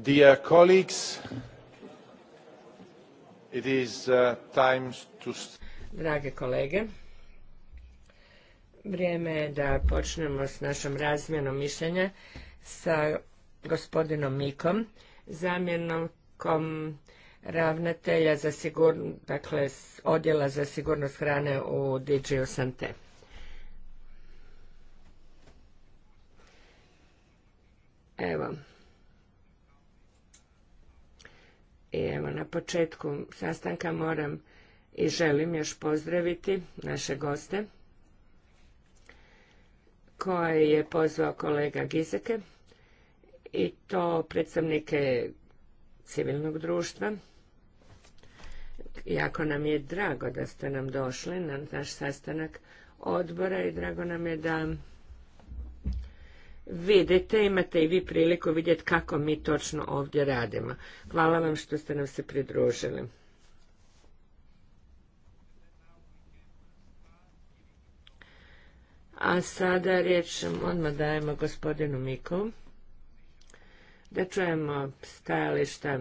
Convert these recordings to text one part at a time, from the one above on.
Dear colleagues, it is uh, time to... Drage kolege, vrijeme je da počnemo s našom razmjenom mišljenja sa gospodinom Mikom, zamjenom ravnatelja za dakle, odjela za sigurnost hrane u DG Evo, I evo na početku sastanka moram i želim još pozdraviti naše goste koje je pozvao kolega Gizeke i to predstavnike civilnog društva. Jako nam je drago da ste nam došli na naš sastanak odbora i drago nam je da vidite, imate i vi priliku vidjeti kako mi točno ovdje radimo. Hvala vam što ste nam se pridružili. A sada riječ odmah dajemo gospodinu Miku da čujemo stajališta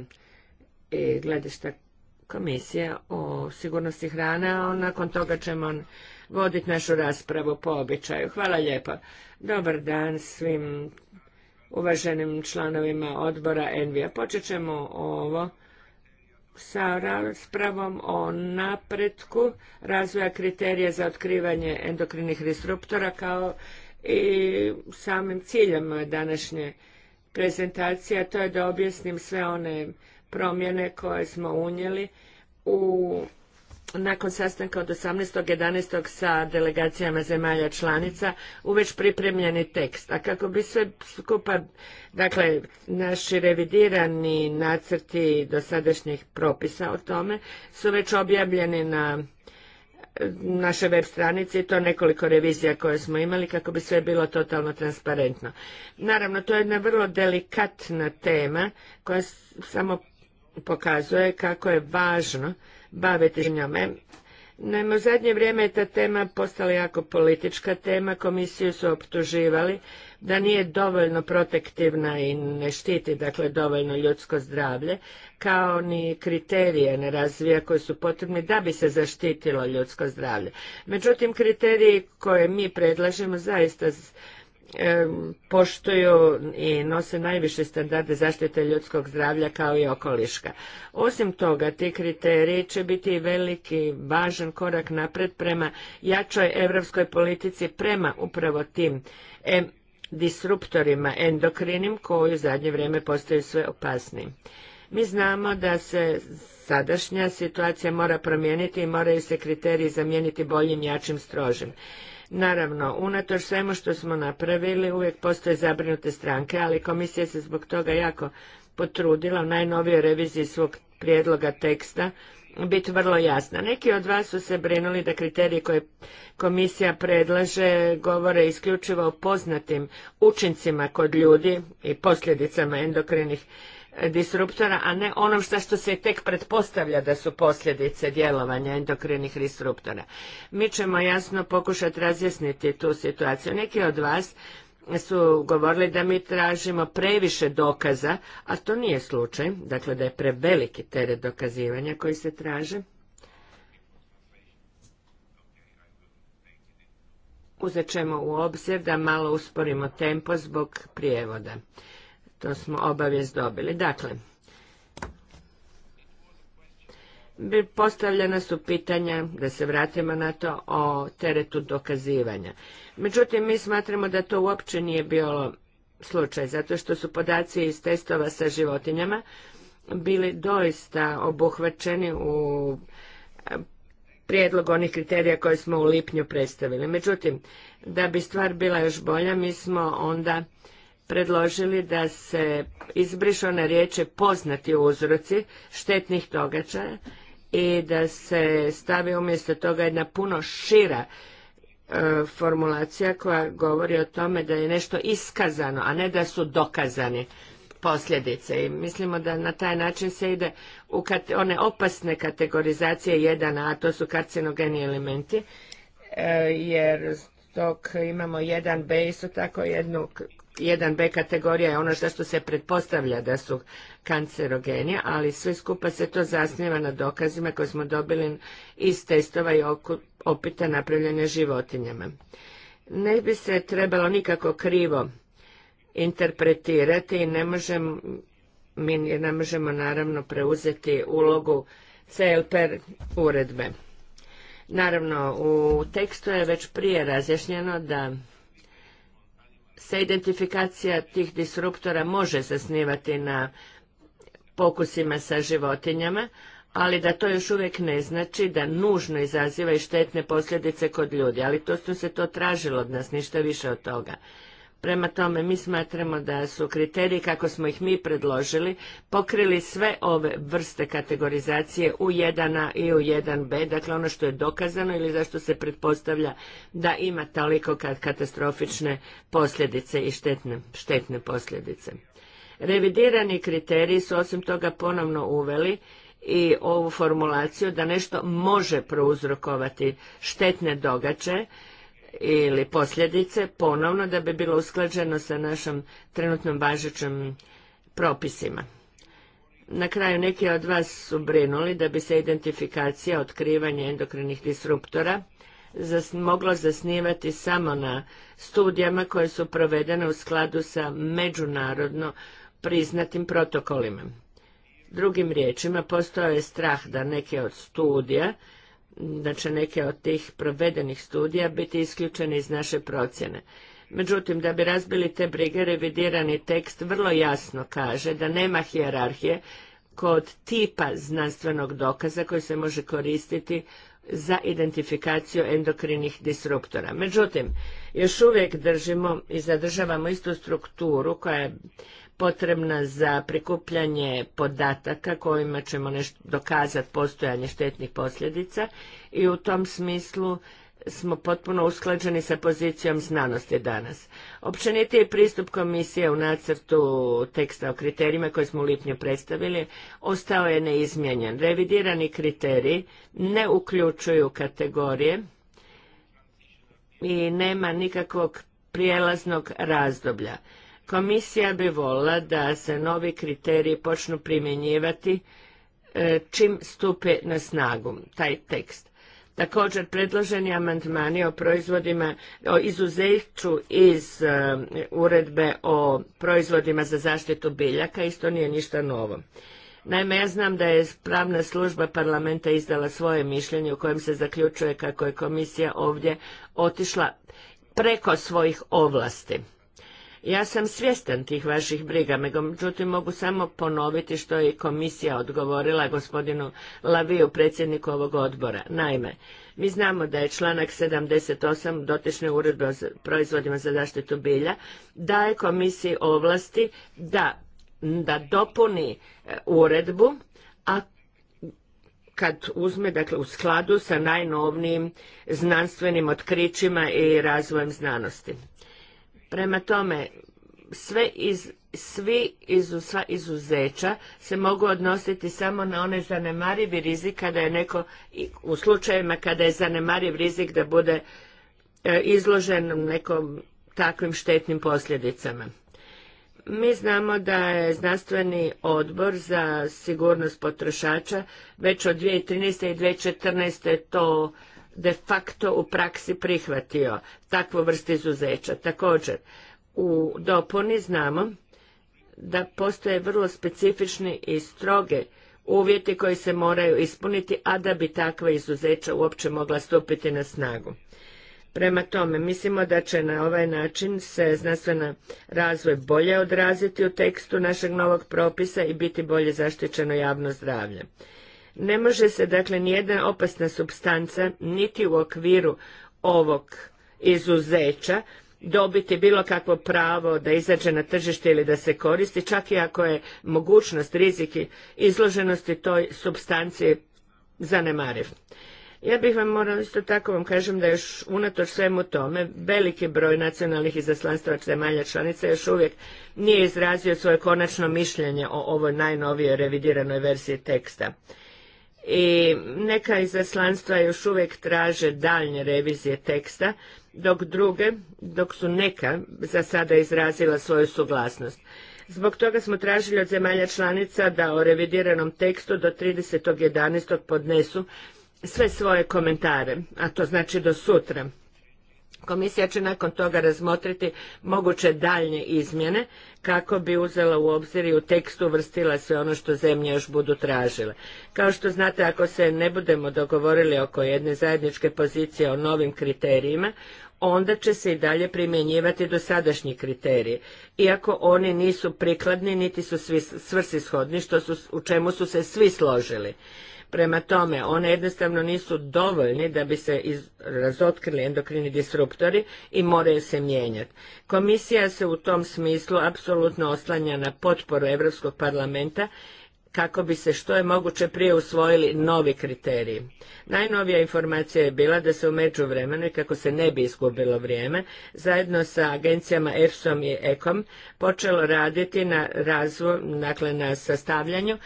i gledišta komisije o sigurnosti hrane, a nakon toga ćemo voditi našu raspravu po običaju. Hvala lijepo. Dobar dan svim uvaženim članovima odbora Envija. Počet ćemo ovo sa raspravom o napretku razvoja kriterija za otkrivanje endokrinih disruptora kao i samim ciljem današnje prezentacije, a to je da objasnim sve one promjene koje smo unijeli u nakon sastanka od 18.11. sa delegacijama zemalja članica u već pripremljeni tekst. A kako bi sve skupa, dakle, naši revidirani nacrti dosadašnjih propisa o tome su već objavljeni na naše web stranice i to nekoliko revizija koje smo imali kako bi sve bilo totalno transparentno. Naravno, to je jedna vrlo delikatna tema koja samo pokazuje kako je važno baviti njome. Naime, u zadnje vrijeme je ta tema postala jako politička tema. Komisiju su optuživali da nije dovoljno protektivna i ne štiti dakle, dovoljno ljudsko zdravlje, kao ni kriterije ne razvija koji su potrebni da bi se zaštitilo ljudsko zdravlje. Međutim, kriteriji koje mi predlažemo zaista poštuju i nose najviše standarde zaštite ljudskog zdravlja kao i okoliška. Osim toga, ti kriteriji će biti veliki, važan korak napred prema jačoj europskoj politici prema upravo tim disruptorima endokrinim koji u zadnje vrijeme postaju sve opasniji. Mi znamo da se sadašnja situacija mora promijeniti i moraju se kriteriji zamijeniti boljim, jačim, strožim. Naravno, unatoč svemu što smo napravili, uvijek postoje zabrinute stranke, ali komisija se zbog toga jako potrudila u najnovijoj reviziji svog prijedloga teksta biti vrlo jasna. Neki od vas su se brinuli da kriterije koje komisija predlaže govore isključivo o poznatim učincima kod ljudi i posljedicama endokrinih disruptora, a ne onom što, što se tek pretpostavlja da su posljedice djelovanja endokrinih disruptora. Mi ćemo jasno pokušati razjasniti tu situaciju. Neki od vas su govorili da mi tražimo previše dokaza, a to nije slučaj, dakle da je preveliki teret dokazivanja koji se traži. Uzet ćemo u obzir da malo usporimo tempo zbog prijevoda. To smo obavijest dobili. Dakle, postavljena su pitanja, da se vratimo na to, o teretu dokazivanja. Međutim, mi smatramo da to uopće nije bilo slučaj, zato što su podaci iz testova sa životinjama bili doista obuhvaćeni u e, prijedlog onih kriterija koje smo u lipnju predstavili. Međutim, da bi stvar bila još bolja, mi smo onda predložili da se izbrišu one riječi poznati uzroci štetnih događaja i da se stavi umjesto toga jedna puno šira e, formulacija koja govori o tome da je nešto iskazano, a ne da su dokazani posljedice. I mislimo da na taj način se ide u one opasne kategorizacije 1a, a to su karcinogeni elementi, e, jer dok imamo jedan b isto tako jednu 1B kategorija je ono što, se pretpostavlja da su kancerogeni, ali sve skupa se to zasnijeva na dokazima koje smo dobili iz testova i opita napravljene životinjama. Ne bi se trebalo nikako krivo interpretirati i ne možemo, ne možemo naravno preuzeti ulogu CLPR uredbe. Naravno, u tekstu je već prije razjašnjeno da se identifikacija tih disruptora može zasnivati na pokusima sa životinjama, ali da to još uvijek ne znači da nužno izaziva i štetne posljedice kod ljudi, ali to što se to tražilo od nas, ništa više od toga. Prema tome, mi smatramo da su kriteriji kako smo ih mi predložili pokrili sve ove vrste kategorizacije u 1A i u 1B, dakle ono što je dokazano ili zašto se pretpostavlja da ima toliko katastrofične posljedice i štetne, štetne posljedice. Revidirani kriteriji su osim toga ponovno uveli i ovu formulaciju da nešto može prouzrokovati štetne događaje ili posljedice ponovno da bi bilo usklađeno sa našom trenutnom važećim propisima. Na kraju neki od vas su brinuli da bi se identifikacija, otkrivanja endokrinih disruptora moglo zasnivati samo na studijama koje su provedene u skladu sa međunarodno priznatim protokolima. Drugim riječima, postojao je strah da neke od studija da će neke od tih provedenih studija biti isključene iz naše procjene. Međutim, da bi razbili te brige, revidirani tekst vrlo jasno kaže da nema hijerarhije kod tipa znanstvenog dokaza koji se može koristiti za identifikaciju endokrinih disruptora. Međutim, još uvijek držimo i zadržavamo istu strukturu koja je potrebna za prikupljanje podataka kojima ćemo nešto dokazati postojanje štetnih posljedica i u tom smislu smo potpuno usklađeni sa pozicijom znanosti danas. Općeniti je pristup komisije u nacrtu teksta o kriterijima koje smo u lipnju predstavili ostao je neizmijenjen. Revidirani kriteriji ne uključuju kategorije i nema nikakvog prijelaznog razdoblja. Komisija bi volila da se novi kriteriji počnu primjenjivati e, čim stupe na snagu taj tekst. Također predloženi amandmani o proizvodima, o izuzeću iz e, uredbe o proizvodima za zaštitu biljaka isto nije ništa novo. Naime, ja znam da je pravna služba parlamenta izdala svoje mišljenje u kojem se zaključuje kako je komisija ovdje otišla preko svojih ovlasti ja sam svjestan tih vaših briga, međutim mogu samo ponoviti što je komisija odgovorila gospodinu Laviju, predsjedniku ovog odbora. Naime, mi znamo da je članak 78 dotične uredbe o proizvodima za zaštitu bilja daje komisiji ovlasti da, da dopuni e, uredbu, a kad uzme, dakle, u skladu sa najnovnijim znanstvenim otkrićima i razvojem znanosti. Prema tome, sve iz, svi iz sva izuzeća se mogu odnositi samo na one zanemarivi rizik kada je neko, u slučajevima kada je zanemariv rizik da bude e, izložen nekom takvim štetnim posljedicama. Mi znamo da je znanstveni odbor za sigurnost potrošača već od 2013. i 2014. to de facto u praksi prihvatio takvu vrstu izuzeća. Također, u dopuni znamo da postoje vrlo specifični i stroge uvjeti koji se moraju ispuniti, a da bi takva izuzeća uopće mogla stupiti na snagu. Prema tome, mislimo da će na ovaj način se znanstvena razvoj bolje odraziti u tekstu našeg novog propisa i biti bolje zaštićeno javno zdravlje. Ne može se dakle nijedna opasna substanca niti u okviru ovog izuzeća dobiti bilo kakvo pravo da izađe na tržište ili da se koristi, čak i ako je mogućnost, riziki izloženosti toj substanci zanemariv. Ja bih vam morala isto tako vam kažem da još unatoč svemu tome veliki broj nacionalnih izaslanstva zemalja članica još uvijek nije izrazio svoje konačno mišljenje o ovoj najnovijoj revidiranoj verziji teksta i neka izaslanstva još uvijek traže daljnje revizije teksta, dok druge, dok su neka za sada izrazila svoju suglasnost. Zbog toga smo tražili od zemalja članica da o revidiranom tekstu do 30.11. podnesu sve svoje komentare, a to znači do sutra. Komisija će nakon toga razmotriti moguće daljnje izmjene kako bi uzela u obzir i u tekstu uvrstila sve ono što zemlje još budu tražile. Kao što znate, ako se ne budemo dogovorili oko jedne zajedničke pozicije o novim kriterijima, onda će se i dalje primjenjivati dosadašnji kriteriji, iako oni nisu prikladni niti su svi svrsishodni, u čemu su se svi složili. Prema tome, one jednostavno nisu dovoljni da bi se razotkrili endokrini disruptori i moraju se mijenjati. Komisija se u tom smislu apsolutno oslanja na potporu Europskog parlamenta kako bi se što je moguće prije usvojili novi kriteriji. Najnovija informacija je bila da se u međuvremenu i kako se ne bi izgubilo vrijeme, zajedno sa agencijama EFSOM i ECOM, počelo raditi na razvoj, dakle na sastavljanju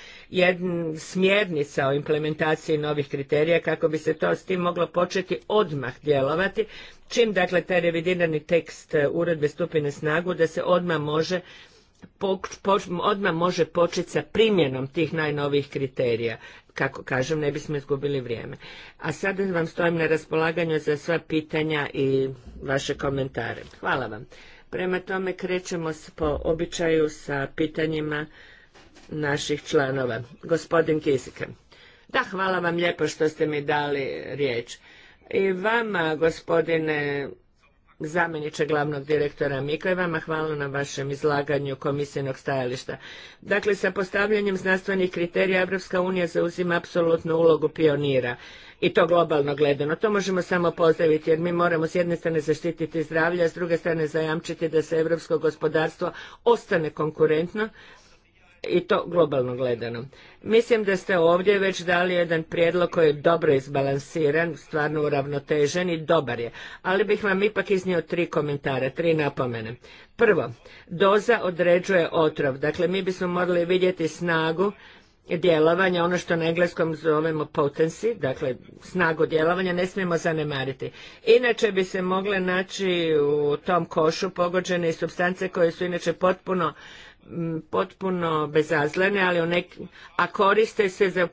smjernica o implementaciji novih kriterija kako bi se to s tim moglo početi odmah djelovati, čim dakle taj revidirani tekst e, uredbe stupi na snagu da se odmah može odmah može početi sa primjenom tih najnovijih kriterija. Kako kažem, ne bismo izgubili vrijeme. A sada vam stojim na raspolaganju za sva pitanja i vaše komentare. Hvala vam. Prema tome krećemo po običaju sa pitanjima naših članova. Gospodin Kisika. Da, hvala vam lijepo što ste mi dali riječ. I vama, gospodine zamjeniče glavnog direktora Mika i hvala na vašem izlaganju komisijnog stajališta. Dakle, sa postavljanjem znanstvenih kriterija Evropska unija zauzima apsolutnu ulogu pionira i to globalno gledano. To možemo samo pozdraviti jer mi moramo s jedne strane zaštititi zdravlje, a s druge strane zajamčiti da se europsko gospodarstvo ostane konkurentno i to globalno gledano. Mislim da ste ovdje već dali jedan prijedlog koji je dobro izbalansiran, stvarno uravnotežen i dobar je, ali bih vam ipak iznio tri komentara, tri napomene. Prvo, doza određuje otrov, dakle mi bismo morali vidjeti snagu djelovanja, ono što na engleskom zovemo potency, dakle snagu djelovanja, ne smijemo zanemariti. Inače bi se mogle naći u tom košu pogođene i substance koje su inače potpuno potpuno bezazlene, ali u a koriste se za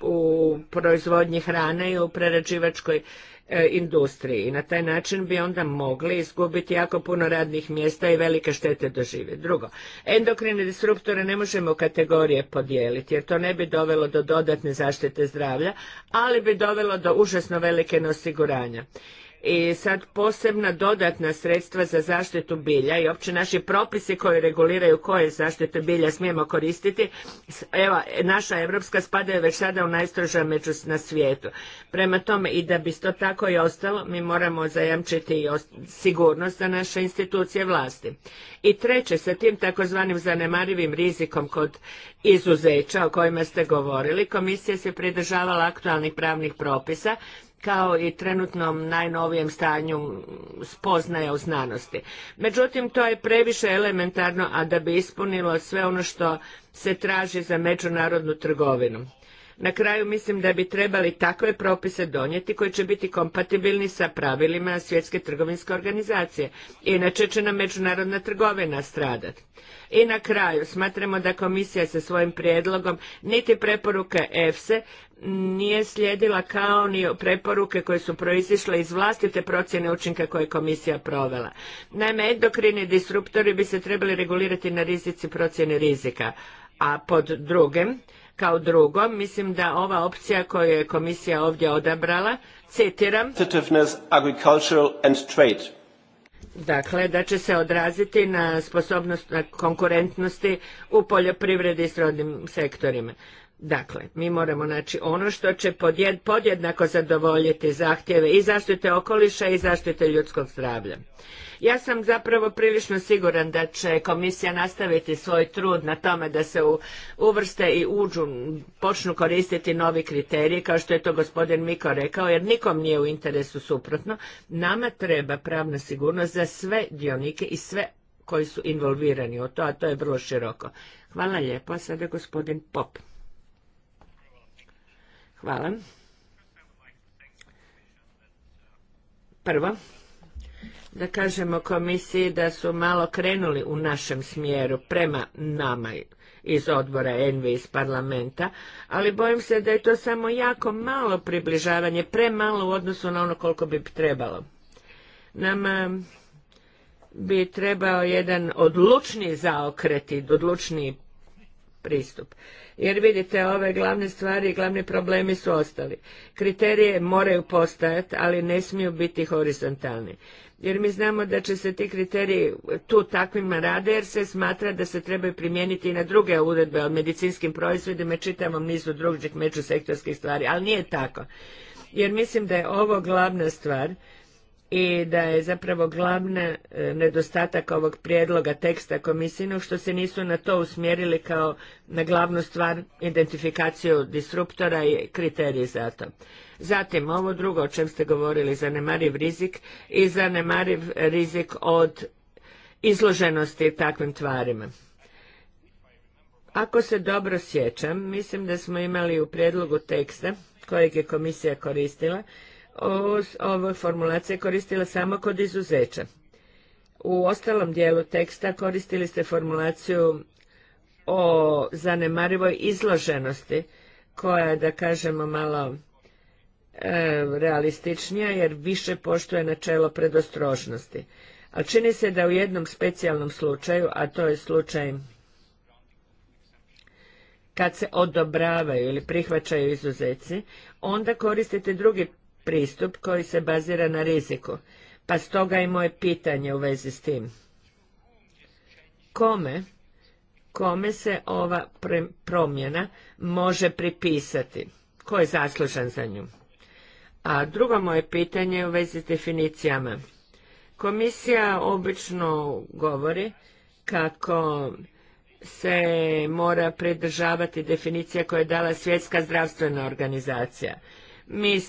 u proizvodnji hrane i u prerađivačkoj e, industriji i na taj način bi onda mogli izgubiti jako puno radnih mjesta i velike štete doživjeti. Drugo, endokrine disruptore ne možemo kategorije podijeliti jer to ne bi dovelo do dodatne zaštite zdravlja, ali bi dovelo do užasno velike neosiguranja i sad posebna dodatna sredstva za zaštitu bilja i opće naši propisi koji reguliraju koje zaštite bilja smijemo koristiti, evo, naša evropska spada je već sada u najstroža među na svijetu. Prema tome i da bi to tako i ostalo, mi moramo zajamčiti i sigurnost za naše institucije vlasti. I treće, sa tim takozvanim zanemarivim rizikom kod izuzeća o kojima ste govorili, komisija se pridržavala aktualnih pravnih propisa kao i trenutnom najnovijem stanju spoznaja u znanosti. Međutim, to je previše elementarno, a da bi ispunilo sve ono što se traži za međunarodnu trgovinu. Na kraju mislim da bi trebali takve propise donijeti koji će biti kompatibilni sa pravilima Svjetske trgovinske organizacije. Inače će nam međunarodna trgovina stradati. I na kraju, smatramo da komisija sa svojim prijedlogom niti preporuke EFSE nije slijedila kao ni preporuke koje su proizišle iz vlastite procjene učinka koje je komisija provela. Naime, endokrini disruptori bi se trebali regulirati na rizici procjene rizika, a pod drugim, kao drugo, mislim da ova opcija koju je komisija ovdje odabrala, citiram, agricultural and trade Dakle, da će se odraziti na sposobnost, na konkurentnosti u poljoprivredi i srodnim sektorima. Dakle, mi moramo naći ono što će podjednako zadovoljiti zahtjeve i zaštite okoliša i zaštite ljudskog zdravlja. Ja sam zapravo prilično siguran da će komisija nastaviti svoj trud na tome da se uvrste i uđu, počnu koristiti novi kriteriji, kao što je to gospodin Miko rekao, jer nikom nije u interesu suprotno. Nama treba pravna sigurnost za sve dionike i sve koji su involvirani u to, a to je vrlo široko. Hvala lijepo. Sada gospodin Pop. Hvala. Prvo, da kažemo komisiji da su malo krenuli u našem smjeru prema nama iz odbora Envi iz parlamenta, ali bojim se da je to samo jako malo približavanje, premalo u odnosu na ono koliko bi trebalo. Nama eh, bi trebao jedan odlučni i odlučni pristup jer vidite ove glavne stvari i glavni problemi su ostali. Kriterije moraju postojati, ali ne smiju biti horizontalni. Jer mi znamo da će se ti kriteriji tu takvima rade jer se smatra da se trebaju primijeniti i na druge uredbe o medicinskim proizvodima čitamo, čitavom nizu drugih međusektorskih stvari, ali nije tako. Jer mislim da je ovo glavna stvar i da je zapravo glavna e, nedostatak ovog prijedloga teksta komisijnog što se nisu na to usmjerili kao na glavnu stvar identifikaciju disruptora i kriterije za to. Zatim, ovo drugo o čem ste govorili, zanemariv rizik i zanemariv rizik od izloženosti takvim tvarima. Ako se dobro sjećam, mislim da smo imali u prijedlogu teksta kojeg je komisija koristila, Ovoj ove formulacije koristila samo kod izuzeća. U ostalom dijelu teksta koristili ste formulaciju o zanemarivoj izloženosti, koja je, da kažemo, malo e, realističnija, jer više poštuje načelo predostrožnosti. A čini se da u jednom specijalnom slučaju, a to je slučaj kad se odobravaju ili prihvaćaju izuzeci, onda koristite drugi pristup koji se bazira na riziku. Pa stoga i moje pitanje u vezi s tim. Kome, kome se ova promjena može pripisati? Ko je zaslužan za nju? A drugo moje pitanje je u vezi s definicijama. Komisija obično govori kako se mora pridržavati definicija koje je dala Svjetska zdravstvena organizacija. Mi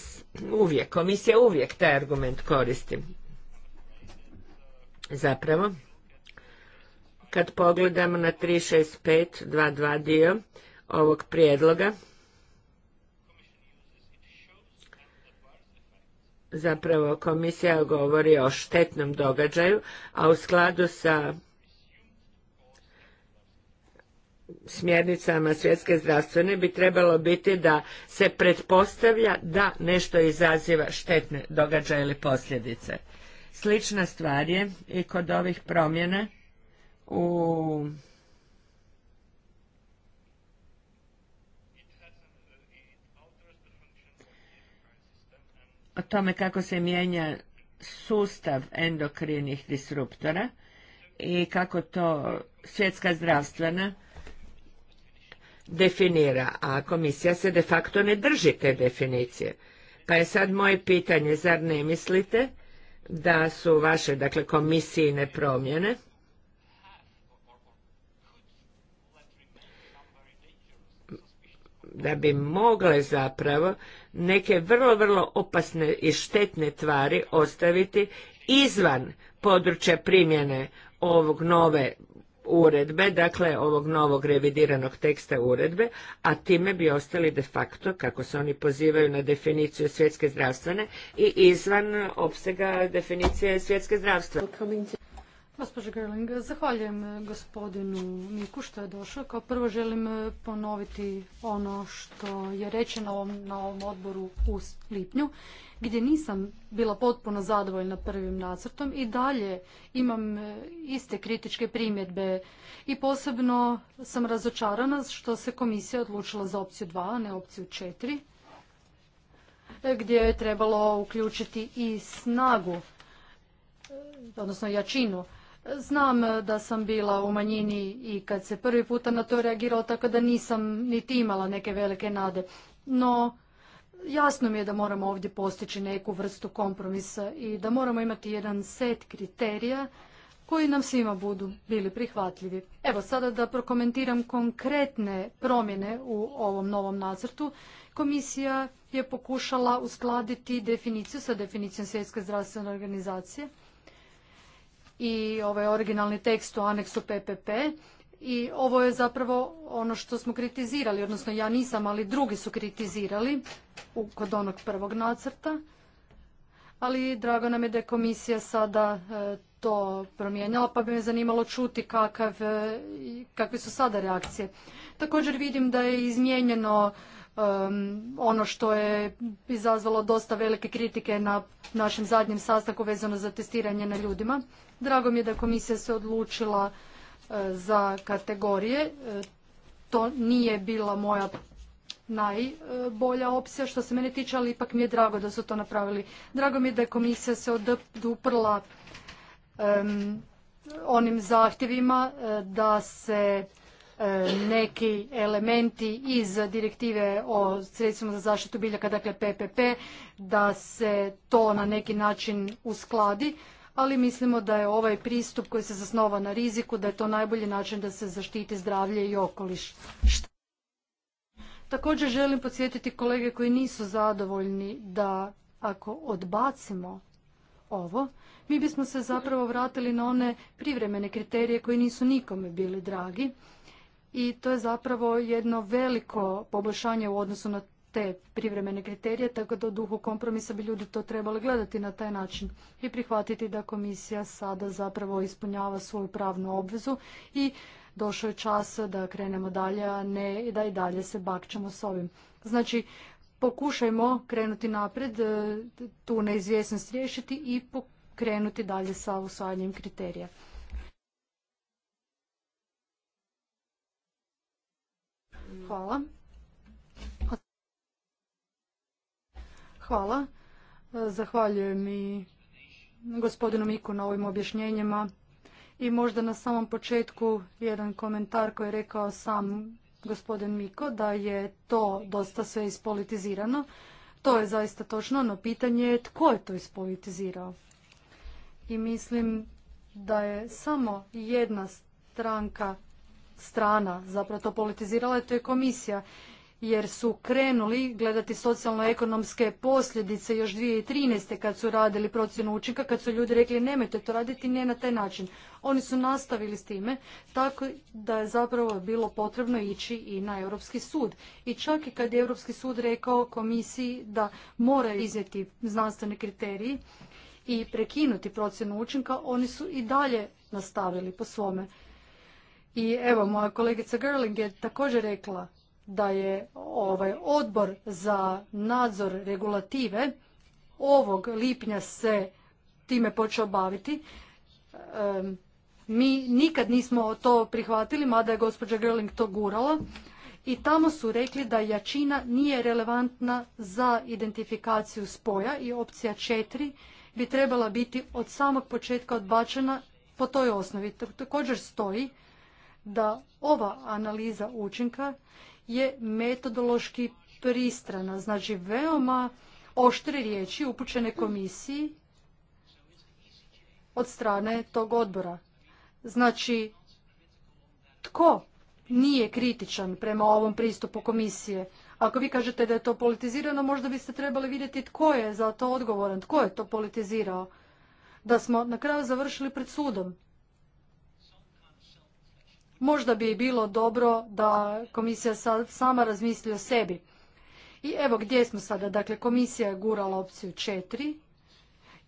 uvijek, komisija uvijek taj argument koristi. Zapravo, kad pogledamo na 36522 dio ovog prijedloga, zapravo komisija govori o štetnom događaju, a u skladu sa smjernicama svjetske zdravstvene bi trebalo biti da se pretpostavlja da nešto izaziva štetne događaje ili posljedice. Slična stvar je i kod ovih promjena u o tome kako se mijenja sustav endokrinih disruptora i kako to svjetska zdravstvena definira, a komisija se de facto ne drži te definicije. Pa je sad moje pitanje, zar ne mislite da su vaše, dakle, komisijine promjene, da bi mogle zapravo neke vrlo, vrlo opasne i štetne tvari ostaviti izvan područja primjene ovog nove uredbe, dakle ovog novog revidiranog teksta uredbe, a time bi ostali de facto, kako se oni pozivaju na definiciju svjetske zdravstvene i izvan opsega definicije svjetske zdravstvene. Gospođo Gerling, zahvaljujem eh, gospodinu Miku što je došao. Kao prvo želim eh, ponoviti ono što je rečeno na ovom odboru u lipnju, gdje nisam bila potpuno zadovoljna prvim nacrtom i dalje imam eh, iste kritičke primjedbe i posebno sam razočarana što se komisija odlučila za opciju 2, a ne opciju 4 gdje je trebalo uključiti i snagu, odnosno jačinu Znam e, da sam bila u manjini i kad se prvi puta na to reagiralo, tako da nisam niti imala neke velike nade. No, jasno mi je da moramo ovdje postići neku vrstu kompromisa i da moramo imati jedan set kriterija koji nam svima budu bili prihvatljivi. Evo sada da prokomentiram konkretne promjene u ovom novom nacrtu. Komisija je pokušala uskladiti definiciju sa definicijom Svjetske zdravstvene organizacije i ovaj originalni tekst u aneksu PPP i ovo je zapravo ono što smo kritizirali, odnosno ja nisam, ali drugi su kritizirali kod onog prvog nacrta. Ali drago nam je da je komisija sada e, to promijenila, pa bi me zanimalo čuti kakav, e, kakve su sada reakcije. Također vidim da je izmijenjeno ono što je izazvalo dosta velike kritike na našem zadnjem sastanku vezano za testiranje na ljudima. Drago mi je da komisija se odlučila e, za kategorije. E, to nije bila moja najbolja opcija što se mene tiče, ali ipak mi je drago da su to napravili. Drago mi je da je komisija se oduprla onim zahtjevima e, da se E, neki elementi iz direktive o sredstvima za zaštitu biljaka, dakle PPP, da se to na neki način uskladi, ali mislimo da je ovaj pristup koji se zasnova na riziku, da je to najbolji način da se zaštiti zdravlje i okoliš. Također želim podsjetiti kolege koji nisu zadovoljni da ako odbacimo ovo, mi bismo se zapravo vratili na one privremene kriterije koji nisu nikome bili dragi i to je zapravo jedno veliko poboljšanje u odnosu na te privremene kriterije, tako da u duhu kompromisa bi ljudi to trebali gledati na taj način i prihvatiti da komisija sada zapravo ispunjava svoju pravnu obvezu i došao je čas da krenemo dalje, a ne da i dalje se bakćemo s ovim. Znači, pokušajmo krenuti napred, e, tu neizvjesnost riješiti i pokrenuti dalje sa usvajanjem kriterija. Hvala. Hvala. Zahvaljujem i gospodinu Miku na ovim objašnjenjima. I možda na samom početku jedan komentar koji je rekao sam gospodin Miko da je to dosta sve ispolitizirano. To je zaista točno, no pitanje je tko je to ispolitizirao. I mislim da je samo jedna stranka strana zapravo to politizirala, to je komisija jer su krenuli gledati socijalno-ekonomske posljedice još 2013. kad su radili procjenu učinka, kad su ljudi rekli nemojte to raditi, nije na taj način. Oni su nastavili s time, tako da je zapravo bilo potrebno ići i na Europski sud. I čak i kad je Europski sud rekao komisiji da mora izjeti znanstvene kriteriji i prekinuti procjenu učinka, oni su i dalje nastavili po svome. I evo, moja kolegica Gerling je također rekla da je ovaj odbor za nadzor regulative ovog lipnja se time počeo baviti. mi nikad nismo to prihvatili, mada je gospođa Gerling to gurala. I tamo su rekli da jačina nije relevantna za identifikaciju spoja i opcija četiri bi trebala biti od samog početka odbačena po toj osnovi. Također stoji da ova analiza učinka je metodološki pristrana, znači veoma oštre riječi upućene komisiji od strane tog odbora. Znači, tko nije kritičan prema ovom pristupu komisije? Ako vi kažete da je to politizirano, možda biste trebali vidjeti tko je za to odgovoran, tko je to politizirao. Da smo na kraju završili pred sudom. Možda bi bilo dobro da komisija sama razmisli o sebi. I evo gdje smo sada. Dakle, komisija je gurala opciju četiri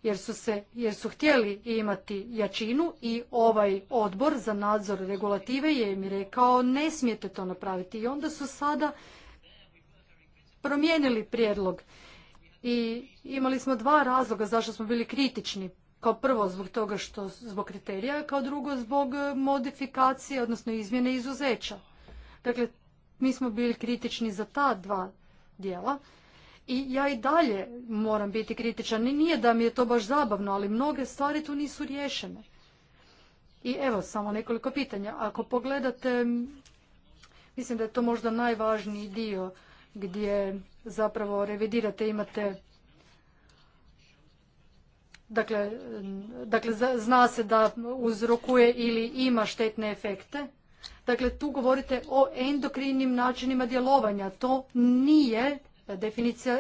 jer su, se, jer su htjeli imati jačinu i ovaj odbor za nadzor regulative je im rekao ne smijete to napraviti. I onda su sada promijenili prijedlog. I imali smo dva razloga zašto smo bili kritični kao prvo zbog toga što, zbog kriterija, kao drugo zbog e, modifikacije, odnosno izmjene izuzeća. Dakle, mi smo bili kritični za ta dva dijela i ja i dalje moram biti kritičan. nije da mi je to baš zabavno, ali mnoge stvari tu nisu riješene. I evo, samo nekoliko pitanja. Ako pogledate, mislim da je to možda najvažniji dio gdje zapravo revidirate, imate dakle, dakle zna se da uzrokuje ili ima štetne efekte. Dakle, tu govorite o endokrinim načinima djelovanja. To nije definicija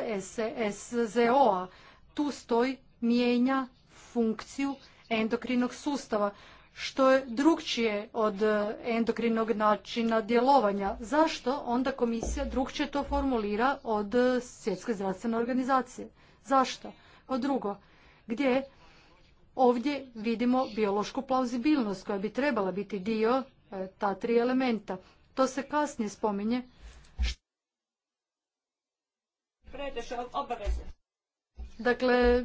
SZO-a. Tu stoji mijenja funkciju endokrinog sustava, što je drugčije od endokrinog načina djelovanja. Zašto onda komisija drugčije to formulira od Svjetske zdravstvene organizacije? Zašto? Po pa drugo, gdje ovdje vidimo biološku plauzibilnost koja bi trebala biti dio e, ta tri elementa. To se kasnije spominje. Dakle,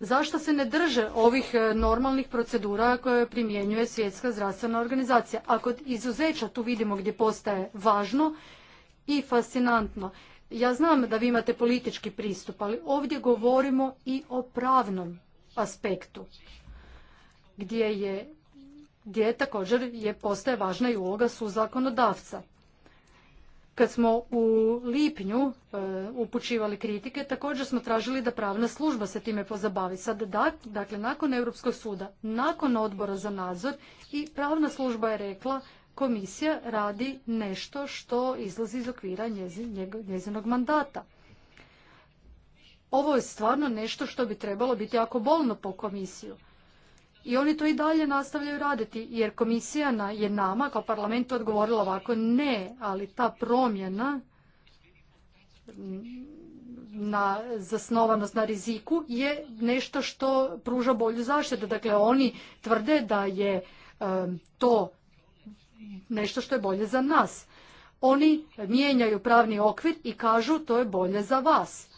zašto se ne drže ovih e, normalnih procedura koje primjenjuje Svjetska zdravstvena organizacija? A kod izuzeća tu vidimo gdje postaje važno i fascinantno. Ja znam da vi imate politički pristup, ali ovdje govorimo i o pravnom aspektu, gdje je gdje također je postaje važna i uloga su zakonodavca. Kad smo u lipnju e, upućivali kritike, također smo tražili da pravna služba se time pozabavi. Sad, dakle, nakon Europskog suda, nakon odbora za nadzor i pravna služba je rekla komisija radi nešto što izlazi iz okvira njezinog mandata. Ovo je stvarno nešto što bi trebalo biti jako bolno po komisiju. I oni to i dalje nastavljaju raditi, jer komisija je nama kao parlamentu odgovorila ovako ne, ali ta promjena na zasnovanost na riziku je nešto što pruža bolju zaštitu. Dakle, oni tvrde da je to nešto što je bolje za nas. Oni mijenjaju pravni okvir i kažu to je bolje za vas.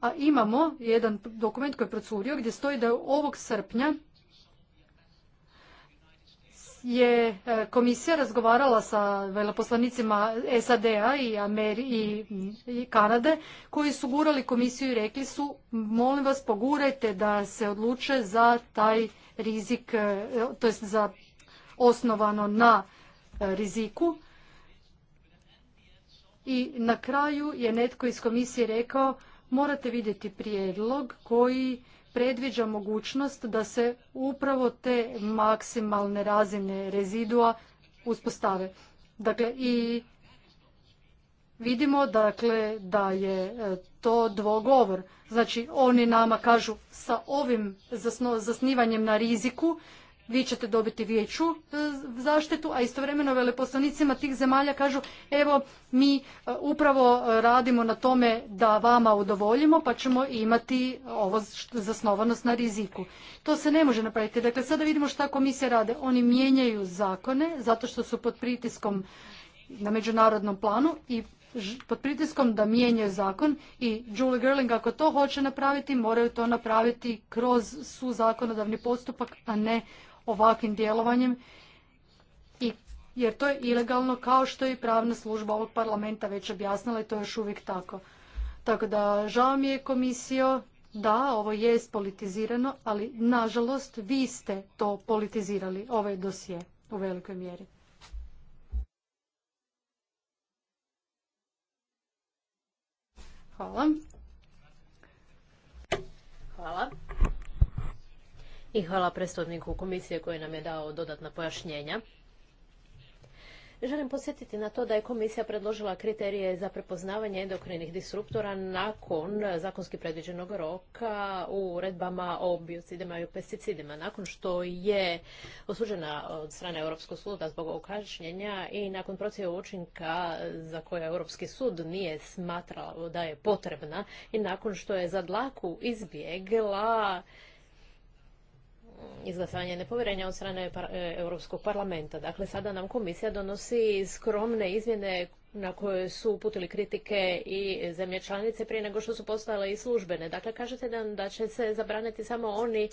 A imamo jedan dokument koji je procurio gdje stoji da je ovog srpnja je e, komisija razgovarala sa veleposlanicima SAD-a i, i, Kanade koji su gurali komisiju i rekli su molim vas pogurajte da se odluče za taj rizik, e, e, to jest za osnovano na riziku. I na kraju je netko iz komisije rekao morate vidjeti prijedlog koji predviđa mogućnost da se upravo te maksimalne razine rezidua uspostave. Dakle, i vidimo dakle da je e, to dvogovor. Znači, oni nama kažu sa ovim zasnivanjem na riziku vi ćete dobiti vijeću e, zaštitu, a istovremeno veleposlanicima tih zemalja kažu evo mi e, upravo e, radimo na tome da vama udovoljimo pa ćemo imati ovo zasnovanost na riziku. To se ne može napraviti. Dakle, sada vidimo šta komisija rade. Oni mijenjaju zakone zato što su pod pritiskom na međunarodnom planu i pod pritiskom da mijenjaju zakon i Julie Gerling ako to hoće napraviti moraju to napraviti kroz su zakonodavni postupak, a ne ovakvim djelovanjem jer to je ilegalno kao što je i pravna služba ovog parlamenta već objasnila i to je još uvijek tako. Tako da žao mi je komisijo, da, ovo je politizirano, ali nažalost vi ste to politizirali, ovaj dosje u velikoj mjeri. Hvala. Hvala i hvala predstavniku komisije koji nam je dao dodatna pojašnjenja. Želim podsjetiti na to da je komisija predložila kriterije za prepoznavanje endokrinih disruptora nakon zakonski predviđenog roka u uredbama o biocidima i pesticidima. Nakon što je osuđena od strane Europskog suda zbog kašnjenja i nakon procije učinka za koje Europski sud nije smatrao da je potrebna i nakon što je za dlaku izbjegla izglasavanje nepovjerenja od strane e, Europskog parlamenta. Dakle, sada nam komisija donosi skromne izmjene na koje su uputili kritike i zemlje članice prije nego što su postale i službene. Dakle, kažete nam da će se zabraniti samo oni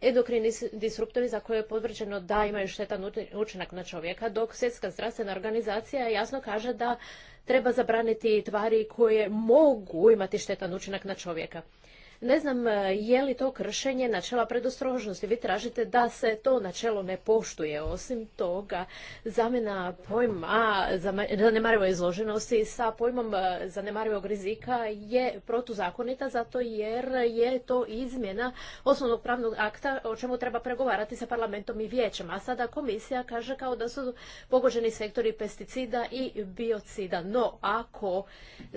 endokrini disruptori za koje je potvrđeno da imaju štetan učinak na čovjeka, dok Svjetska zdravstvena organizacija jasno kaže da treba zabraniti tvari koje mogu imati štetan učinak na čovjeka. Ne znam e, je li to kršenje načela predostrožnosti. Vi tražite da se to načelo ne poštuje. Osim toga, zamjena pojma zanemarivo izloženosti sa pojmom e, zanemarivog rizika je protuzakonita zato jer je to izmjena osnovnog pravnog akta o čemu treba pregovarati sa parlamentom i vijećem. A sada komisija kaže kao da su pogođeni sektori pesticida i biocida. No, ako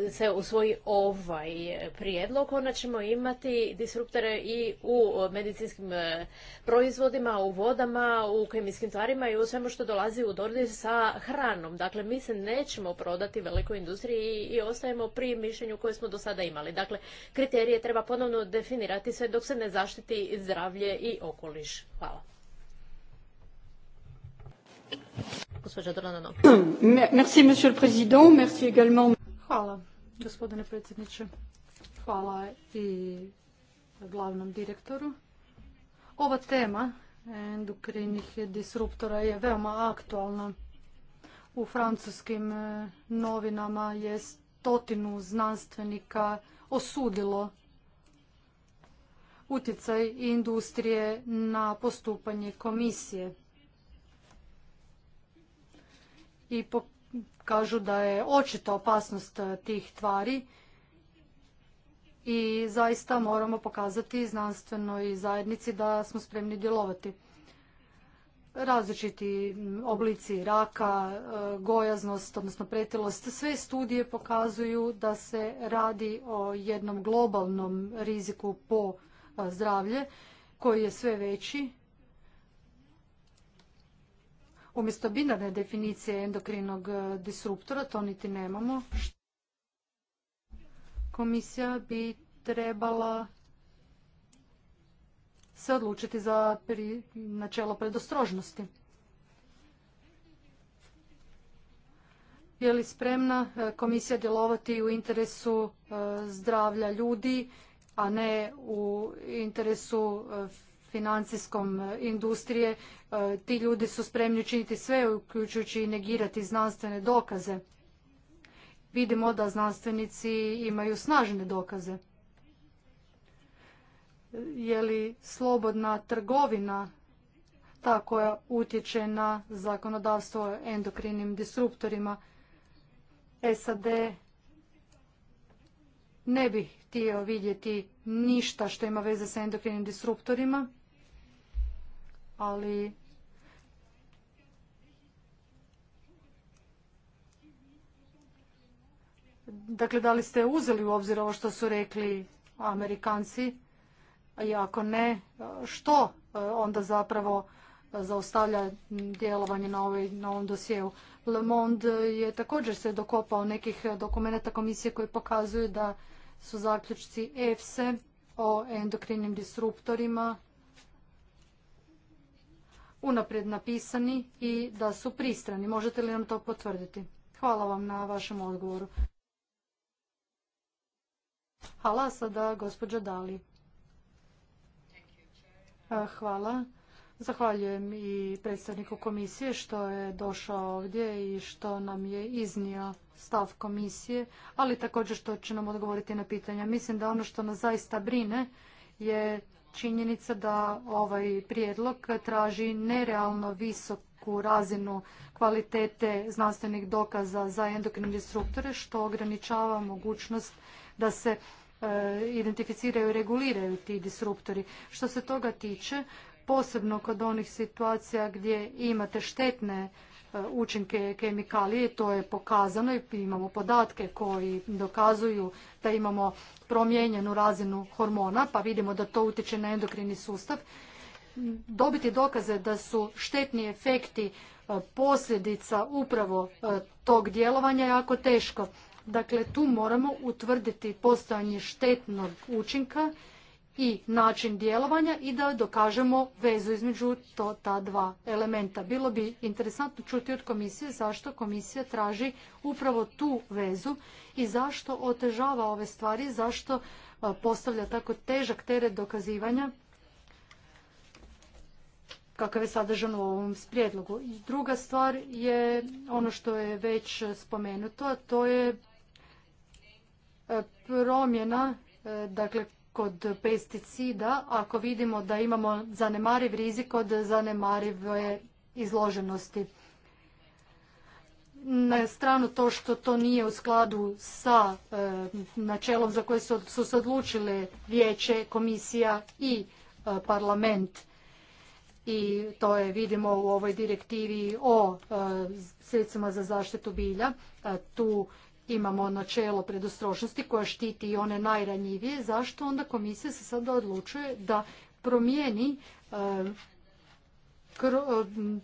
se usvoji ovaj prijedlog, onda ćemo imati imati disruptore i u medicinskim e, proizvodima, u vodama, u kemijskim tvarima i u svemu što dolazi u dodir sa hranom. Dakle, mi se nećemo prodati velikoj industriji i ostajemo pri mišljenju koje smo do sada imali. Dakle, kriterije treba ponovno definirati sve dok se ne zaštiti zdravlje i okoliš. Hvala. Hvala, gospodine predsjedniče. Hvala i glavnom direktoru. Ova tema endokrinih disruptora je veoma aktualna. U francuskim e, novinama je stotinu znanstvenika osudilo utjecaj industrije na postupanje komisije. I kažu da je očita opasnost tih tvari i zaista moramo pokazati znanstvenoj zajednici da smo spremni djelovati. Različiti oblici raka, e, gojaznost, odnosno pretilost, sve studije pokazuju da se radi o jednom globalnom riziku po e, zdravlje koji je sve veći. Umjesto binarne definicije endokrinog e, disruptora, to niti nemamo komisija bi trebala se odlučiti za načelo predostrožnosti. Je li spremna e, komisija djelovati u interesu e, zdravlja ljudi, a ne u interesu e, financijskom industrije? Ti ljudi su spremni učiniti sve, uključujući i negirati znanstvene dokaze vidimo da znanstvenici imaju snažne dokaze. Je li slobodna trgovina ta koja utječe na zakonodavstvo o endokrinim disruptorima? SAD ne bi htio vidjeti ništa što ima veze sa endokrinim disruptorima, ali Dakle, da li ste uzeli u obzir ovo što su rekli Amerikanci? I ako ne, što e, onda zapravo e, zaustavlja djelovanje na, ovom dosjeu? Le Monde je također se dokopao nekih dokumenta komisije koji pokazuju da su zaključci EFSE o endokrinim disruptorima unaprijed napisani i da su pristrani. Možete li nam to potvrditi? Hvala vam na vašem odgovoru. Hvala sada gospođa Dali. E, hvala. Zahvaljujem i predstavniku komisije što je došao ovdje i što nam je iznio stav komisije, ali također što će nam odgovoriti na pitanja. Mislim da ono što nas zaista brine je činjenica da ovaj prijedlog traži nerealno visoku razinu kvalitete znanstvenih dokaza za endokrine disruptore što ograničava mogućnost da se eh, identificiraju i reguliraju ti disruptori. Što se toga tiče, posebno kod onih situacija gdje imate štetne eh, učinke kemikalije, to je pokazano i imamo podatke koji dokazuju da imamo promijenjenu razinu hormona, pa vidimo da to utječe na endokrini sustav. Dobiti dokaze da su štetni efekti eh, posljedica upravo tog djelovanja je jako teško. Dakle, tu moramo utvrditi postojanje štetnog učinka i način djelovanja i da dokažemo vezu između to, ta dva elementa. Bilo bi interesantno čuti od komisije zašto komisija traži upravo tu vezu i zašto otežava ove stvari, zašto postavlja tako težak teret dokazivanja kakav je sadržan u ovom prijedlogu. Druga stvar je ono što je već spomenuto, a to je promjena, e, dakle kod pesticida, ako vidimo da imamo zanemariv rizik od zanemarive izloženosti. Na stranu to što to nije u skladu sa e, načelom za koje su, su se odlučile vijeće, komisija i e, parlament i to je vidimo u ovoj direktivi o sredstvima za zaštitu bilja. Tu imamo načelo predostrošnosti koja štiti i one najranjivije, zašto onda komisija se sada odlučuje da promijeni e, e,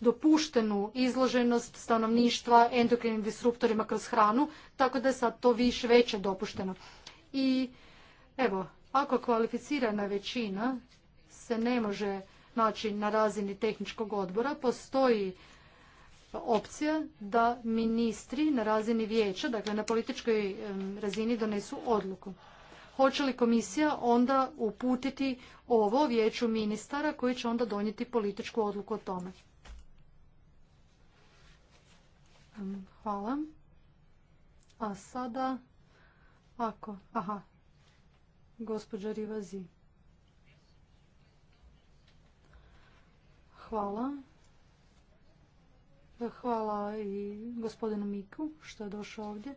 dopuštenu izloženost stanovništva endokrinim disruptorima kroz hranu, tako da je sad to više veće dopušteno. I evo, ako kvalificirana većina se ne može naći na razini tehničkog odbora, postoji opcija da ministri na razini vijeća, dakle na političkoj razini donesu odluku. Hoće li komisija onda uputiti ovo vijeću ministara koji će onda donijeti političku odluku o tome? Hvala. A sada, ako, aha, gospođa Rivazi. Hvala. Hvala i gospodinu Miku što je došao ovdje.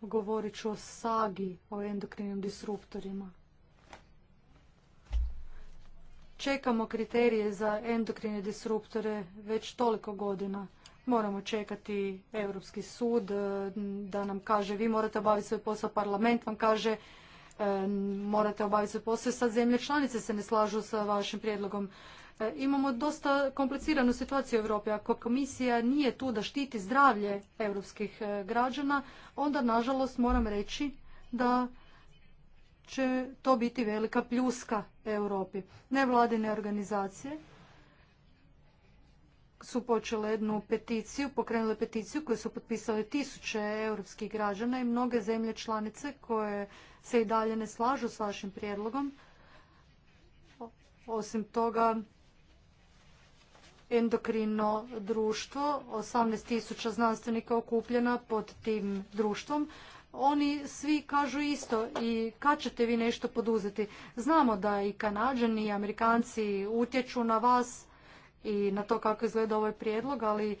Govorit ću o sagi o endokrinim disruptorima. Čekamo kriterije za endokrine disruptore već toliko godina. Moramo čekati Europski sud eh, da nam kaže vi morate obaviti svoj posao, parlament vam kaže E, morate obaviti svoj posao. Sad zemlje članice se ne slažu sa vašim prijedlogom. E, imamo dosta kompliciranu situaciju u Europi. Ako komisija nije tu da štiti zdravlje europskih e, građana, onda nažalost moram reći da će to biti velika pljuska Europi. Nevladine organizacije su počele jednu peticiju, pokrenule peticiju koju su potpisale tisuće europskih građana i mnoge zemlje članice koje se i dalje ne slažu s vašim prijedlogom. Osim toga, endokrino društvo, tisuća znanstvenika okupljena pod tim društvom. Oni svi kažu isto i kad ćete vi nešto poduzeti? Znamo da i Kanadžani i Amerikanci utječu na vas, i na to kako izgleda ovaj prijedlog, ali e,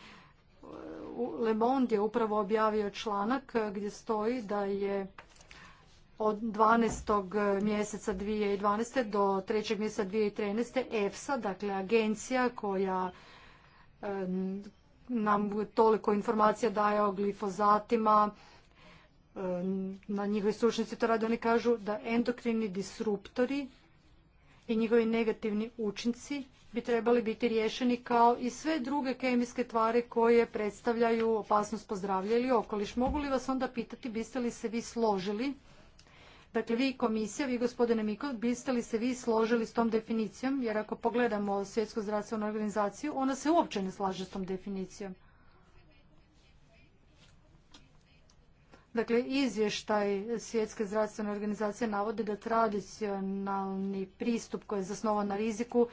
Le Monde je upravo objavio članak e, gdje stoji da je od 12. E, mjeseca 2012. do 3. mjeseca 2013. EFSA, dakle agencija koja nam toliko informacija daje o glifozatima, na njihovi stručnici to rade, oni kažu da endokrini disruptori i njihovi negativni učinci bi trebali biti riješeni kao i sve druge kemijske tvari koje predstavljaju opasnost po zdravlje ili okoliš. Mogu li vas onda pitati biste li se vi složili, dakle vi komisija, vi gospodine Miko, biste li se vi složili s tom definicijom, jer ako pogledamo svjetsku zdravstvenu organizaciju, ona se uopće ne slaže s tom definicijom. Dakle, izvještaj Svjetske zdravstvene organizacije navodi da tradicionalni pristup koji je zasnovan na riziku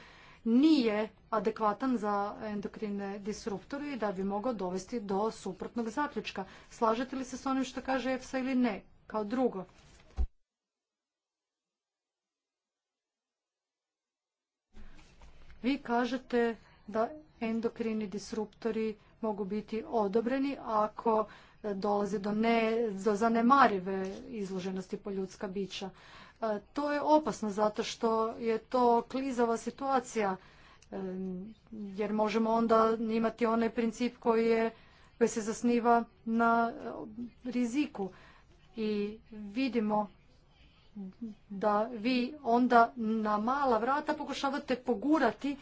nije adekvatan za endokrine disruptore i da bi mogao dovesti do suprotnog zaključka. Slažete li se s onim što kaže EFSA ili ne? Kao drugo, Vi kažete da endokrini disruptori mogu biti odobreni ako dolazi do, ne, do zanemarive izloženosti po ljudska bića. E, to je opasno zato što je to klizava situacija e, jer možemo onda imati onaj princip koji, je, koji se zasniva na e, riziku i vidimo da vi onda na mala vrata pokušavate pogurati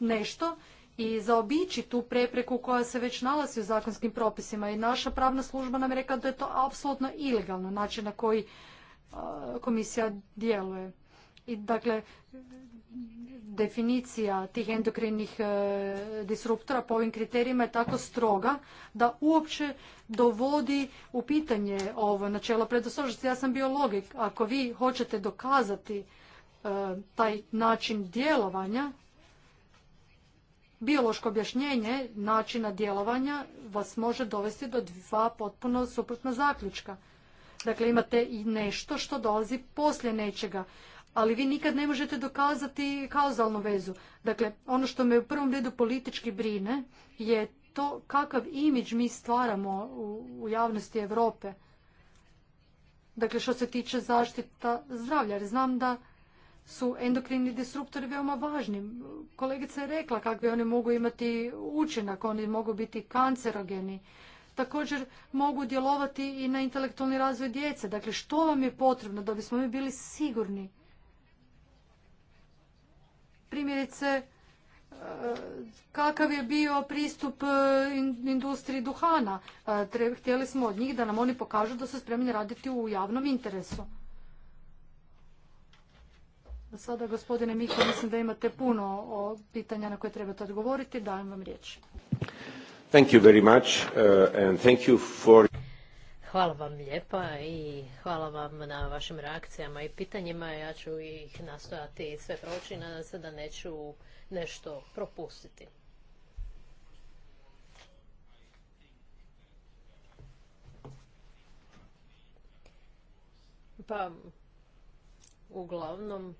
nešto i zaobići tu prepreku koja se već nalazi u zakonskim propisima i naša pravna služba nam je rekla da je to apsolutno ilegalno način na koji komisija djeluje. I dakle, definicija tih endokrinih e, disruptora po ovim kriterijima je tako stroga da uopće dovodi u pitanje ovo načelo predostrožnosti. Ja sam biologik. Ako vi hoćete dokazati e, taj način djelovanja, biološko objašnjenje načina djelovanja vas može dovesti do dva potpuno suprotna zaključka. Dakle, imate i nešto što dolazi poslije nečega, ali vi nikad ne možete dokazati kauzalnu vezu. Dakle, ono što me u prvom redu politički brine je to kakav imidž mi stvaramo u javnosti Europe. Dakle, što se tiče zaštita zdravlja, jer znam da su endokrini disruptori veoma važni. Kolegica je rekla kakve oni mogu imati učinak, oni mogu biti kancerogeni također mogu djelovati i na intelektualni razvoj djece. Dakle, što vam je potrebno da bismo mi bili sigurni? Primjerice, e, kakav je bio pristup e, industriji duhana. E, htjeli smo od njih da nam oni pokažu da su spremni raditi u javnom interesu. Sada, gospodine Miko, mislim da imate puno pitanja na koje trebate odgovoriti. Dajem vam riječ. Thank you very uh, Hvala vam lijepa i hvala vam na vašim reakcijama i pitanjima. Ja ću ih nastojati sve proći i nadam se da neću nešto propustiti. Pa, uglavnom,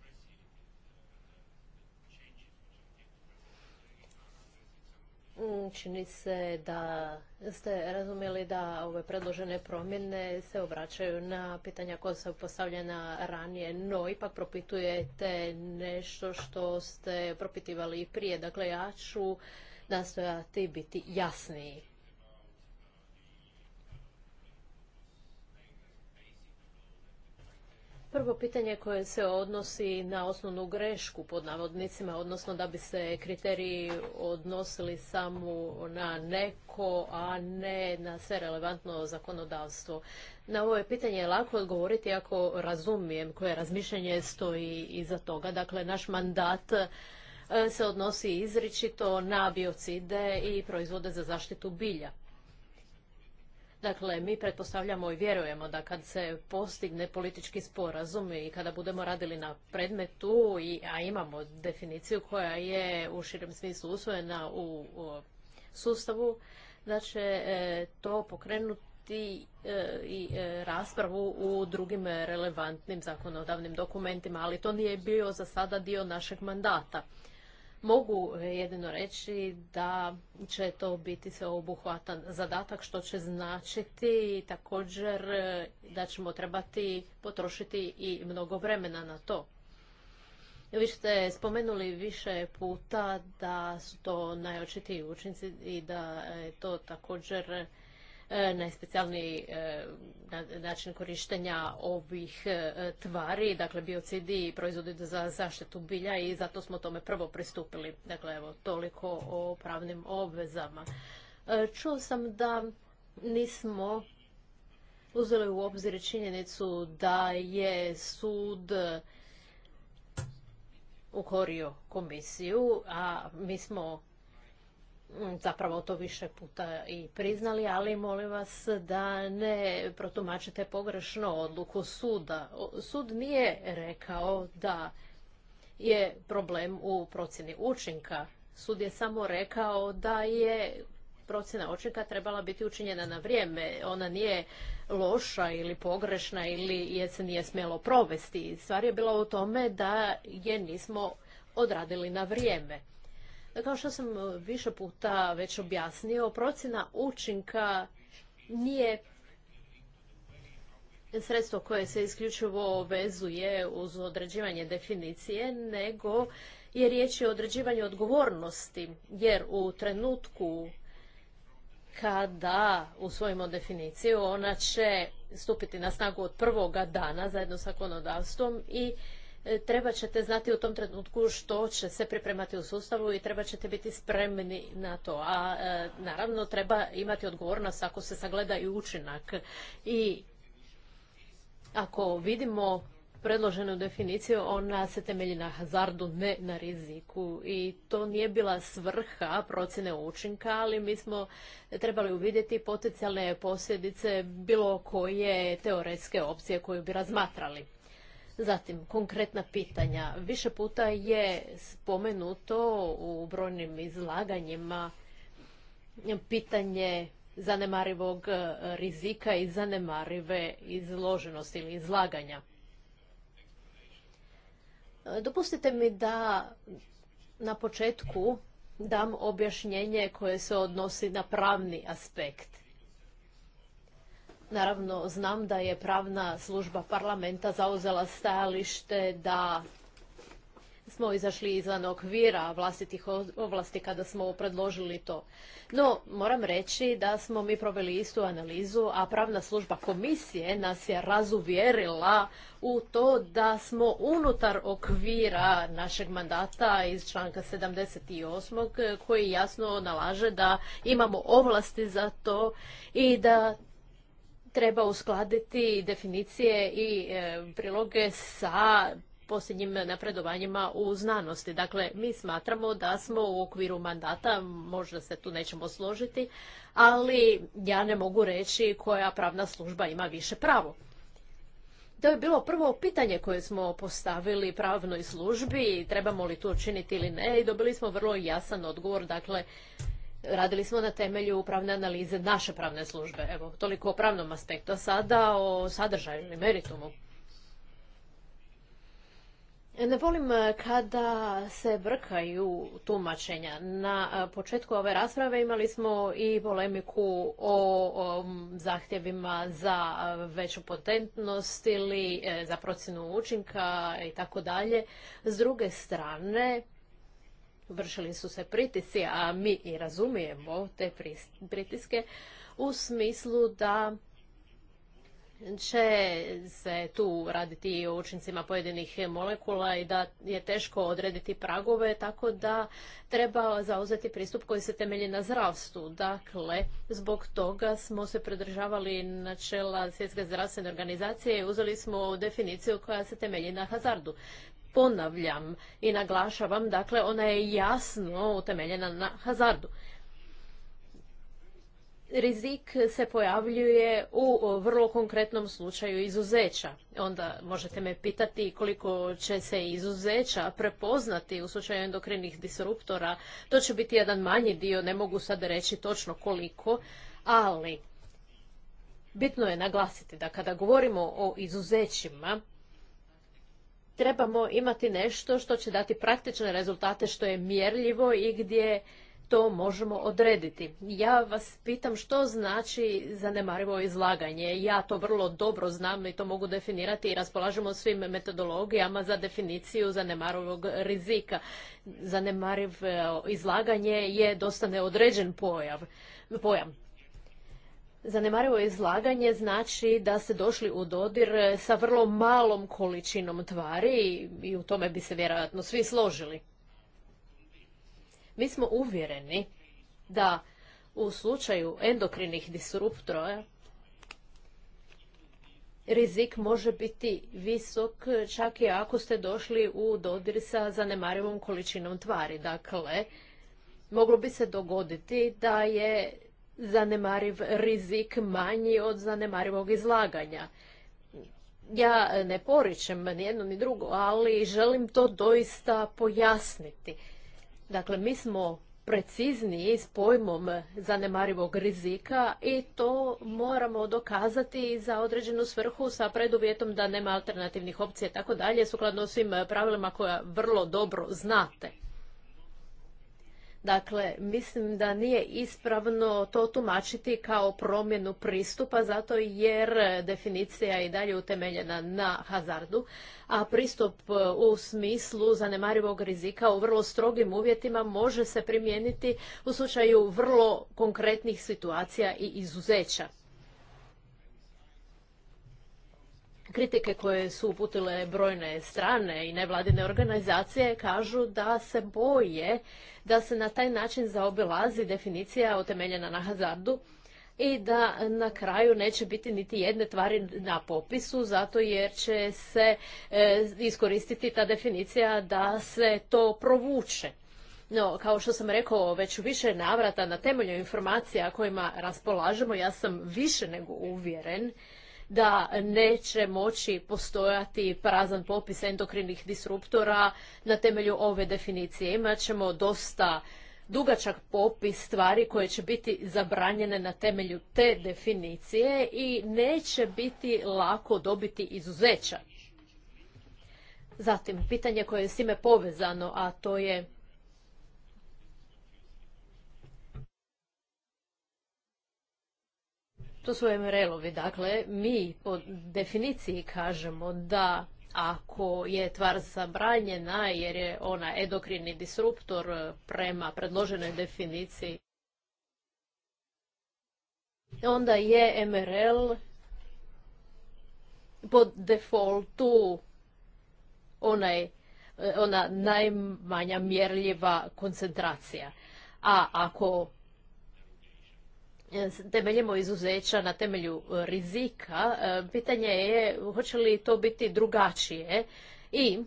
Mm, čini se da ste razumjeli da ove predložene promjene se obraćaju na pitanja koja su postavljena ranije, no ipak propitujete nešto što ste propitivali i prije. Dakle, ja ću nastojati biti jasniji. Prvo pitanje koje se odnosi na osnovnu grešku pod navodnicima, odnosno da bi se kriteriji odnosili samo na neko, a ne na sve relevantno zakonodavstvo. Na ovo je pitanje lako odgovoriti ako razumijem koje razmišljanje stoji iza toga. Dakle, naš mandat e, se odnosi izričito na biocide i proizvode za zaštitu bilja. Dakle, mi pretpostavljamo i vjerujemo da kad se postigne politički sporazum i kada budemo radili na predmetu, a imamo definiciju koja je u širem smislu usvojena u, sustavu, da će e, to pokrenuti e, i e, raspravu u drugim relevantnim zakonodavnim dokumentima, ali to nije bio za sada dio našeg mandata. Mogu e, jedino reći da će to biti sveobuhvatan zadatak što će značiti također e, da ćemo trebati potrošiti i mnogo vremena na to. Vi ste spomenuli više puta da su to najočitiji učinci i da je to također E, najspecijalniji e, način korištenja ovih e, tvari, dakle biocidi i proizvodi za zaštitu bilja i zato smo tome prvo pristupili. Dakle, evo, toliko o pravnim obvezama. Čuo sam da nismo uzeli u obzir činjenicu da je sud ukorio komisiju, a mi smo Mm, zapravo to više puta i priznali, ali molim vas da ne protumačite pogrešno odluku suda. Sud nije rekao da je problem u procjeni učinka. Sud je samo rekao da je procjena učinka trebala biti učinjena na vrijeme. Ona nije loša ili pogrešna ili je se nije smjelo provesti. Stvar je bila u tome da je nismo odradili na vrijeme. Kao što sam e, više puta već objasnio, procjena učinka nije sredstvo koje se isključivo vezuje uz određivanje definicije, nego je riječ o određivanju odgovornosti, jer u trenutku kada usvojimo definiciju, ona će stupiti na snagu od prvoga dana zajedno sa zakonodavstvom i E, treba ćete znati u tom trenutku što će se pripremati u sustavu i treba ćete biti spremni na to. A e, naravno treba imati odgovornost ako se sagleda i učinak. I ako vidimo predloženu definiciju, ona se temelji na hazardu, ne na riziku. I to nije bila svrha procjene učinka, ali mi smo trebali uvidjeti potencijalne posljedice bilo koje teoretske opcije koju bi razmatrali. Zatim, konkretna pitanja. Više puta je spomenuto u brojnim izlaganjima pitanje zanemarivog rizika i zanemarive izloženosti ili izlaganja. Dopustite mi da na početku dam objašnjenje koje se odnosi na pravni aspekt. Naravno, znam da je pravna služba parlamenta zauzela stajalište da smo izašli izvan okvira vlastitih ovlasti kada smo predložili to. No, moram reći da smo mi proveli istu analizu, a pravna služba komisije nas je razuvjerila u to da smo unutar okvira našeg mandata iz članka 78. koji jasno nalaže da imamo ovlasti za to i da treba uskladiti definicije i e, priloge sa posljednjim napredovanjima u znanosti. Dakle, mi smatramo da smo u okviru mandata, možda se tu nećemo složiti, ali ja ne mogu reći koja pravna služba ima više pravo. To je bilo prvo pitanje koje smo postavili pravnoj službi, trebamo li to učiniti ili ne, i dobili smo vrlo jasan odgovor, dakle, radili smo na temelju pravne analize naše pravne službe. Evo, toliko o pravnom aspektu, a sada o sadržaju ili meritumu. Ne volim eh, kada se brkaju tumačenja. Na eh, početku ove rasprave imali smo i polemiku o, zahtjevima za eh, veću potentnost ili za procjenu učinka i tako dalje. S druge strane, vršili su se pritisci, a mi i razumijemo te pritiske u smislu da će se tu raditi o učincima pojedinih molekula i da je teško odrediti pragove, tako da treba zauzeti pristup koji se temelji na zdravstvu. Dakle, zbog toga smo se pridržavali načela Svjetske zdravstvene organizacije i uzeli smo definiciju koja se temelji na hazardu. Ponavljam i naglašavam, dakle, ona je jasno utemeljena na hazardu rizik se pojavljuje u vrlo konkretnom slučaju izuzeća. Onda možete me pitati koliko će se izuzeća prepoznati u slučaju endokrinih disruptora. To će biti jedan manji dio, ne mogu sad reći točno koliko, ali bitno je naglasiti da kada govorimo o izuzećima, trebamo imati nešto što će dati praktične rezultate, što je mjerljivo i gdje to možemo odrediti. Ja vas pitam što znači zanemarivo izlaganje. Ja to vrlo dobro znam i to mogu definirati i raspolažemo svim metodologijama za definiciju zanemarivog rizika. Zanemarivo izlaganje je dosta neodređen pojav, pojam. Zanemarivo izlaganje znači da ste došli u dodir sa vrlo malom količinom tvari i u tome bi se vjerojatno svi složili. Mi smo uvjereni da u slučaju endokrinih disruptora rizik može biti visok čak i ako ste došli u dodir sa zanemarivom količinom tvari. Dakle, moglo bi se dogoditi da je zanemariv rizik manji od zanemarivog izlaganja. Ja ne poričem ni jedno ni drugo, ali želim to doista pojasniti. Dakle, mi smo precizniji s pojmom zanemarivog rizika i to moramo dokazati za određenu svrhu sa preduvjetom da nema alternativnih opcija i tako dalje, sukladno svim pravilima koja vrlo dobro znate. Dakle, mislim da nije ispravno to tumačiti kao promjenu pristupa, zato jer definicija je i dalje utemeljena na hazardu, a pristup e, u smislu zanemarivog rizika u vrlo strogim uvjetima može se primijeniti u slučaju vrlo konkretnih situacija i izuzeća. kritike koje su uputile brojne strane i nevladine organizacije kažu da se boje da se na taj način zaobilazi definicija utemeljena na hazardu i da na kraju neće biti niti jedne tvari na popisu zato jer će se e, iskoristiti ta definicija da se to provuče. No, kao što sam rekao već u više navrata na temelju informacija kojima raspolažemo, ja sam više nego uvjeren da neće moći postojati prazan popis endokrinih disruptora na temelju ove definicije. Imaćemo dosta dugačak popis stvari koje će biti zabranjene na temelju te definicije i neće biti lako dobiti izuzeća. Zatim, pitanje koje je s time povezano, a to je To su MRL-ovi. Dakle, mi po definiciji kažemo da ako je tvar zabranjena jer je ona endokrini disruptor eh, prema predloženoj definiciji, onda je MRL po defaultu onaj, eh, ona najmanja mjerljiva koncentracija. A ako temeljimo izuzeća na temelju e, rizika, e, pitanje je hoće li to biti drugačije i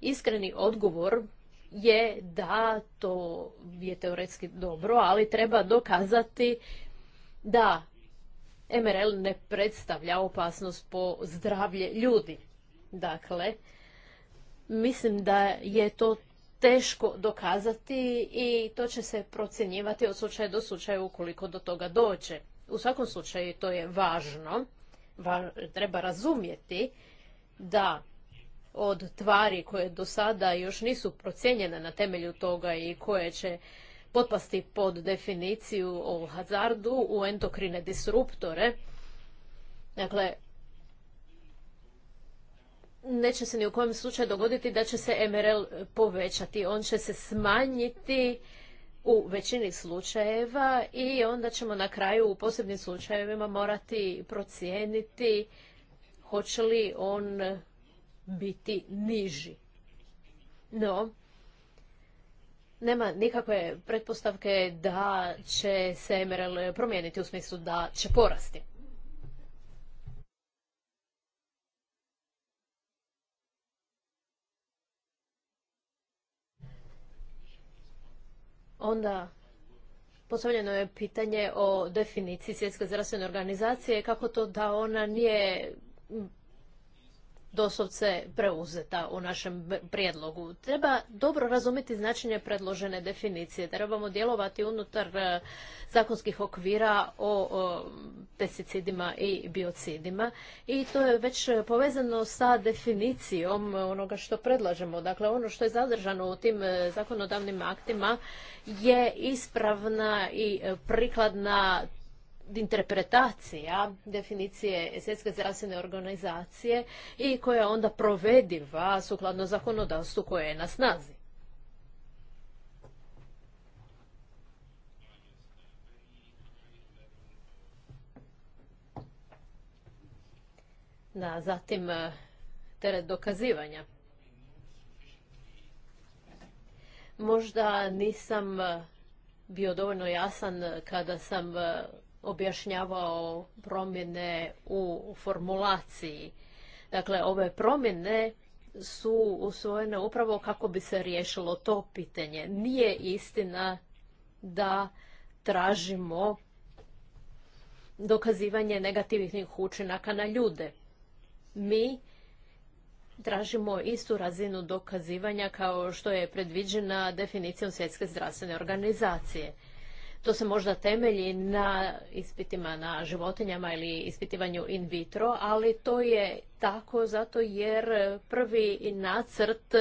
iskreni odgovor je da to je teoretski dobro, ali treba dokazati da MRL ne predstavlja opasnost po zdravlje ljudi. Dakle, mislim da je to teško dokazati i to će se procjenjivati od slučaja do slučaja ukoliko do toga dođe. U svakom slučaju to je važno, treba razumjeti da od tvari koje do sada još nisu procijenjene na temelju toga i koje će potpasti pod definiciju o hazardu u endokrine disruptore. Dakle, neće se ni u kojem slučaju dogoditi da će se MRL povećati. On će se smanjiti u većini slučajeva i onda ćemo na kraju u posebnim slučajevima morati procijeniti hoće li on biti niži. No, nema nikakve pretpostavke da će se MRL promijeniti u smislu da će porasti. Onda postavljeno je pitanje o definiciji svjetske zdravstvene organizacije, kako to da ona nije doslovce preuzeta u našem prijedlogu. Treba dobro razumjeti značenje predložene definicije. Trebamo djelovati unutar e, zakonskih okvira o pesticidima i biocidima i to je već povezano sa definicijom onoga što predlažemo. Dakle, ono što je zadržano u tim e, zakonodavnim aktima je ispravna i prikladna interpretacija definicije Svjetske zdravstvene organizacije i koja je onda provediva sukladno zakonodavstvu koje je na snazi. Da, zatim e, teret dokazivanja. Možda nisam e, bio dovoljno jasan kada sam e, objašnjavao promjene u formulaciji. Dakle, ove promjene su usvojene upravo kako bi se riješilo to pitanje. Nije istina da tražimo dokazivanje negativnih učinaka na ljude. Mi tražimo istu razinu dokazivanja kao što je predviđena definicijom Svjetske zdravstvene organizacije. To se možda temelji na ispitima na životinjama ili ispitivanju in vitro, ali to je tako zato jer prvi nacrt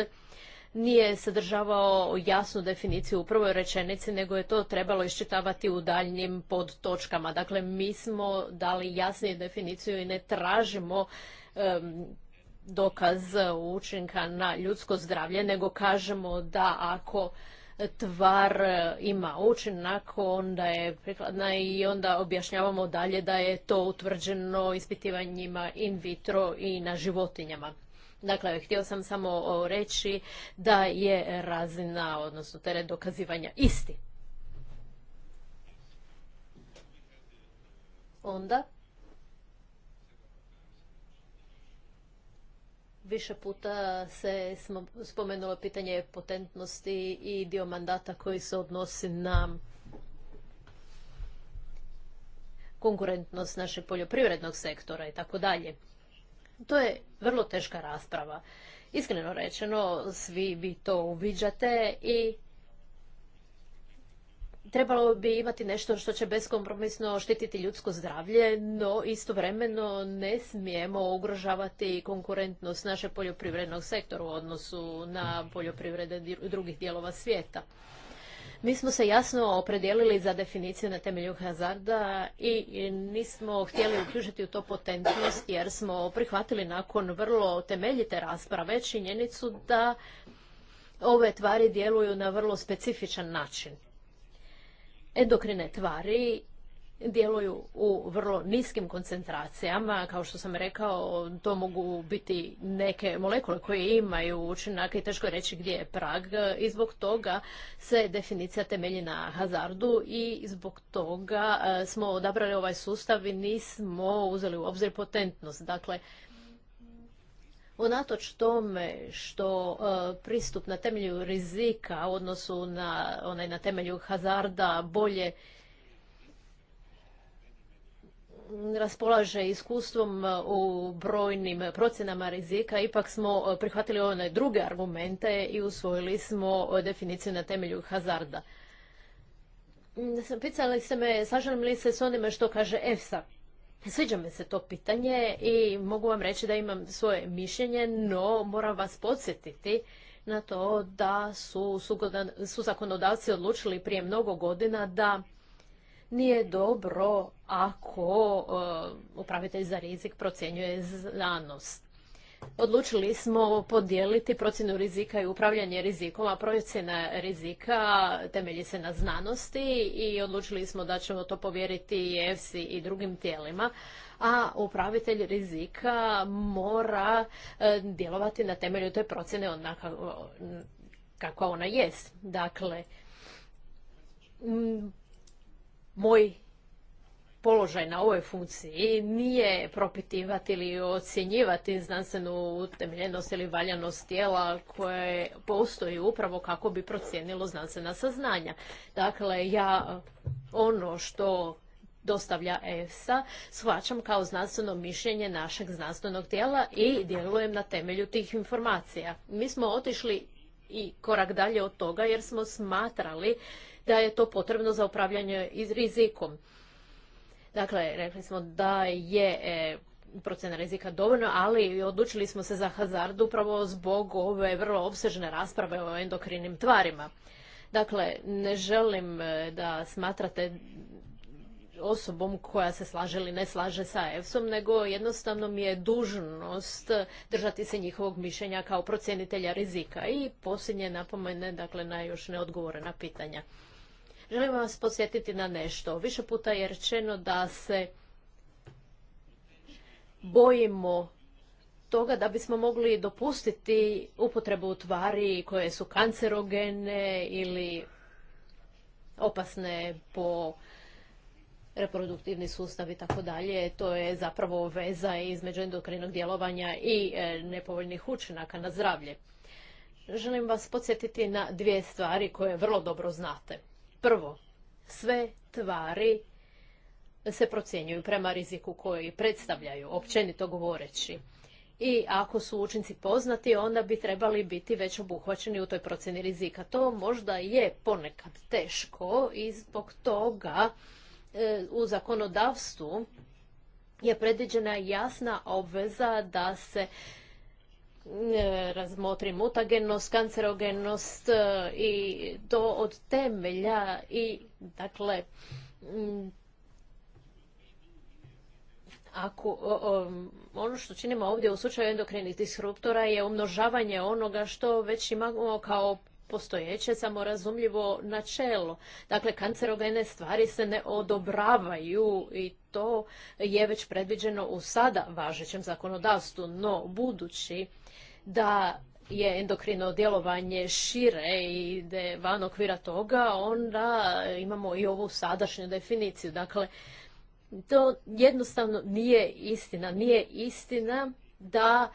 nije sadržavao jasnu definiciju u prvoj rečenici, nego je to trebalo iščitavati u daljnjim podtočkama. Dakle, mi smo dali jasniju definiciju i ne tražimo dokaz učinka na ljudsko zdravlje, nego kažemo da ako tvar e, ima učinak, onda je prikladna i onda objašnjavamo dalje da je to utvrđeno ispitivanjima in vitro i na životinjama. Dakle, htio sam samo reći da je razina, odnosno teret dokazivanja isti. Onda Više puta se spomenulo pitanje potentnosti i dio mandata koji se odnosi na konkurentnost našeg poljoprivrednog sektora i tako dalje. To je vrlo teška rasprava. Iskreno rečeno, svi vi to uviđate i trebalo bi imati nešto što će beskompromisno štititi ljudsko zdravlje, no istovremeno ne smijemo ugrožavati konkurentnost naše poljoprivrednog sektora u odnosu na poljoprivrede drugih dijelova svijeta. Mi smo se jasno opredijelili za definiciju na temelju hazarda i nismo htjeli uključiti u to potentnost jer smo prihvatili nakon vrlo temeljite rasprave činjenicu da ove tvari djeluju na vrlo specifičan način endokrine tvari djeluju u vrlo niskim koncentracijama. Kao što sam rekao, to mogu biti neke molekule koje imaju učinak i teško je reći gdje je prag. I zbog toga se definicija temelji na hazardu i zbog toga e, smo odabrali ovaj sustav i nismo uzeli u obzir potentnost. Dakle, unatoč tome što e, pristup na temelju rizika u odnosu na onaj na temelju hazarda bolje raspolaže iskustvom e, u brojnim procjenama rizika, ipak smo e, prihvatili one druge argumente i usvojili smo definiciju na temelju hazarda. Pitali ste me, sažalim li se s onime što kaže EFSA? Sviđa mi se to pitanje i mogu vam reći da imam svoje mišljenje, no moram vas podsjetiti na to da su, su zakonodavci odlučili prije mnogo godina da nije dobro ako e, upravitelj za rizik procjenjuje znanost odlučili smo podijeliti procjenu rizika i upravljanje rizikom, a procjena rizika temelji se na znanosti i odlučili smo da ćemo to povjeriti EFSI i drugim tijelima, a upravitelj rizika mora e, djelovati na temelju te procjene onaka kakva ona jest. Dakle, moj položaj na ovoj funkciji nije propitivati ili ocjenjivati znanstvenu utemeljenost ili valjanost tijela koje postoji upravo kako bi procijenilo znanstvena saznanja. Dakle, ja ono što dostavlja EFSA, shvaćam kao znanstveno mišljenje našeg znanstvenog tijela i djelujem na temelju tih informacija. Mi smo otišli i korak dalje od toga jer smo smatrali da je to potrebno za upravljanje rizikom. Dakle, rekli smo da je e, procjena rizika dovoljno, ali odlučili smo se za hazard upravo zbog ove vrlo obsežne rasprave o endokrinim tvarima. Dakle, ne želim e, da smatrate osobom koja se slaže ili ne slaže sa EFSom, nego jednostavno mi je dužnost držati se njihovog mišljenja kao procjenitelja rizika i posljednje napomene dakle, na još neodgovorena pitanja. Želim vas podsjetiti na nešto. Više puta je rečeno da se bojimo toga da bismo mogli dopustiti upotrebu tvari koje su kancerogene ili opasne po reproduktivni sustav i tako dalje. To je zapravo veza između endokrinog djelovanja i e, nepovoljnih učinaka na zdravlje. Želim vas podsjetiti na dvije stvari koje vrlo dobro znate. Prvo, sve tvari se procjenjuju prema riziku koji predstavljaju, općenito govoreći. I ako su učinci poznati, onda bi trebali biti već obuhvaćeni u toj procjeni rizika. To možda je ponekad teško i zbog toga e, u zakonodavstvu je predviđena jasna obveza da se E, razmotri mutagenost, kancerogenost e, i to od temelja i dakle ako ono što činimo ovdje u slučaju endokrinih disruptora je umnožavanje onoga što već imamo kao postojeće samorazumljivo načelo. Dakle, kancerogene stvari se ne odobravaju i to je već predviđeno u sada važećem zakonodavstvu, no budući da je endokrino djelovanje šire i ide van okvira toga, onda imamo i ovu sadašnju definiciju. Dakle, to jednostavno nije istina. Nije istina da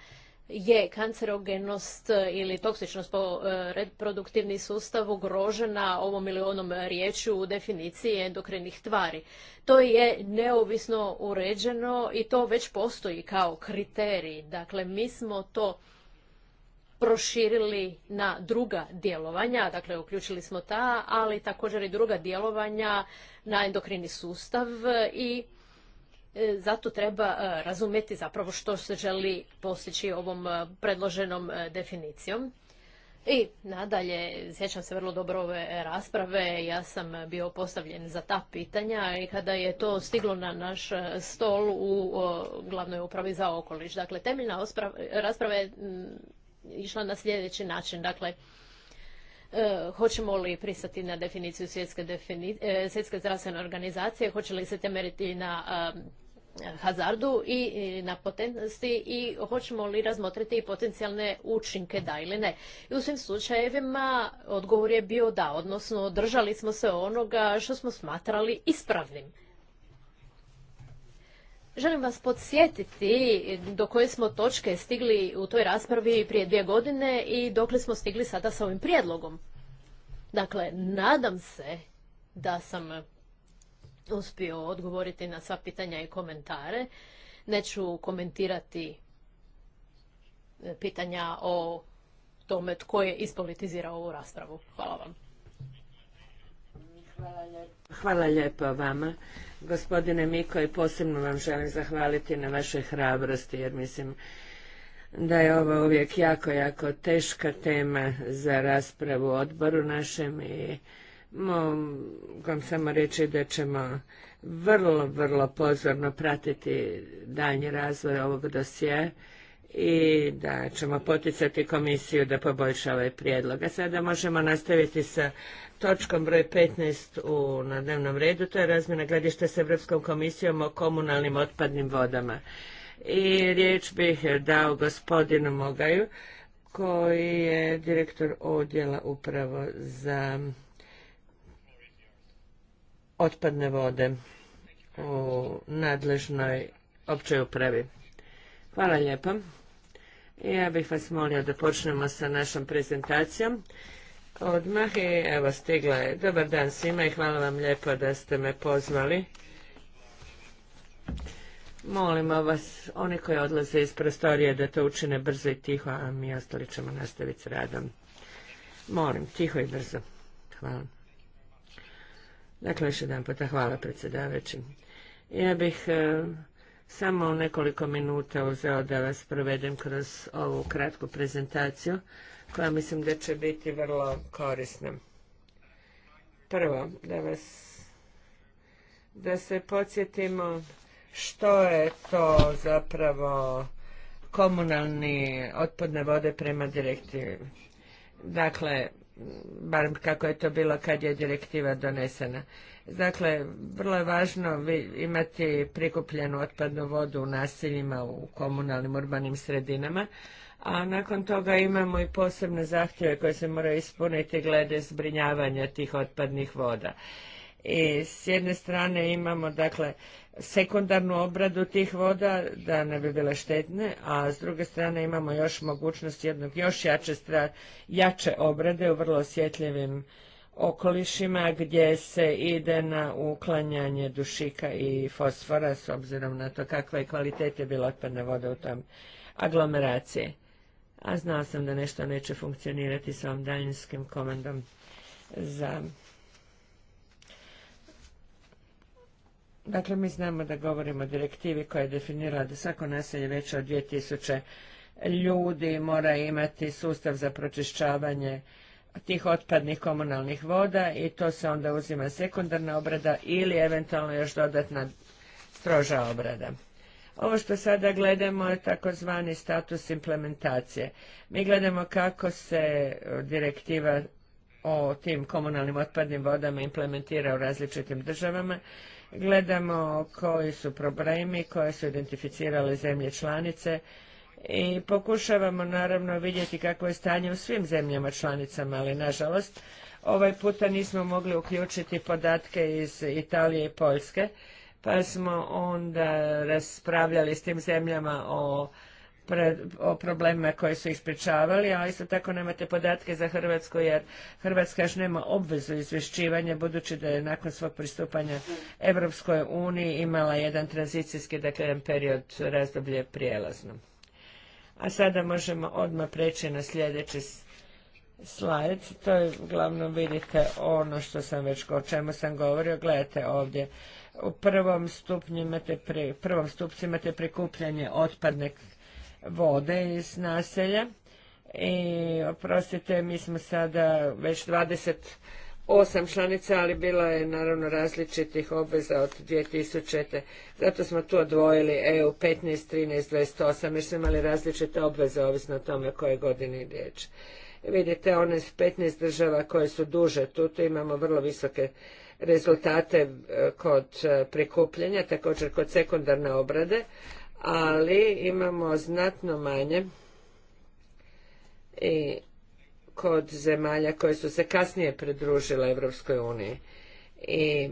je kancerogenost e, ili toksičnost po e, reproduktivni sustav ugrožena ovom ili onom riječju u definiciji endokrinih tvari. To je neovisno uređeno i to već postoji kao kriterij. Dakle, mi smo to proširili na druga djelovanja, dakle uključili smo ta, ali također i druga djelovanja na endokrini sustav i E, zato treba e, razumjeti zapravo što se želi postići ovom e, predloženom definicijom. I nadalje, sjećam se vrlo dobro ove rasprave, ja sam bio postavljen za ta pitanja i kada je to stiglo na naš stol u glavnoj upravi za okoliš. Dakle, temeljna rasprava je mm, išla na sljedeći način. Dakle, hoćemo li pristati na definiciju svjetske, zdravstvene organizacije, hoće li se temeljiti na hazardu i na potentnosti i hoćemo li razmotriti potencijalne učinke da ili ne. I u svim slučajevima odgovor je bio da, odnosno držali smo se onoga što smo smatrali ispravnim. Želim vas podsjetiti do koje smo točke stigli u toj raspravi prije dvije godine i dokle smo stigli sada sa ovim prijedlogom. Dakle, nadam se da sam uspio odgovoriti na sva pitanja i komentare. Neću komentirati e, pitanja o tome tko je ispolitizirao ovu raspravu. Hvala vam. Hvala lijepo. vama. Gospodine Miko, i posebno vam želim zahvaliti na vašoj hrabrosti, jer mislim da je ovo uvijek jako, jako teška tema za raspravu u odboru našem i Mogu samo reći da ćemo vrlo, vrlo pozorno pratiti daljnji razvoj ovog dosije i da ćemo poticati komisiju da poboljša ovaj prijedlog. A sada možemo nastaviti sa točkom broj 15 u, na dnevnom redu, to je razmjena gledišta s Europskom komisijom o komunalnim otpadnim vodama. I riječ bih dao gospodinu Mogaju, koji je direktor odjela upravo za otpadne vode u nadležnoj općoj upravi. Hvala lijepa. Ja bih vas molio da počnemo sa našom prezentacijom. Odmah i evo stigla je. Dobar dan svima i hvala vam lijepo da ste me pozvali. Molimo vas, oni koji odlaze iz prostorije, da to učine brzo i tiho, a mi ostali ćemo nastaviti s radom. Molim, tiho i brzo. Hvala. Dakle, još jedan hvala predsjedavajući. Ja bih e, samo u nekoliko minuta uzeo da vas provedem kroz ovu kratku prezentaciju koja mislim da će biti vrlo korisna. Prvo, da vas da se podsjetimo što je to zapravo komunalni otpadne vode prema direktivi. Dakle, barem kako je to bilo kad je direktiva donesena. Dakle, vrlo je važno imati prikupljenu otpadnu vodu u nasiljima, u komunalnim urbanim sredinama, a nakon toga imamo i posebne zahtjeve koje se moraju ispuniti glede zbrinjavanja tih otpadnih voda i e, s jedne strane imamo dakle sekundarnu obradu tih voda da ne bi bile štetne, a s druge strane imamo još mogućnost jednog još jače, stra, jače obrade u vrlo osjetljivim okolišima gdje se ide na uklanjanje dušika i fosfora s obzirom na to kakva je kvalitete bila otpadna voda u tom aglomeraciji. A znao sam da nešto neće funkcionirati sa ovom daljinskim komandom za Dakle, mi znamo da govorimo o direktivi koja je definirala da svako naselje veće od 2000 ljudi mora imati sustav za pročišćavanje tih otpadnih komunalnih voda i to se onda uzima sekundarna obrada ili eventualno još dodatna stroža obrada. Ovo što sada gledamo je takozvani status implementacije. Mi gledamo kako se direktiva o tim komunalnim otpadnim vodama implementira u različitim državama gledamo koji su problemi koje su identificirale zemlje članice i pokušavamo naravno vidjeti kako je stanje u svim zemljama članicama, ali nažalost ovaj puta nismo mogli uključiti podatke iz Italije i Poljske, pa smo onda raspravljali s tim zemljama o o problemima koje su ispričavali, a isto tako nemate podatke za Hrvatsku jer Hrvatska još nema obvezu izvješćivanja budući da je nakon svog pristupanja Europskoj uniji imala jedan tranzicijski, dakle jedan period razdoblje prijelazno. A sada možemo odmah preći na sljedeći slajd. To je uglavnom vidite ono što sam već, o čemu sam govorio. Gledajte ovdje. U prvom stupnju imate prvom imate prikupljanje otpadne vode iz naselja i oprostite mi smo sada već 28 članica ali bilo je naravno različitih obveza od 2000 zato smo tu odvojili EU 15, 13, 28 jer smo imali različite obveze ovisno o tome koje godine riječ vidite one 15 država koje su duže tu, tu imamo vrlo visoke rezultate e, kod e, prikupljanja, također kod sekundarne obrade, ali imamo znatno manje i kod zemalja koje su se kasnije pridružile Europskoj uniji. I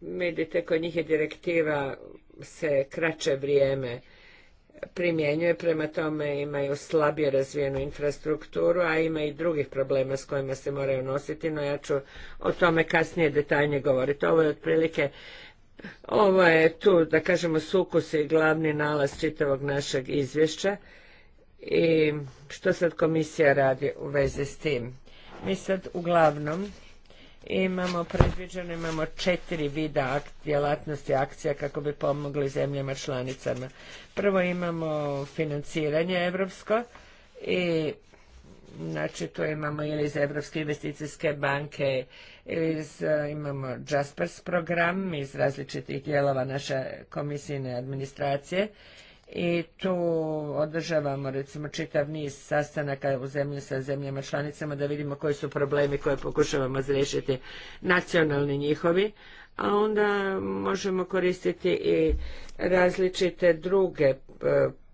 vidite, kod njih je direktiva se kraće vrijeme primjenjuje, prema tome imaju slabije razvijenu infrastrukturu, a ima i drugih problema s kojima se moraju nositi, no ja ću o tome kasnije detaljnije govoriti. Ovo je otprilike ovo je tu, da kažemo, sukus i glavni nalaz čitavog našeg izvješća i što sad komisija radi u vezi s tim. Mi sad uglavnom imamo predviđeno, imamo četiri vida djelatnosti akcija kako bi pomogli zemljama članicama. Prvo imamo financiranje evropsko i znači tu imamo ili iz Europske investicijske banke ili iz, e, imamo Jaspers program iz različitih dijelova naše komisijne administracije i tu održavamo recimo čitav niz sastanaka u zemlji sa zemljama članicama da vidimo koji su problemi koje pokušavamo zriješiti nacionalni njihovi, a onda možemo koristiti i različite druge e,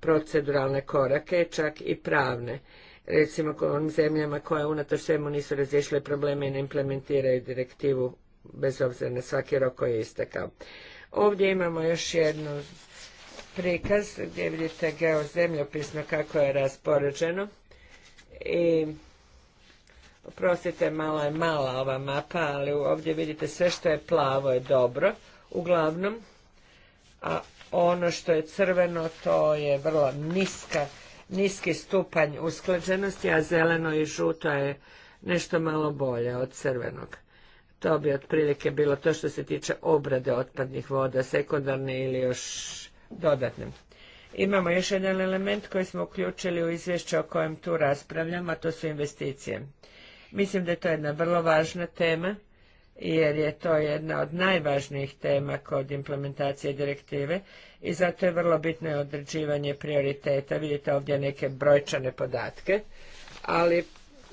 proceduralne korake, čak i pravne recimo onim zemljama koje unatoč svemu nisu razriješile probleme i ne implementiraju direktivu bez obzira na svaki rok koji je istekao. Ovdje imamo još jednu prikaz gdje vidite geozemljopisno kako je raspoređeno i oprostite malo je mala ova mapa ali ovdje vidite sve što je plavo je dobro uglavnom a ono što je crveno to je vrlo niska niski stupanj usklađenosti, a zeleno i žuto je nešto malo bolje od crvenog. To bi otprilike bilo to što se tiče obrade otpadnih voda, sekundarne ili još dodatne. Imamo još jedan element koji smo uključili u izvješće o kojem tu raspravljamo, a to su investicije. Mislim da je to jedna vrlo važna tema jer je to jedna od najvažnijih tema kod implementacije direktive i zato je vrlo bitno određivanje prioriteta. Vidite ovdje neke brojčane podatke, ali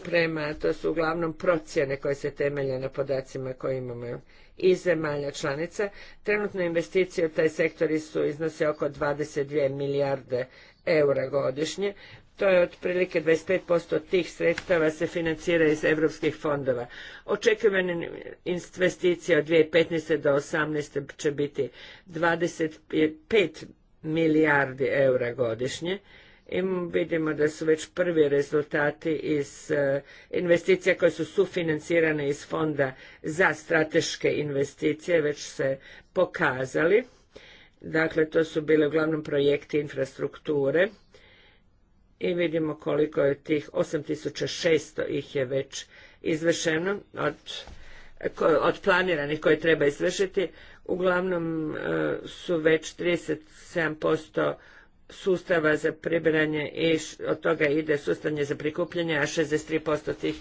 prema, to su uglavnom procjene koje se temelje na podacima koje imamo i zemalja članica. Trenutno investicije u taj sektor su iznose oko 22 milijarde eura godišnje, to je otprilike 25% tih sredstava se financira iz europskih fondova. Očekivane investicije od 2015. do 2018. će biti 25 milijardi eura godišnje. I vidimo da su već prvi rezultati iz e, investicija koje su sufinancirane iz fonda za strateške investicije već se pokazali. Dakle, to su bile uglavnom projekti infrastrukture i vidimo koliko je tih 8600 ih je već izvršeno od, od planiranih koje treba izvršiti. Uglavnom e, su već 37% sustava za pribranje i od toga ide sustavnje za prikupljanje, a 63% tih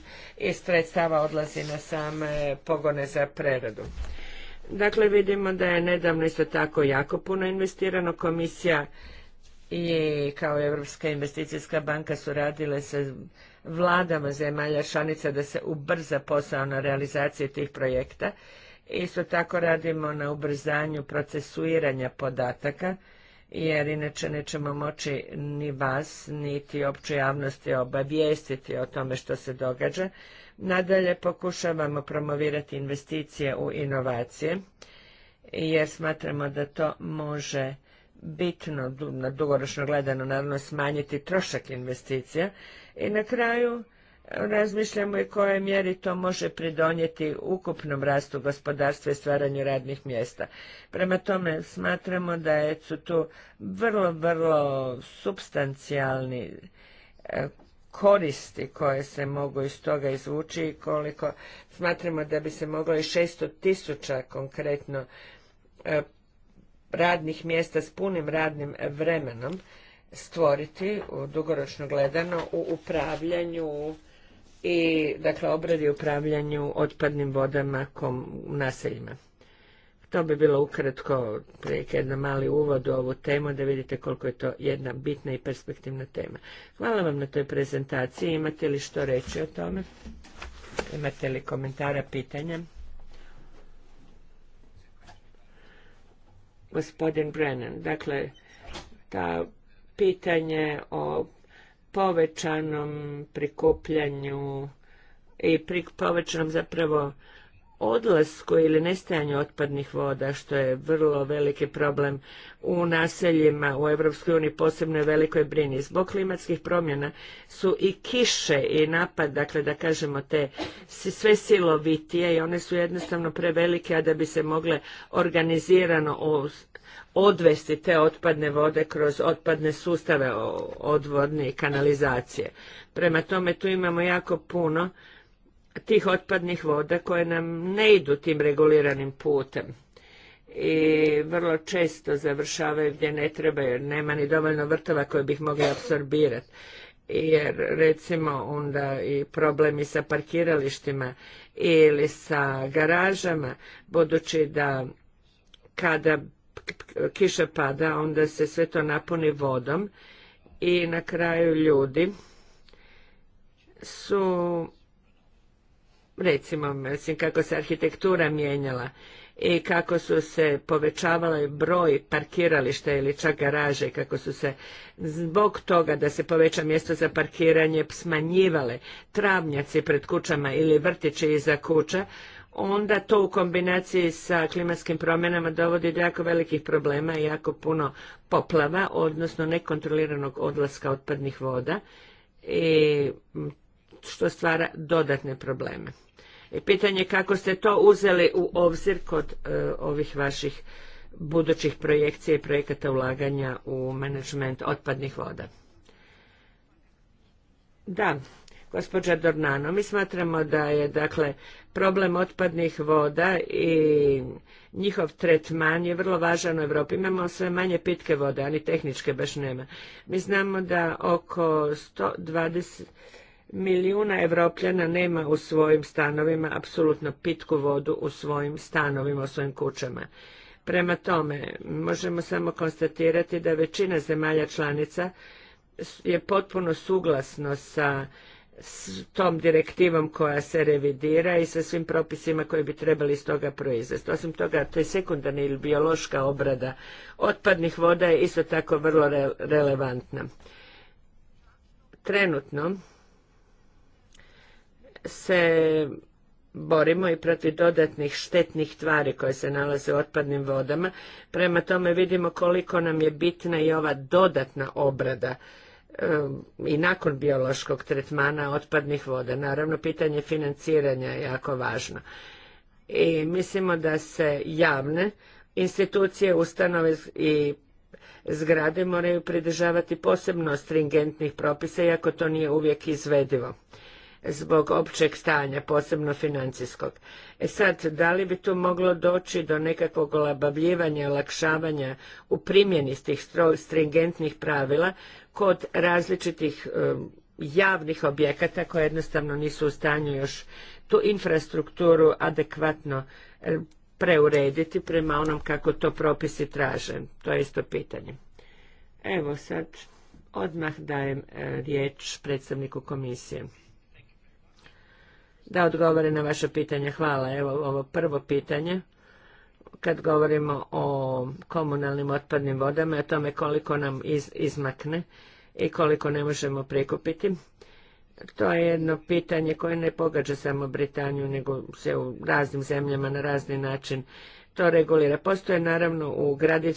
sredstava odlazi na same pogone za preradu. Dakle, vidimo da je nedavno isto tako jako puno investirano. Komisija i kao Europska investicijska banka su radile sa vladama zemalja članica da se ubrza posao na realizaciji tih projekta. Isto tako radimo na ubrzanju procesuiranja podataka, jer inače nećemo moći ni vas, niti opću javnosti obavijestiti o tome što se događa. Nadalje pokušavamo promovirati investicije u inovacije, jer smatramo da to može bitno, na dugoročno gledano, naravno smanjiti trošak investicija i na kraju razmišljamo i koje mjeri to može pridonijeti ukupnom rastu gospodarstva i stvaranju radnih mjesta. Prema tome smatramo da su tu vrlo, vrlo substancijalni e, koristi koje se mogu iz toga izvući i koliko smatramo da bi se moglo i 600 tisuća konkretno e, radnih mjesta s punim radnim vremenom stvoriti dugoročno gledano u upravljanju i dakle obradi upravljanju otpadnim vodama kom, naseljima. To bi bilo ukratko prilike jedan mali uvod u ovu temu da vidite koliko je to jedna bitna i perspektivna tema. Hvala vam na toj prezentaciji. Imate li što reći o tome? Imate li komentara, pitanja? gospodin Brennan. Dakle, ta pitanje o povećanom prikupljanju i povećanom zapravo odlasku ili nestajanju otpadnih voda, što je vrlo veliki problem u naseljima u Europskoj uniji, posebno je velikoj brini. Zbog klimatskih promjena su i kiše i napad, dakle da kažemo te sve silovitije i one su jednostavno prevelike, a da bi se mogle organizirano odvesti te otpadne vode kroz otpadne sustave odvodne i kanalizacije. Prema tome tu imamo jako puno tih otpadnih voda koje nam ne idu tim reguliranim putem i vrlo često završavaju gdje ne treba jer nema ni dovoljno vrtova koje bih mogli apsorbirati jer recimo onda i problemi sa parkiralištima ili sa garažama budući da kada kiša pada onda se sve to napuni vodom i na kraju ljudi su recimo, mislim, kako se arhitektura mijenjala i kako su se povećavali broj parkirališta ili čak garaže, kako su se zbog toga da se poveća mjesto za parkiranje smanjivale travnjaci pred kućama ili vrtići iza kuća, onda to u kombinaciji sa klimatskim promjenama dovodi do jako velikih problema i jako puno poplava, odnosno nekontroliranog odlaska otpadnih voda, i što stvara dodatne probleme. I pitanje kako ste to uzeli u obzir kod e, ovih vaših budućih projekcija i projekata ulaganja u management otpadnih voda. Da, gospođa Dornano, mi smatramo da je dakle problem otpadnih voda i njihov tretman je vrlo važan u Europi. Imamo sve manje pitke vode, ani tehničke baš nema. Mi znamo da oko 120 milijuna evropljana nema u svojim stanovima apsolutno pitku vodu u svojim stanovima, u svojim kućama. Prema tome, možemo samo konstatirati da većina zemalja članica je potpuno suglasno sa tom direktivom koja se revidira i sa svim propisima koji bi trebali iz toga proizvesti. Osim toga, to je sekundarna ili biološka obrada otpadnih voda je isto tako vrlo relevantna. Trenutno, se borimo i protiv dodatnih štetnih tvari koje se nalaze u otpadnim vodama. Prema tome vidimo koliko nam je bitna i ova dodatna obrada i nakon biološkog tretmana otpadnih voda. Naravno, pitanje financiranja je jako važno. I mislimo da se javne institucije, ustanove i zgrade moraju pridržavati posebno stringentnih propisa, iako to nije uvijek izvedivo zbog općeg stanja, posebno financijskog. E sad, da li bi tu moglo doći do nekakvog olabavljivanja, olakšavanja u primjeni tih stringentnih pravila kod različitih um, javnih objekata koje jednostavno nisu u stanju još tu infrastrukturu adekvatno um, preurediti prema onom kako to propisi traže. To je isto pitanje. Evo sad odmah dajem uh, riječ predstavniku komisije da odgovore na vaše pitanje. Hvala. Evo ovo prvo pitanje kad govorimo o komunalnim otpadnim vodama i o tome koliko nam izmakne i koliko ne možemo prikupiti. To je jedno pitanje koje ne pogađa samo Britaniju, nego se u raznim zemljama na razni način to regulira. Postoje naravno u, gradi,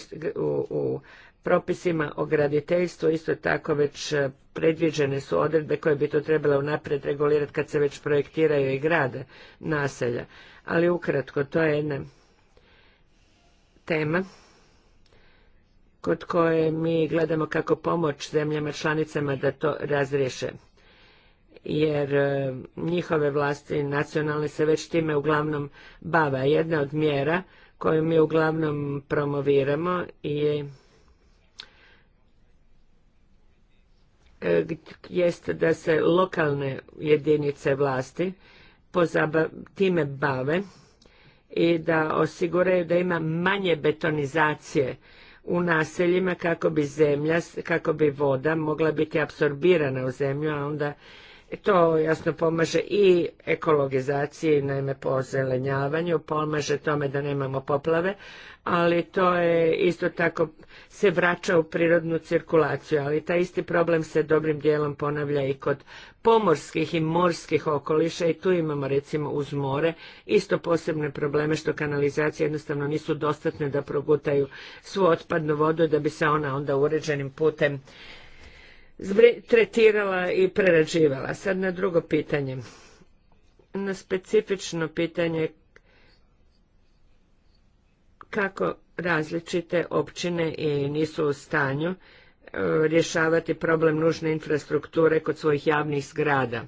u propisima o graditeljstvu isto tako već e, predviđene su odredbe koje bi to trebalo unaprijed regulirati kad se već projektiraju i grade naselja. Ali ukratko, to je jedna tema kod koje mi gledamo kako pomoć zemljama članicama da to razriješe. Jer e, njihove vlasti nacionalne se već time uglavnom bave. Jedna od mjera koju mi uglavnom promoviramo je jest da se lokalne jedinice vlasti time bave i da osiguraju da ima manje betonizacije u naseljima kako bi zemlja, kako bi voda mogla biti apsorbirana u zemlju, a onda to jasno pomaže i ekologizaciji, naime po zelenjavanju, pomaže tome da nemamo poplave, ali to je isto tako se vraća u prirodnu cirkulaciju, ali taj isti problem se dobrim dijelom ponavlja i kod pomorskih i morskih okoliša i tu imamo recimo uz more isto posebne probleme što kanalizacije jednostavno nisu dostatne da progutaju svu otpadnu vodu da bi se ona onda uređenim putem tretirala i prerađivala. Sad na drugo pitanje. Na specifično pitanje kako različite općine i nisu u stanju e, rješavati problem nužne infrastrukture kod svojih javnih zgrada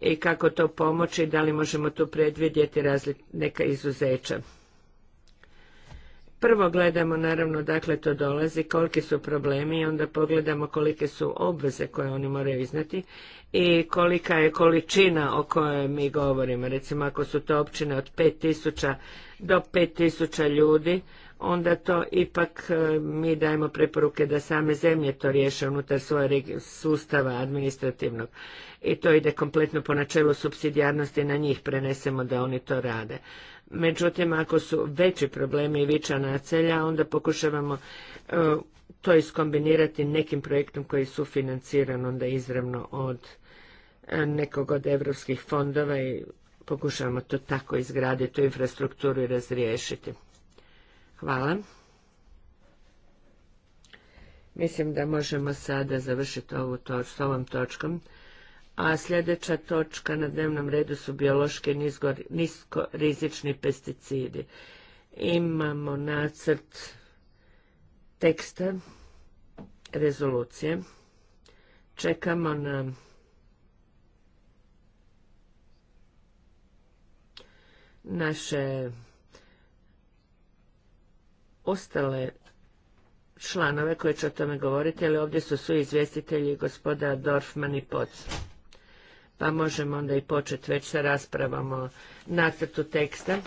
i kako to pomoći, da li možemo tu predvidjeti neka izuzeća. Prvo gledamo naravno dakle to dolazi, koliki su problemi i onda pogledamo kolike su obveze koje oni moraju iznati i kolika je količina o kojoj mi govorimo. Recimo ako su to općine od 5000 do 5000 ljudi, onda to ipak e, mi dajemo preporuke da same zemlje to riješe unutar svoje sustava administrativnog. I to ide kompletno po načelu subsidijarnosti, na njih prenesemo da oni to rade. Međutim, ako su veći problemi i vića naselja, onda pokušavamo e, to iskombinirati nekim projektom koji su financiran onda izravno od e, nekog od evropskih fondova i pokušavamo to tako izgraditi, tu infrastrukturu i razriješiti. Hvala. Mislim da možemo sada završiti ovu točku s ovom točkom a sljedeća točka na dnevnom redu su biološki niskorizični pesticidi. Imamo nacrt teksta rezolucije. Čekamo na naše ostale članove koji će o tome govoriti, ali ovdje su svi izvjestitelji gospoda Dorfman i Poc pa možemo onda i početi već sa raspravom o nacrtu teksta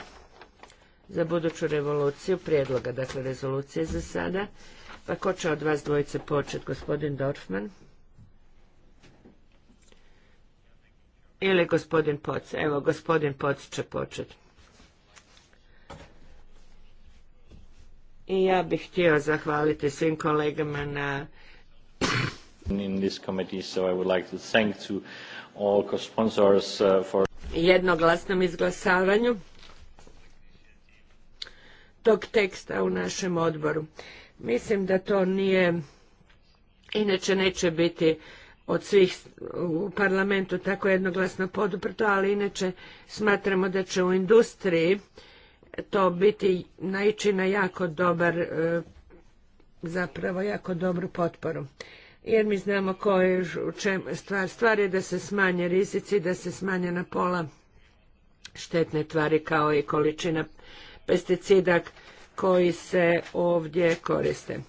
za buduću revoluciju, prijedloga, dakle, rezolucije za sada. Pa ko će od vas dvojice početi, gospodin Dorfman? Ili gospodin Poc? Evo, gospodin Poc će početi. I ja bih htio zahvaliti svim kolegama na... ...in this committee, so I would like to thank to o uh, jednoglasnom izglasavanju tog teksta u našem odboru. Mislim da to nije, inače neće biti od svih u parlamentu tako jednoglasno poduprto, ali inače smatramo da će u industriji to biti naići na jako dobar, e, zapravo jako dobru potporu jer mi znamo koje je stvar. je da se smanje rizici, da se smanje na pola štetne tvari kao i količina pesticida koji se ovdje koriste.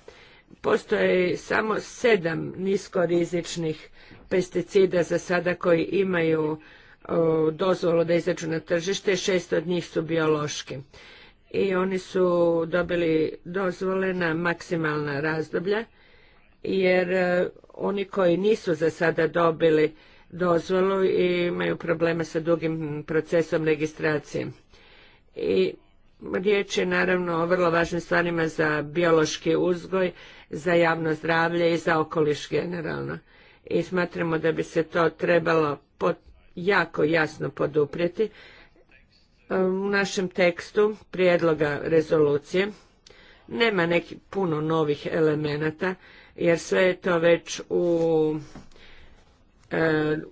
Postoje samo sedam niskorizičnih pesticida za sada koji imaju dozvolu da izađu na tržište, šest od njih su biološki. I oni su dobili dozvole na maksimalna razdoblja jer e, oni koji nisu za sada dobili dozvolu i imaju problema sa dugim procesom registracije. I riječ je naravno o vrlo važnim stvarima za biološki uzgoj, za javno zdravlje i za okoliš generalno. I smatramo da bi se to trebalo jako jasno poduprijeti e, u našem tekstu prijedloga rezolucije. Nema neki puno novih elemenata jer sve je to već u e,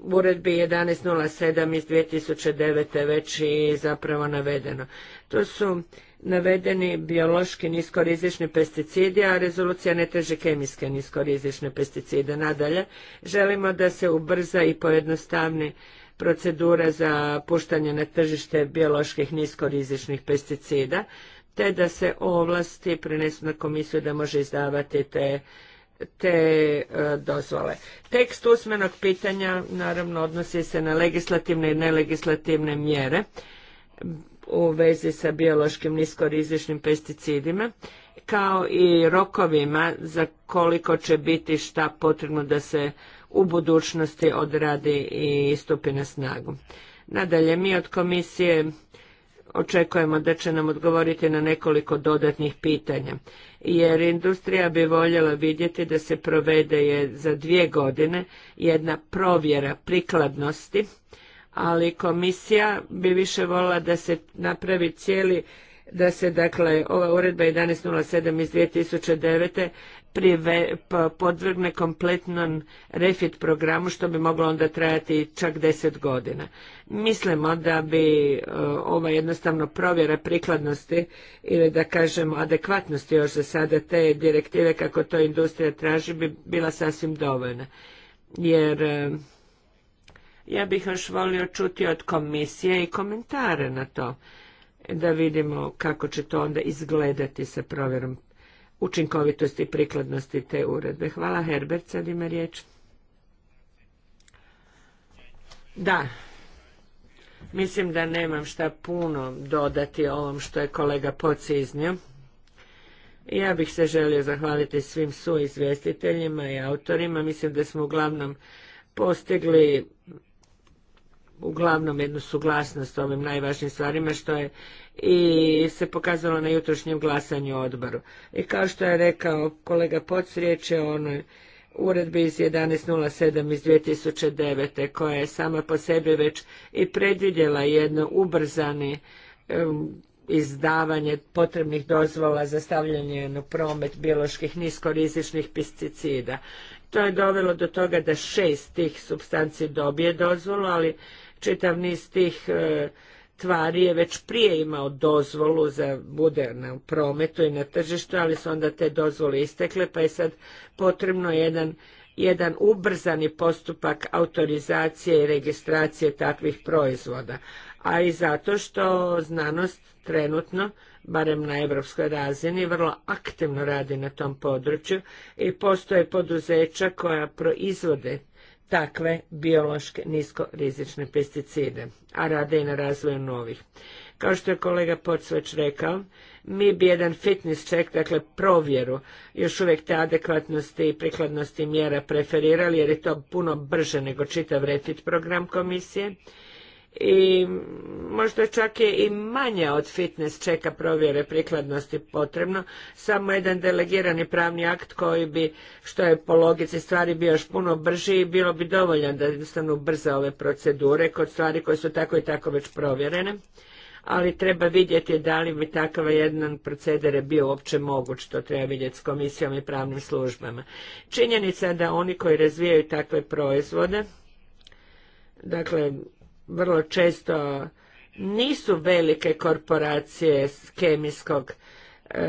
uredbi 1107 iz 2009. već i zapravo navedeno. To su navedeni biološki niskorizični pesticidi, a rezolucija ne teže kemijske niskorizične pesticide. Nadalje, želimo da se ubrza i pojednostavni procedura za puštanje na tržište bioloških niskorizičnih pesticida, te da se ovlasti prenesu na komisiju da može izdavati te te e, dozvole. Tekst usmenog pitanja naravno odnosi se na legislativne i nelegislativne mjere u vezi sa biološkim niskorizičnim pesticidima kao i rokovima za koliko će biti šta potrebno da se u budućnosti odradi i stupi na snagu. Nadalje, mi od komisije očekujemo da će nam odgovoriti na nekoliko dodatnih pitanja. Jer industrija bi voljela vidjeti da se provede je za dvije godine jedna provjera prikladnosti, ali komisija bi više voljela da se napravi cijeli da se dakle ova uredba 1107 iz 2009. Prive, podvrgne kompletnom refit programu što bi moglo onda trajati čak deset godina. Mislimo da bi e, ova jednostavno provjera prikladnosti ili da kažemo adekvatnosti još za sada te direktive kako to industrija traži bi bila sasvim dovoljna. Jer e, ja bih još volio čuti od komisije i komentare na to da vidimo kako će to onda izgledati sa provjerom učinkovitosti i prikladnosti te uredbe. Hvala Herbert, sad ima riječ. Da, mislim da nemam šta puno dodati o ovom što je kolega Poc iznio. Ja bih se želio zahvaliti svim suizvjestiteljima i autorima. Mislim da smo uglavnom postigli uglavnom jednu suglasnost ovim najvažnijim stvarima što je i se pokazalo na jutrošnjem glasanju odboru. I kao što je rekao kolega Poc, je o onoj uredbi iz 11.07 iz 2009. koja je sama po sebi već i predvidjela jedno ubrzani izdavanje potrebnih dozvola za stavljanje na promet bioloških niskorizičnih pesticida. To je dovelo do toga da šest tih substanci dobije dozvolu, ali čitav niz tih e, tvari je već prije imao dozvolu za bude na prometu i na tržištu, ali su onda te dozvole istekle, pa je sad potrebno jedan, jedan ubrzani postupak autorizacije i registracije takvih proizvoda. A i zato što znanost trenutno, barem na evropskoj razini, vrlo aktivno radi na tom području i postoje poduzeća koja proizvode takve biološke niskorizične pesticide, a rade i na razvoju novih. Kao što je kolega Poc rekao, mi bi jedan fitness check, dakle provjeru, još uvijek te adekvatnosti i prikladnosti mjera preferirali, jer je to puno brže nego čitav refit program komisije i možda čak je i manja od fitness čeka provjere prikladnosti potrebno, samo jedan delegirani pravni akt koji bi, što je po logici stvari bio još puno brži i bilo bi dovoljan da jednostavno brza ove procedure kod stvari koje su tako i tako već provjerene, ali treba vidjeti da li bi takav jedan proceder bio uopće moguć, to treba vidjeti s komisijom i pravnim službama. Činjenica je da oni koji razvijaju takve proizvode, dakle vrlo često nisu velike korporacije kemijskog e,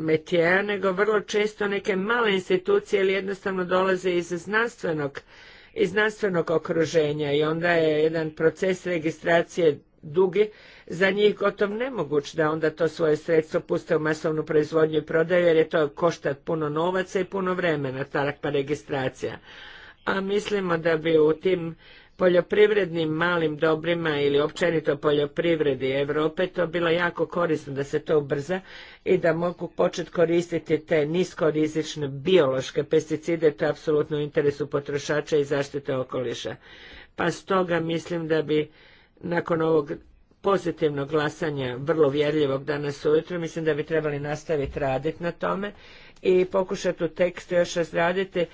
metija, nego vrlo često neke male institucije ili jednostavno dolaze iz znanstvenog, iz znanstvenog okruženja i onda je jedan proces registracije dugi, za njih gotov nemoguć da onda to svoje sredstvo puste u masovnu proizvodnju i prodaju, jer je to košta puno novaca i puno vremena, takva pa registracija. A mislimo da bi u tim poljoprivrednim malim dobrima ili općenito poljoprivredi Europe to bilo jako korisno da se to ubrza i da mogu početi koristiti te niskorizične biološke pesticide, to je apsolutno u interesu potrošača i zaštite okoliša. Pa stoga mislim da bi nakon ovog pozitivnog glasanja, vrlo vjerljivog danas ujutro, mislim da bi trebali nastaviti raditi na tome i pokušati u tekstu još razraditi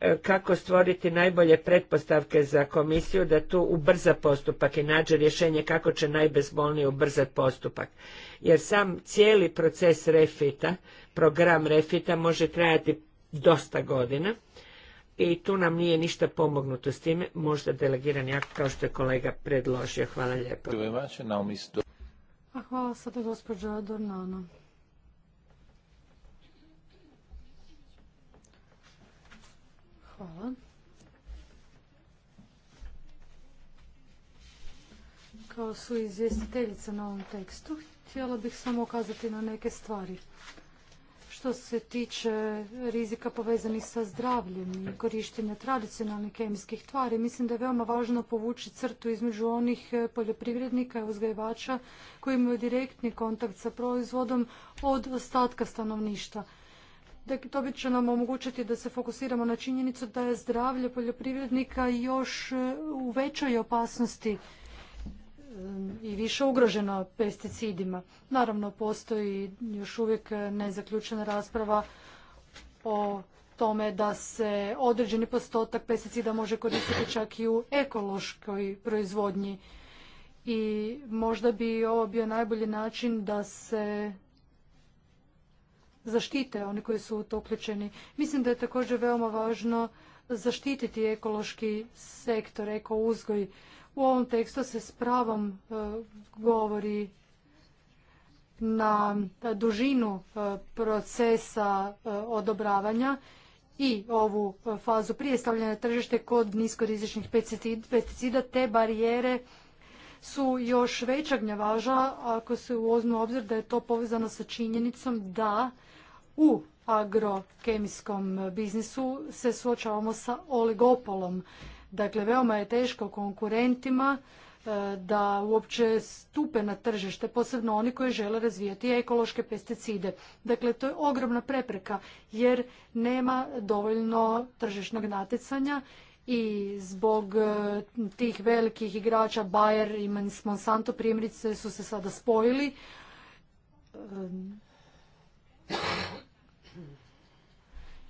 E, kako stvoriti najbolje pretpostavke za komisiju da tu ubrza postupak i nađe rješenje kako će najbezbolnije ubrzati postupak. Jer sam cijeli proces refita, program refita može trajati dosta godina i tu nam nije ništa pomognuto s time, možda delegiran ja kao što je kolega predložio. Hvala lijepo. A hvala sada gospođa Adorno. Hvala. Kao su izvjestiteljice na ovom tekstu, htjela bih samo ukazati na neke stvari. Što se tiče rizika povezanih sa zdravljem i korištenja tradicionalnih kemijskih tvari, mislim da je veoma važno povući crtu između onih poljoprivrednika i uzgajivača koji imaju direktni kontakt sa proizvodom od ostatka stanovništva to bi će nam omogućiti da se fokusiramo na činjenicu da je zdravlje poljoprivrednika još eh, u većoj opasnosti eh, i više ugroženo pesticidima. Naravno, postoji još uvijek nezaključena rasprava o tome da se određeni postotak pesticida može koristiti čak i u ekološkoj proizvodnji. I možda bi ovo bio najbolji način da se zaštite oni koji su u to uključeni. Mislim da je također veoma važno zaštititi ekološki sektor, eko uzgoj. U ovom tekstu se s pravom e, govori na dužinu e, procesa e, odobravanja i ovu fazu prije stavljanja na tržište kod niskorizičnih pesticida te barijere su još veća gnjavaža ako se uozme u obzir da je to povezano sa činjenicom da u agrokemijskom biznisu se suočavamo sa oligopolom. Dakle, veoma je teško konkurentima e, da uopće stupe na tržište, posebno oni koji žele razvijati ekološke pesticide. Dakle, to je ogromna prepreka jer nema dovoljno tržišnog natjecanja i zbog e, tih velikih igrača Bayer i Monsanto primjerice su se sada spojili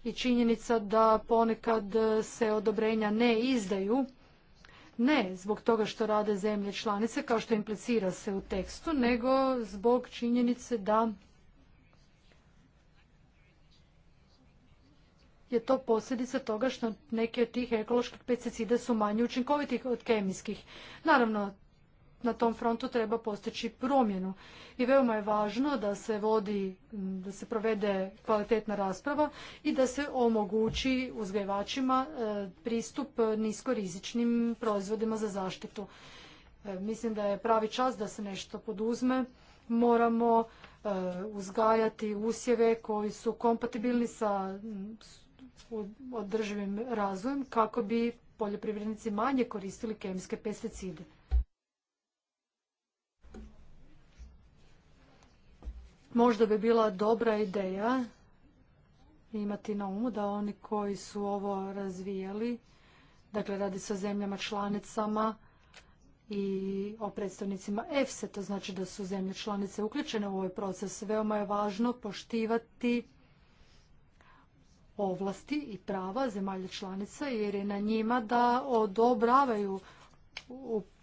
i činjenica da ponekad se odobrenja ne izdaju, ne zbog toga što rade zemlje članice, kao što implicira se u tekstu, nego zbog činjenice da je to posljedica toga što neke od tih ekoloških pesticida su manje učinkovitih od kemijskih. Naravno, na tom frontu treba postići promjenu. I veoma je važno da se vodi, da se provede kvalitetna rasprava i da se omogući uzgajivačima e, pristup niskorizičnim proizvodima za zaštitu. E, mislim da je pravi čas da se nešto poduzme. Moramo e, uzgajati usjeve koji su kompatibilni sa održivim razvojem kako bi poljoprivrednici manje koristili kemijske pesticide. Možda bi bila dobra ideja imati na umu da oni koji su ovo razvijali, dakle radi se o zemljama članicama i o predstavnicima EFSE, to znači da su zemlje članice uključene u ovaj proces. Veoma je važno poštivati ovlasti i prava zemalja članica jer je na njima da odobravaju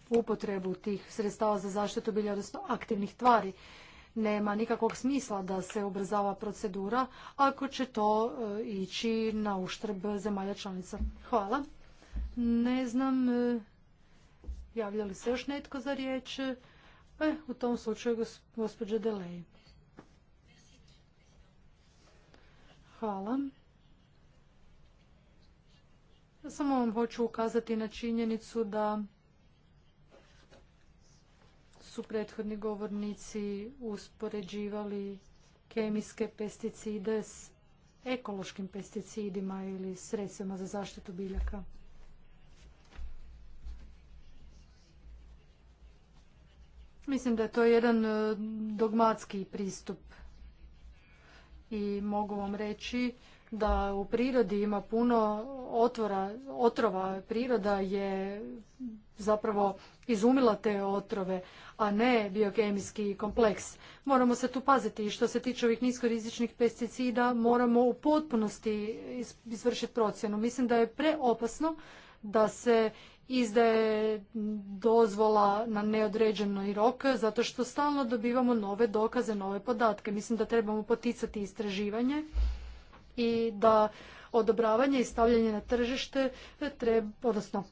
upotrebu tih sredstava za zaštitu bilja, odnosno aktivnih tvari nema nikakvog smisla da se ubrzava procedura ako će to e, ići na uštrb zemalja članica. Hvala. Ne znam, e, javlja li se još netko za riječ? E, u tom slučaju gospođa Delej. Hvala. Samo vam hoću ukazati na činjenicu da su prethodni govornici uspoređivali kemijske pesticide s ekološkim pesticidima ili sredstvima za zaštitu biljaka. Mislim da je to jedan e, dogmatski pristup i mogu vam reći da u prirodi ima puno otvora, otrova. Priroda je zapravo izumila te otrove, a ne biokemijski kompleks. Moramo se tu paziti i što se tiče ovih niskorizičnih pesticida moramo u potpunosti izvršiti procjenu. Mislim da je preopasno da se izdaje dozvola na neodređeni rok zato što stalno dobivamo nove dokaze, nove podatke. Mislim da trebamo poticati istraživanje i da odobravanje i stavljanje na tržište, eh, treba, odnosno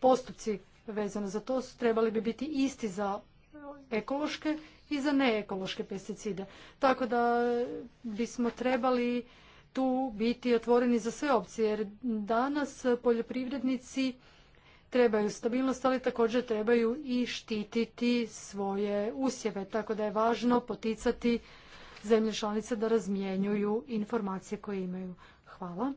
postupci vezano za to trebali bi biti isti za ekološke i za neekološke pesticide. Tako da eh, bismo trebali tu biti otvoreni za sve opcije jer danas poljoprivrednici trebaju stabilnost, ali također trebaju i štititi svoje usjeve. Tako da je važno poticati zemlje članice da razmijenjuju informacije koje imaju. Hvala.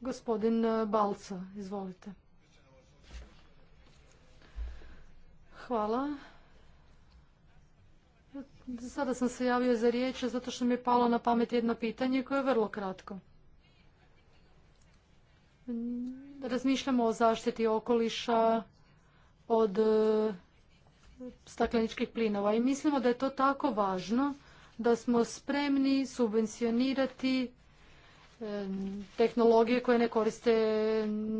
gospodin e, Balca, izvolite. Hvala. Sada sam se javio za riječ zato što mi je palo na pamet jedno pitanje koje je vrlo kratko. Razmišljamo o zaštiti okoliša od e, stakleničkih plinova i mislimo da je to tako važno da smo spremni subvencionirati tehnologije koje ne koriste,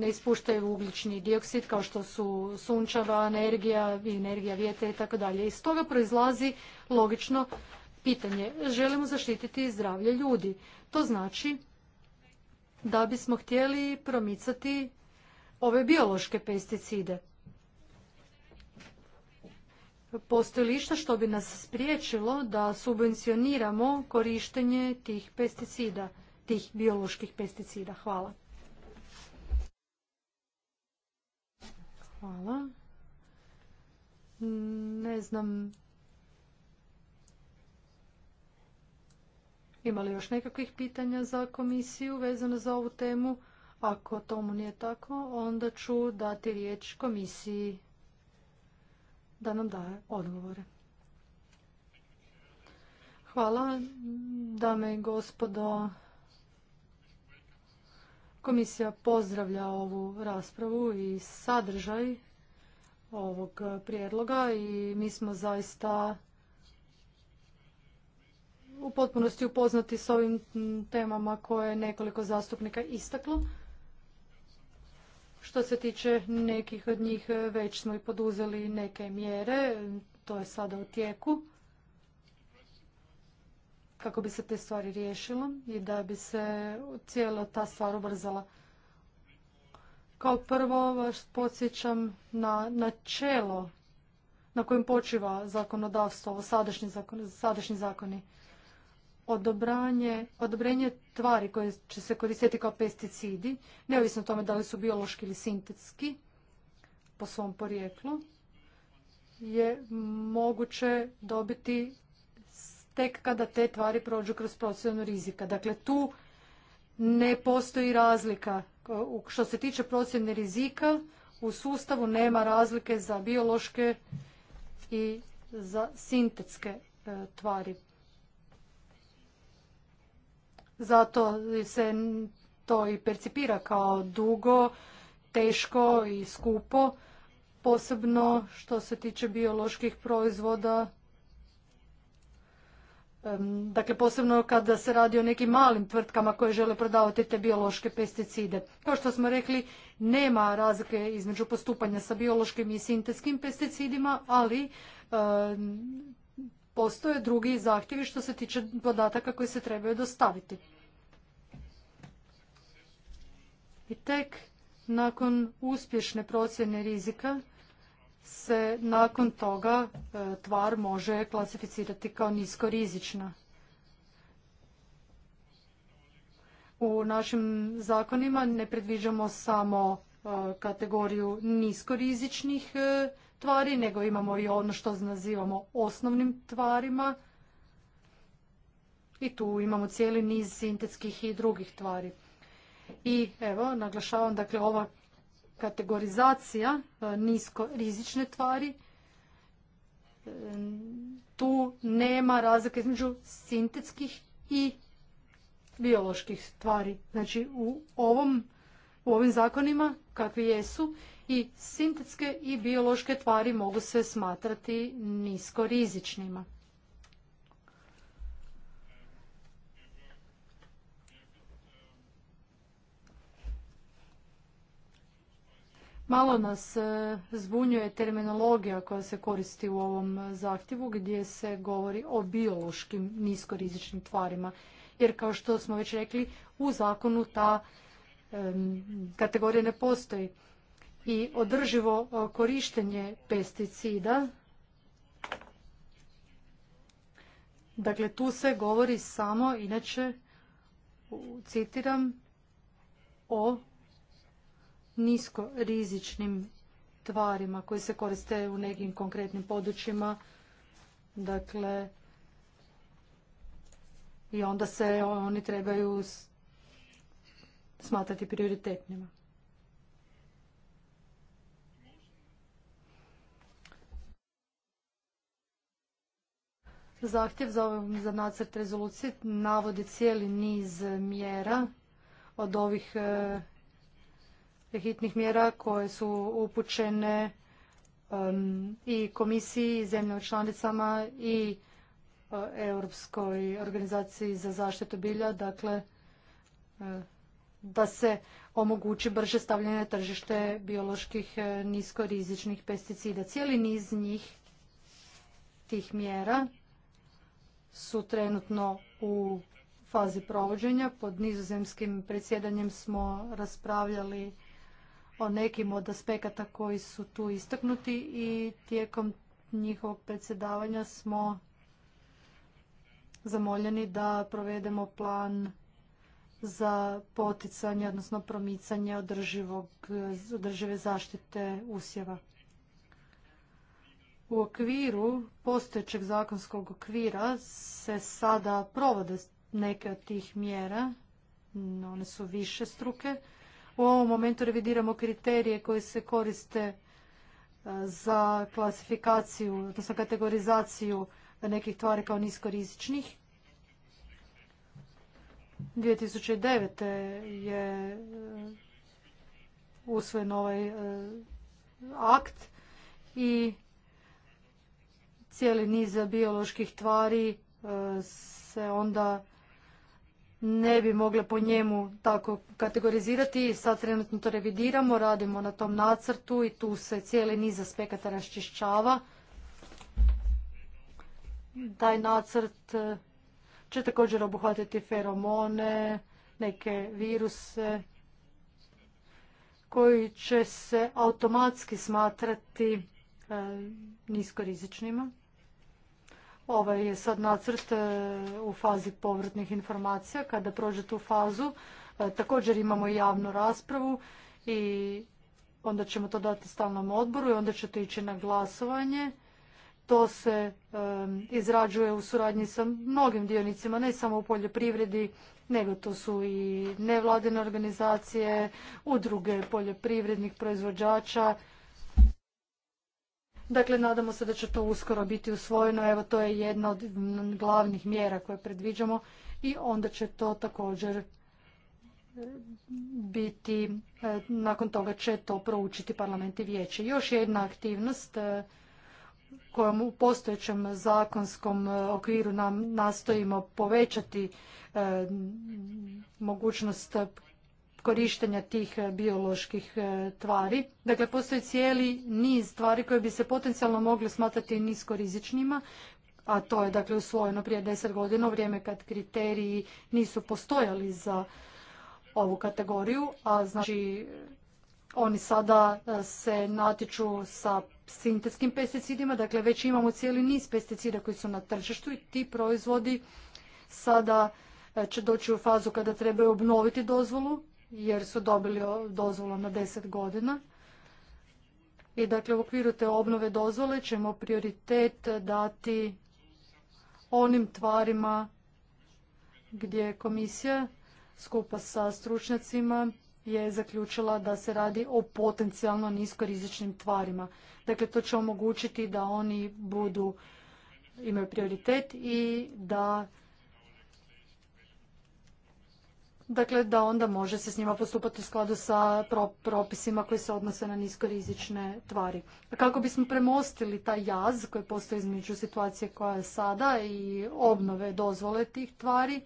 ne ispuštaju ugljični dioksid kao što su sunčava energija i energija vjetra i tako dalje. Iz toga proizlazi logično pitanje. Želimo zaštititi zdravlje ljudi. To znači da bismo htjeli promicati ove biološke pesticide. Postoji li išta što bi nas spriječilo da subvencioniramo korištenje tih pesticida, tih bioloških pesticida? Hvala. Hvala. Ne znam. Ima li još nekakvih pitanja za komisiju vezano za ovu temu? Ako tomu nije tako, onda ću dati riječ komisiji da nam daje odgovore. Hvala, dame i gospodo. Komisija pozdravlja ovu raspravu i sadržaj ovog prijedloga i mi smo zaista u potpunosti upoznati s ovim temama koje je nekoliko zastupnika istaklo. Što se tiče nekih od njih, e, već smo i poduzeli neke mjere, to je sada u tijeku, kako bi se te stvari riješilo i da bi se cijela ta stvar ubrzala. Kao prvo vas podsjećam na načelo na kojem počiva zakonodavstvo, sadašnji, sadašnji zakoni odobranje, odobrenje tvari koje će se koristiti kao pesticidi, neovisno o tome da li su biološki ili sintetski po svom porijeklu, je moguće dobiti tek kada te tvari prođu kroz procjenu rizika. Dakle, tu ne postoji razlika. Što se tiče procjene rizika, u sustavu nema razlike za biološke i za sintetske e, tvari. Zato se to i percipira kao dugo, teško i skupo, posebno što se tiče bioloških proizvoda. Dakle, posebno kada se radi o nekim malim tvrtkama koje žele prodavati te biološke pesticide. Kao što smo rekli, nema razlike između postupanja sa biološkim i sintetskim pesticidima, ali postoje drugi zahtjevi što se tiče podataka koji se trebaju dostaviti. I tek nakon uspješne procjene rizika se nakon toga e, tvar može klasificirati kao niskorizična. U našim zakonima ne predviđamo samo e, kategoriju niskorizičnih e, tvari, nego imamo i ono što nazivamo osnovnim tvarima. I tu imamo cijeli niz sintetskih i drugih tvari. I evo, naglašavam, dakle, ova kategorizacija e, nisko rizične tvari, e, tu nema razlike između sintetskih i bioloških tvari. Znači u ovom u ovim zakonima kakvi jesu i sintetske i biološke tvari mogu se smatrati niskorizičnima. Malo nas e, zbunjuje terminologija koja se koristi u ovom zahtjevu gdje se govori o biološkim niskorizičnim tvarima. Jer kao što smo već rekli, u zakonu ta kategorija ne postoji i održivo e, korištenje pesticida. Dakle, tu se govori samo, inače, citiram, o niskorizičnim tvarima koje se koriste u nekim konkretnim područjima. Dakle, i onda se oni trebaju smatrati prioritetnima. Zahtjev za, za nacrt rezolucije navodi cijeli niz mjera od ovih e, hitnih mjera koje su upućene i komisiji, i zemljama članicama i e, Europskoj organizaciji za zaštitu bilja, dakle e, da se omogući brže stavljanje na tržište bioloških niskorizičnih pesticida. Cijeli niz njih tih mjera su trenutno u fazi provođenja. Pod nizozemskim predsjedanjem smo raspravljali o nekim od aspekata koji su tu istaknuti i tijekom njihovog predsjedavanja smo zamoljeni da provedemo plan za poticanje, odnosno promicanje održive zaštite usjeva u okviru postojećeg zakonskog okvira se sada provode neke od tih mjera, one su više struke. U ovom momentu revidiramo kriterije koje se koriste e, za klasifikaciju, odnosno kategorizaciju nekih tvari kao niskorizičnih. 2009. je e, usvojen ovaj e, akt i cijeli niz bioloških tvari e, se onda ne bi mogle po njemu tako kategorizirati. Sad trenutno to revidiramo, radimo na tom nacrtu i tu se cijeli niz aspekata raščišćava. Taj nacrt e, će također obuhvatiti feromone, neke viruse koji će se automatski smatrati e, niskorizičnima. Ovaj je sad nacrt e, u fazi povratnih informacija. Kada prođe tu fazu, e, također imamo i javnu raspravu i onda ćemo to dati stalnom odboru i onda će to ići na glasovanje. To se e, izrađuje u suradnji sa mnogim dionicima, ne samo u poljoprivredi, nego to su i nevladine organizacije, udruge poljoprivrednih proizvođača, Dakle, nadamo se da će to uskoro biti usvojeno. Evo, to je jedna od glavnih mjera koje predviđamo i onda će to također e, biti, e, nakon toga će to proučiti parlament i vijeće. Još jedna aktivnost e, kojom u postojećem zakonskom okviru nam nastojimo povećati mogućnost korištenja tih e, bioloških e, tvari. Dakle, postoji cijeli niz tvari koje bi se potencijalno mogli smatrati niskorizičnima, a to je dakle usvojeno prije deset godina u vrijeme kad kriteriji nisu postojali za ovu kategoriju, a znači oni sada e, se natječu sa sintetskim pesticidima, dakle već imamo cijeli niz pesticida koji su na tržištu i ti proizvodi sada će doći u fazu kada trebaju obnoviti dozvolu jer su dobili dozvolu na 10 godina. I dakle u okviru te obnove dozvole ćemo prioritet dati onim tvarima gdje komisija skupa sa stručnjacima je zaključila da se radi o potencijalno niskorizičnim tvarima. Dakle, to će omogućiti da oni budu, imaju prioritet i da dakle da onda može se s njima postupati u skladu sa propisima koji se odnose na niskorizične tvari. Kako bismo premostili taj jaz koji postoji između situacije koja je sada i obnove dozvole tih tvari,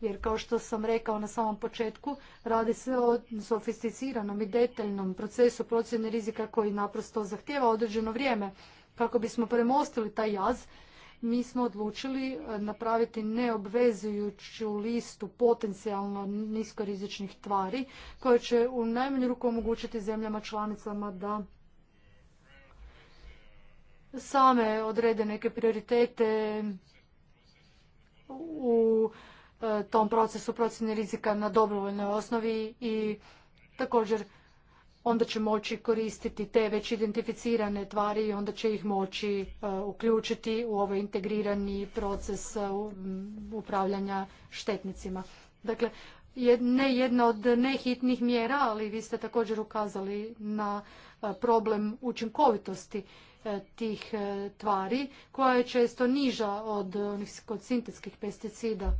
jer kao što sam rekao na samom početku, radi se o sofisticiranom i detaljnom procesu procjene rizika koji naprosto zahtjeva određeno vrijeme kako bismo premostili taj jaz mi smo odlučili eh, napraviti neobvezujuću listu potencijalno niskorizičnih tvari koje će u najmanju ruku omogućiti zemljama članicama da same odrede neke prioritete u eh, tom procesu procjene rizika na dobrovoljnoj osnovi i također onda će moći koristiti te već identificirane tvari i onda će ih moći e, uključiti u ovaj integrirani proces e, upravljanja štetnicima. Dakle, ne jedna od nehitnih mjera, ali vi ste također ukazali na e, problem učinkovitosti tih tvari koja je često niža od sintetskih pesticida.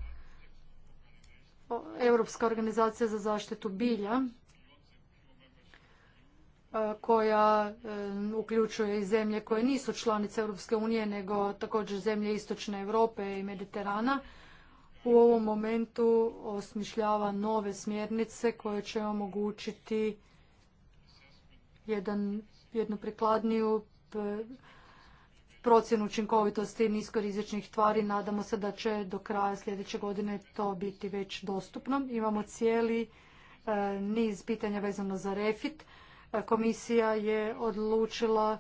Europska organizacija za zaštitu bilja E, koja e, uključuje i zemlje koje nisu članice Europske unije, nego također zemlje Istočne Europe i Mediterana. U ovom momentu osmišljava nove smjernice koje će omogućiti jedan, jednu prikladniju procjenu učinkovitosti niskorizičnih tvari. Nadamo se da će do kraja sljedeće godine to biti već dostupno. Imamo cijeli e, niz pitanja vezano za refit Komisija je odlučila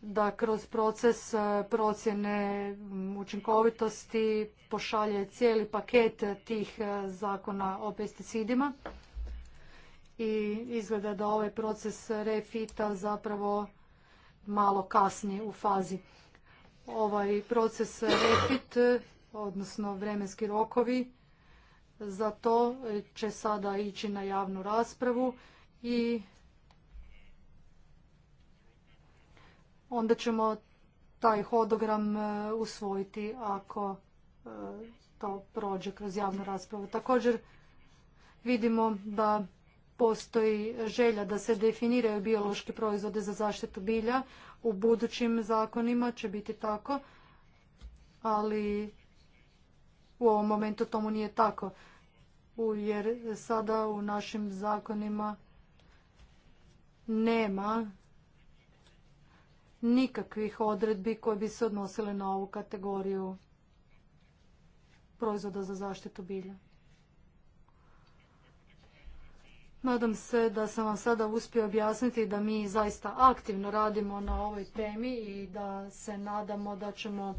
da kroz proces e, procjene mm, učinkovitosti pošalje cijeli paket tih e, zakona o pesticidima i izgleda da ovaj proces refita zapravo malo kasni u fazi. Ovaj proces refit, odnosno vremenski rokovi, za to će sada ići na javnu raspravu i onda ćemo taj hodogram e, usvojiti ako e, to prođe kroz javnu raspravu. Također vidimo da postoji želja da se definiraju biološki proizvode za zaštitu bilja. U budućim zakonima će biti tako, ali u ovom momentu tomu nije tako. Jer sada u našim zakonima nema nikakvih odredbi koje bi se odnosile na ovu kategoriju proizvoda za zaštitu bilja. Nadam se da sam vam sada uspio objasniti da mi zaista aktivno radimo na ovoj temi i da se nadamo da ćemo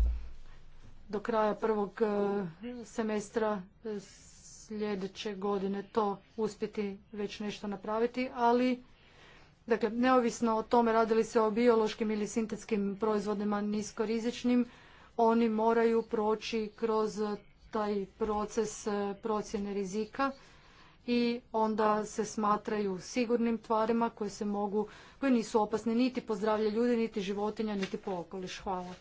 do kraja prvog e, semestra e, sljedeće godine to uspjeti već nešto napraviti, ali Dakle, neovisno o tome radili se o biološkim ili sintetskim proizvodima niskorizičnim, oni moraju proći kroz taj proces e, procjene rizika i onda se smatraju sigurnim tvarima koje se mogu, koje nisu opasne niti po zdravlje ljudi, niti životinja, niti po okoliš. Hvala.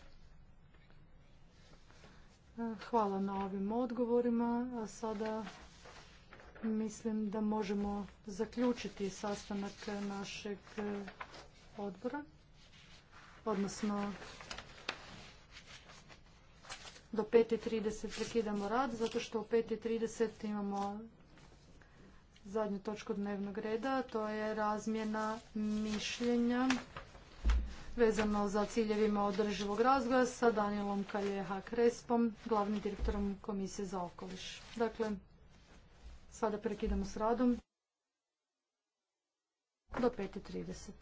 E, hvala na ovim odgovorima. A sada Mislim da možemo zaključiti sastanak našeg e, odbora, odnosno do 5.30 prekidamo rad, zato što u 5.30 imamo zadnju točku dnevnog reda, to je razmjena mišljenja vezano za ciljevima održivog razvoja sa Danielom Kaljeha Krespom, glavnim direktorom Komisije za okoliš. Dakle, Sada prekidamo s radom do 5.30.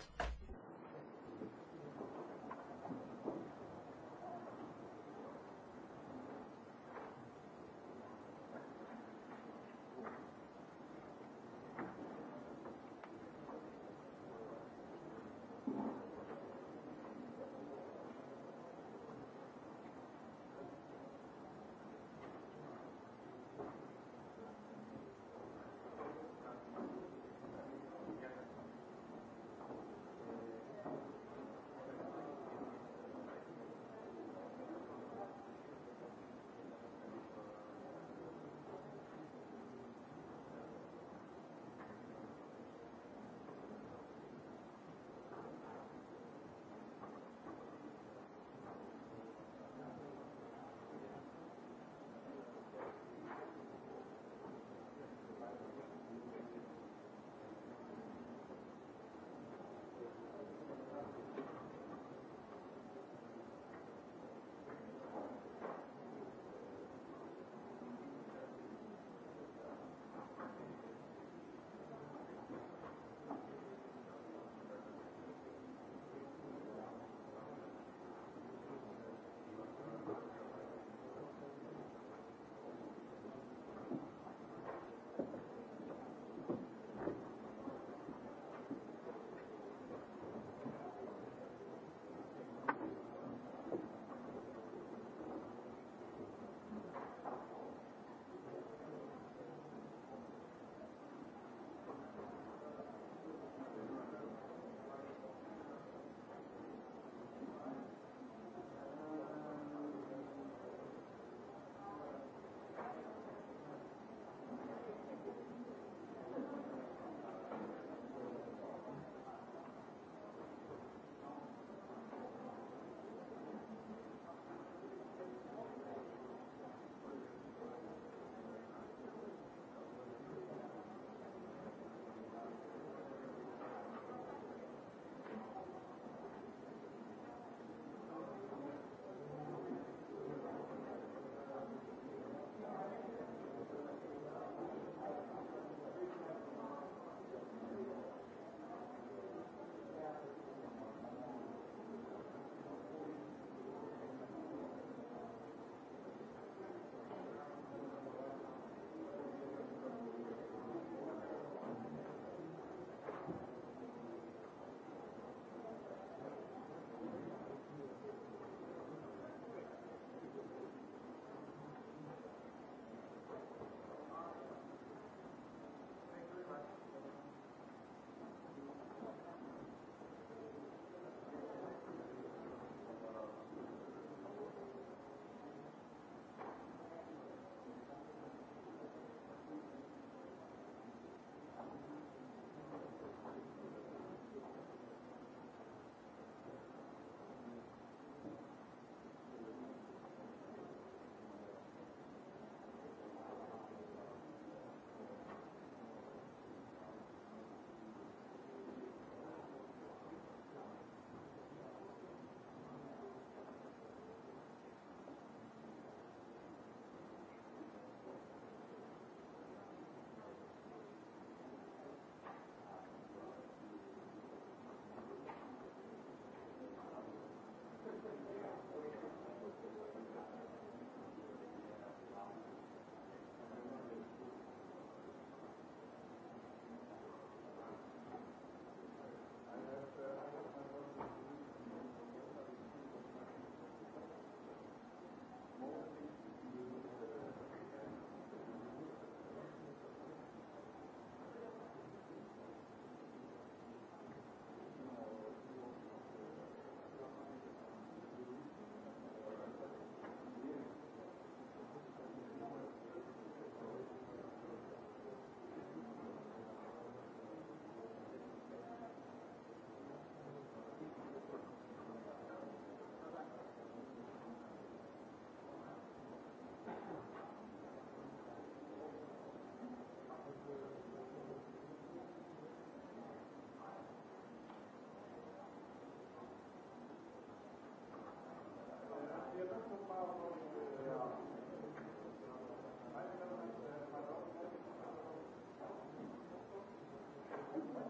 izborni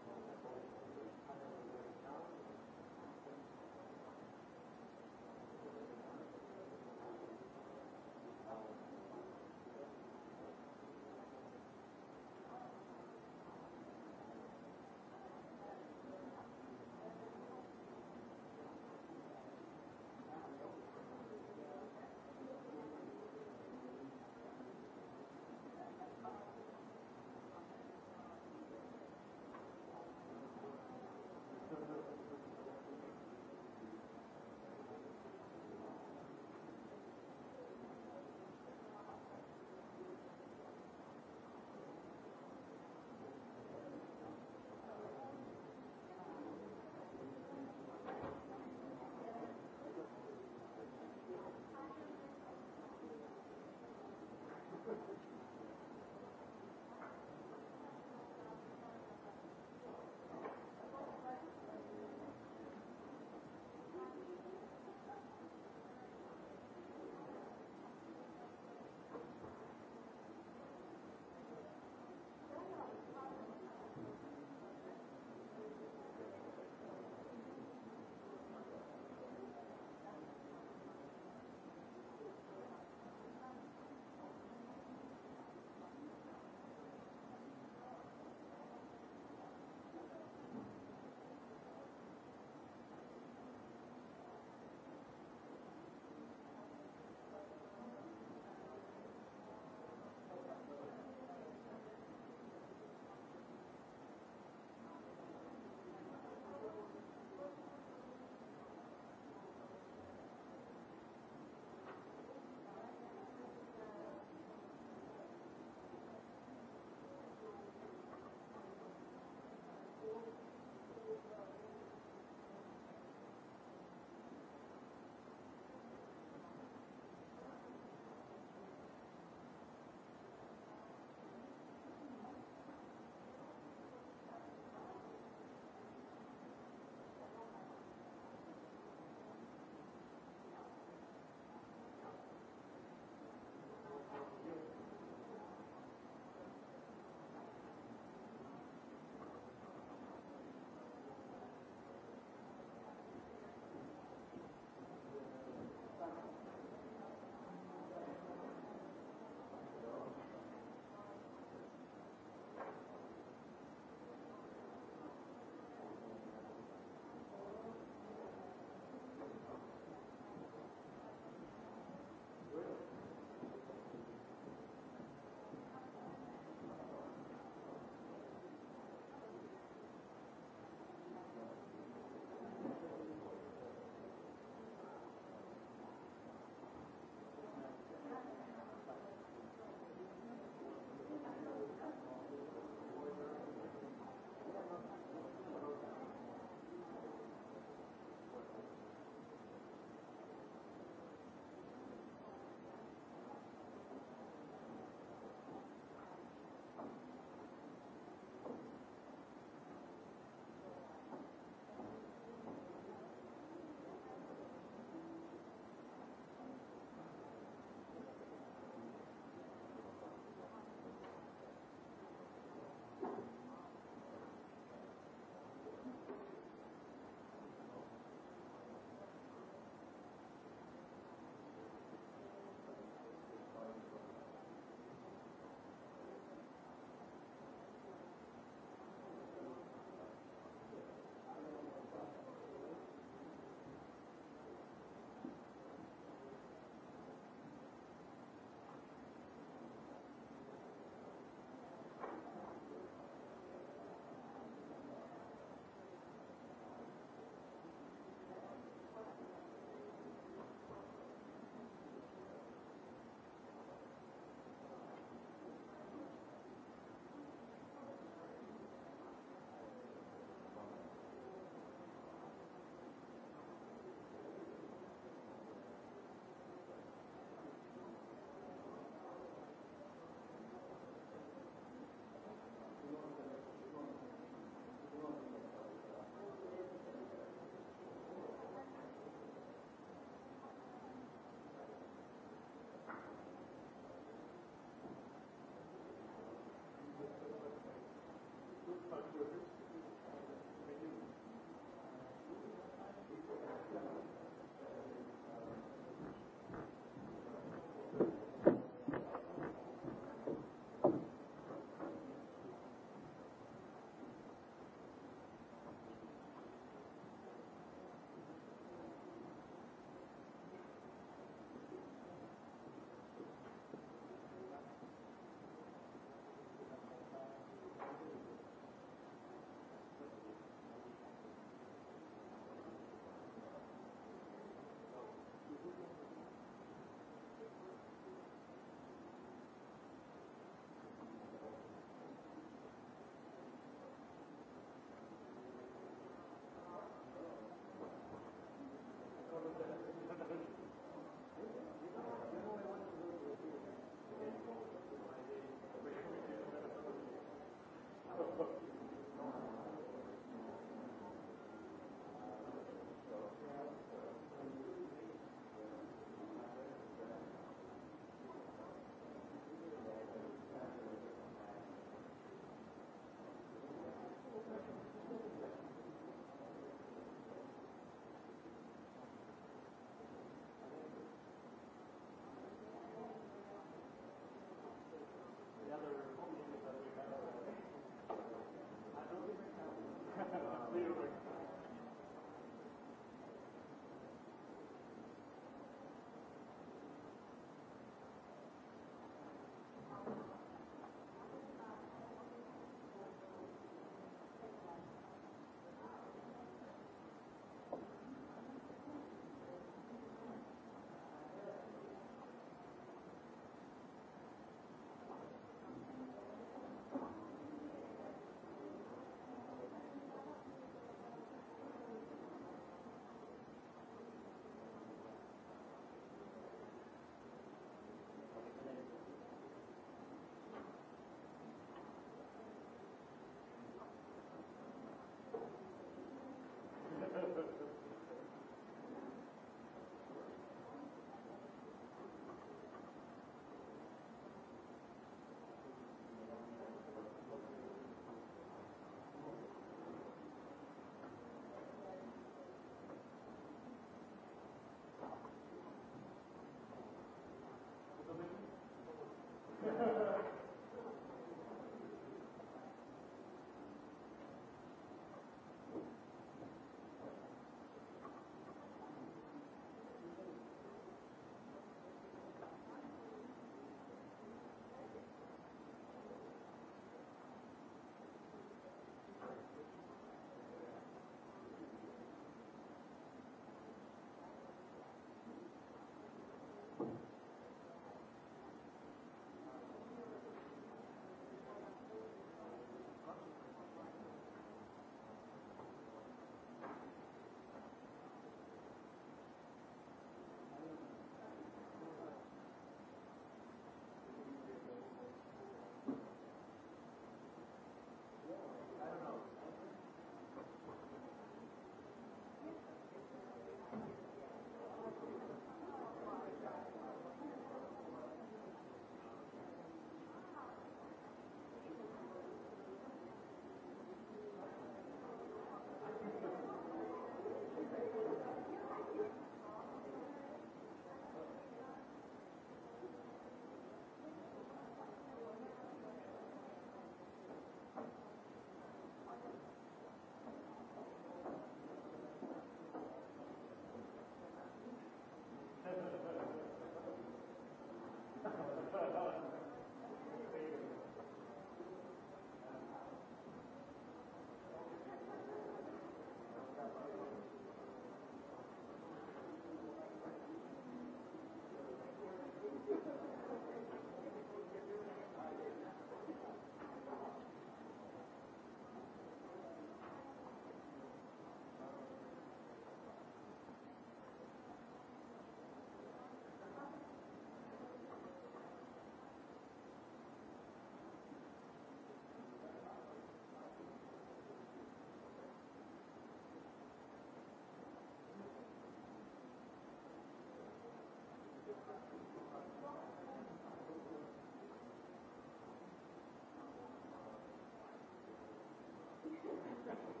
Hvala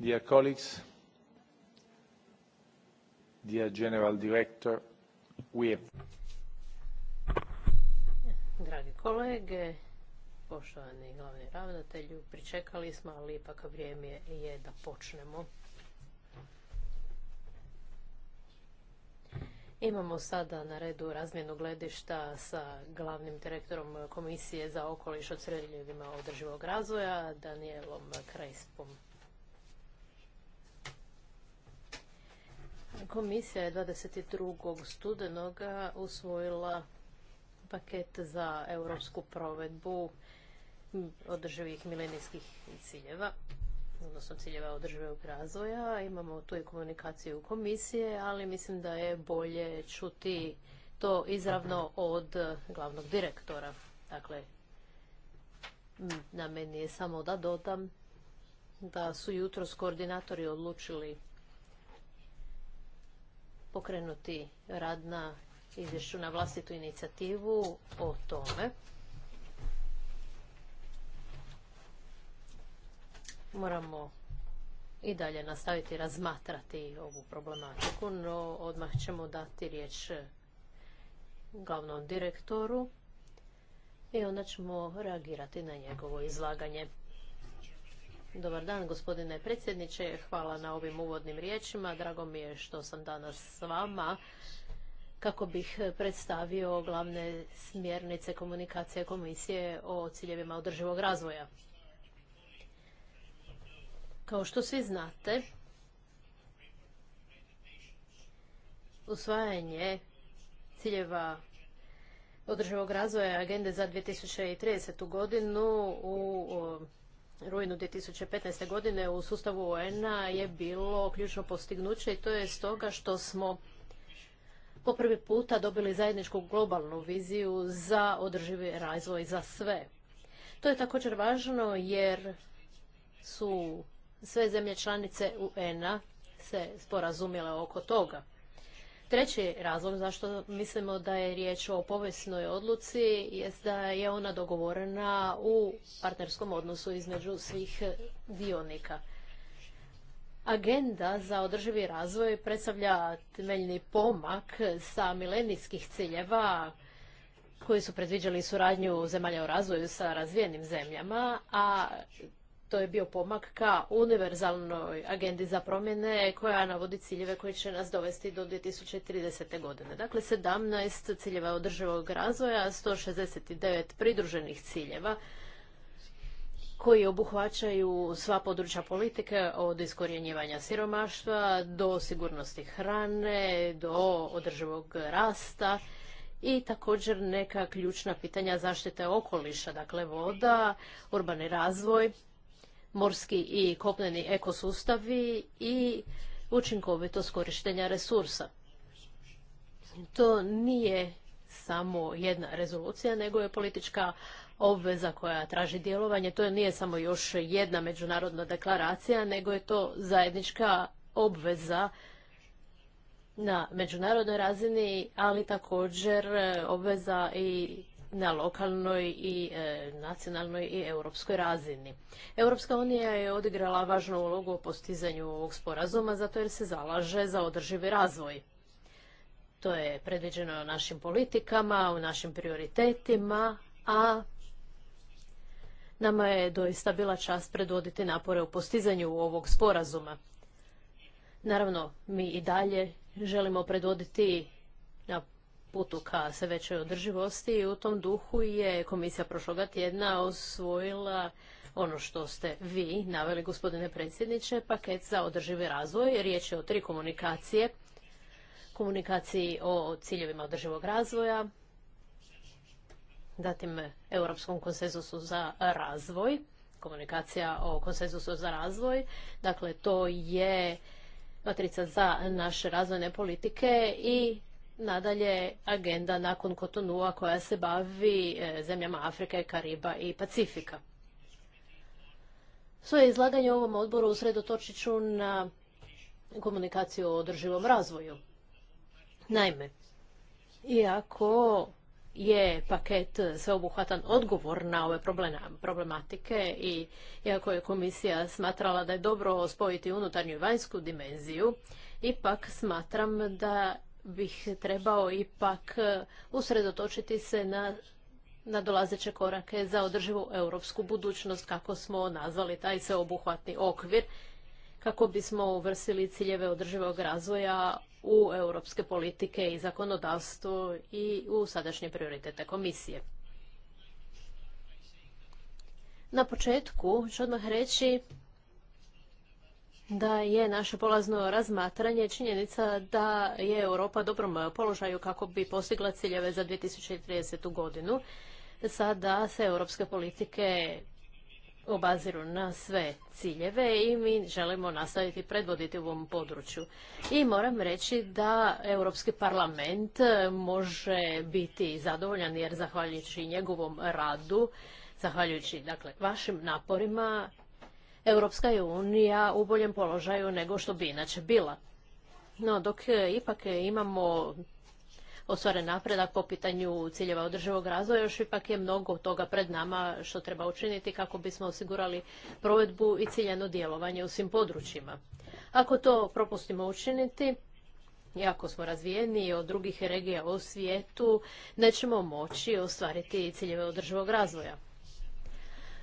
dear colleagues dear general director we dragi kolege poštovani glavni ravnatelju pričekali smo ali ipak vrijeme je da počnemo Imamo sada na redu razmjenu gledišta sa glavnim direktorom Komisije za okoliš od sredljivima održivog razvoja, Danielom Krajspom. Komisija je 22. studenoga usvojila paket za europsku provedbu održivih milenijskih ciljeva, odnosno ciljeva održivog razvoja. Imamo tu i komunikaciju komisije, ali mislim da je bolje čuti to izravno od glavnog direktora. Dakle, na meni je samo da dodam da su jutros koordinatori odlučili pokrenuti rad na izvješću na vlastitu inicijativu o tome. Moramo i dalje nastaviti razmatrati ovu problematiku, no odmah ćemo dati riječ glavnom direktoru i onda ćemo reagirati na njegovo izlaganje. Dobar dan, gospodine predsjedniče. Hvala na ovim uvodnim riječima. Drago mi je što sam danas s vama kako bih predstavio glavne smjernice komunikacije komisije o ciljevima održivog razvoja. Kao što svi znate, usvajanje ciljeva održivog razvoja agende za 2030. godinu u rujnu 2015. godine u sustavu UN-a je bilo ključno postignuće i to je stoga što smo po prvi puta dobili zajedničku globalnu viziju za održivi razvoj za sve. To je također važno jer su sve zemlje članice UN-a se sporazumile oko toga. Treći razlog zašto mislimo da je riječ o povijesnoj odluci je da je ona dogovorena u partnerskom odnosu između svih dionika. Agenda za održivi razvoj predstavlja temeljni pomak sa milenijskih ciljeva koji su predviđali suradnju zemalja u razvoju sa razvijenim zemljama, a to je bio pomak ka univerzalnoj agendi za promjene koja navodi ciljeve koji će nas dovesti do 2030. godine. Dakle, 17 ciljeva održivog razvoja, 169 pridruženih ciljeva koji obuhvaćaju sva područja politike od iskorjenjivanja siromaštva do sigurnosti hrane, do održivog rasta i također neka ključna pitanja zaštite okoliša, dakle voda, urbani razvoj, morski i kopneni ekosustavi i učinkovitost korištenja resursa. To nije samo jedna rezolucija, nego je politička obveza koja traži djelovanje. To nije samo još jedna međunarodna deklaracija, nego je to zajednička obveza na međunarodnoj razini, ali također obveza i na lokalnoj i e, nacionalnoj i europskoj razini. Europska unija je odigrala važnu ulogu u postizanju ovog sporazuma zato jer se zalaže za održivi razvoj. To je predviđeno našim politikama, u našim prioritetima, a nama je doista bila čast predvoditi napore u postizanju ovog sporazuma. Naravno, mi i dalje želimo predvoditi putu ka sve većoj održivosti i u tom duhu je komisija prošloga tjedna osvojila ono što ste vi naveli, gospodine predsjedniče, paket za održivi razvoj. Riječ je o tri komunikacije. Komunikaciji o ciljevima održivog razvoja, datim Europskom konsenzusu za razvoj, komunikacija o konsenzusu za razvoj. Dakle, to je matrica za naše razvojne politike i Nadalje, agenda nakon Kotonua koja se bavi e, zemljama Afrike, Kariba i Pacifika. Svoje izlaganje u ovom odboru usredotočit ću na komunikaciju o održivom razvoju. Naime, iako je paket sveobuhvatan odgovor na ove problematike i iako je komisija smatrala da je dobro spojiti unutarnju i vanjsku dimenziju, ipak smatram da bih trebao ipak e, usredotočiti se na dolazeće korake za održivu europsku budućnost, kako smo nazvali taj sveobuhvatni okvir, kako bismo uvrsili ciljeve održivog razvoja u europske politike i zakonodavstvo i u sadašnje prioritete komisije. Na početku ću odmah reći da je naše polazno razmatranje činjenica da je Europa dobrom položaju kako bi postigla ciljeve za 2030. godinu. Sada se europske politike obaziru na sve ciljeve i mi želimo nastaviti predvoditi u ovom području. I moram reći da Europski parlament može biti zadovoljan jer zahvaljujući njegovom radu, zahvaljujući dakle, vašim naporima Europska unija u boljem položaju nego što bi inače bila. No, dok e, ipak e, imamo ostvaren napredak po pitanju ciljeva održivog razvoja, još ipak je mnogo toga pred nama što treba učiniti kako bismo osigurali provedbu i ciljeno djelovanje u svim područjima. Ako to propustimo učiniti, iako smo razvijeni od drugih regija u svijetu, nećemo moći ostvariti ciljeve održivog razvoja.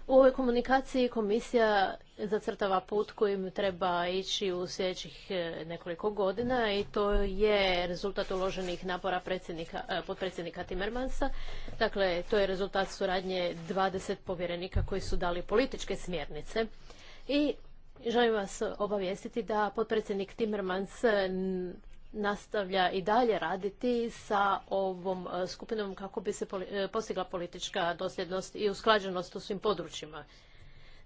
U ovoj komunikaciji komisija zacrtava put kojim treba ići u sljedećih e, nekoliko godina i to je rezultat uloženih napora predsjednika, e, potpredsjednika Timmermansa. Dakle, to je rezultat suradnje 20 povjerenika koji su dali političke smjernice. I želim vas obavijestiti da podpredsjednik Timmermans nastavlja i dalje raditi sa ovom e, skupinom kako bi se e, postigla politička dosljednost i usklađenost u svim područjima.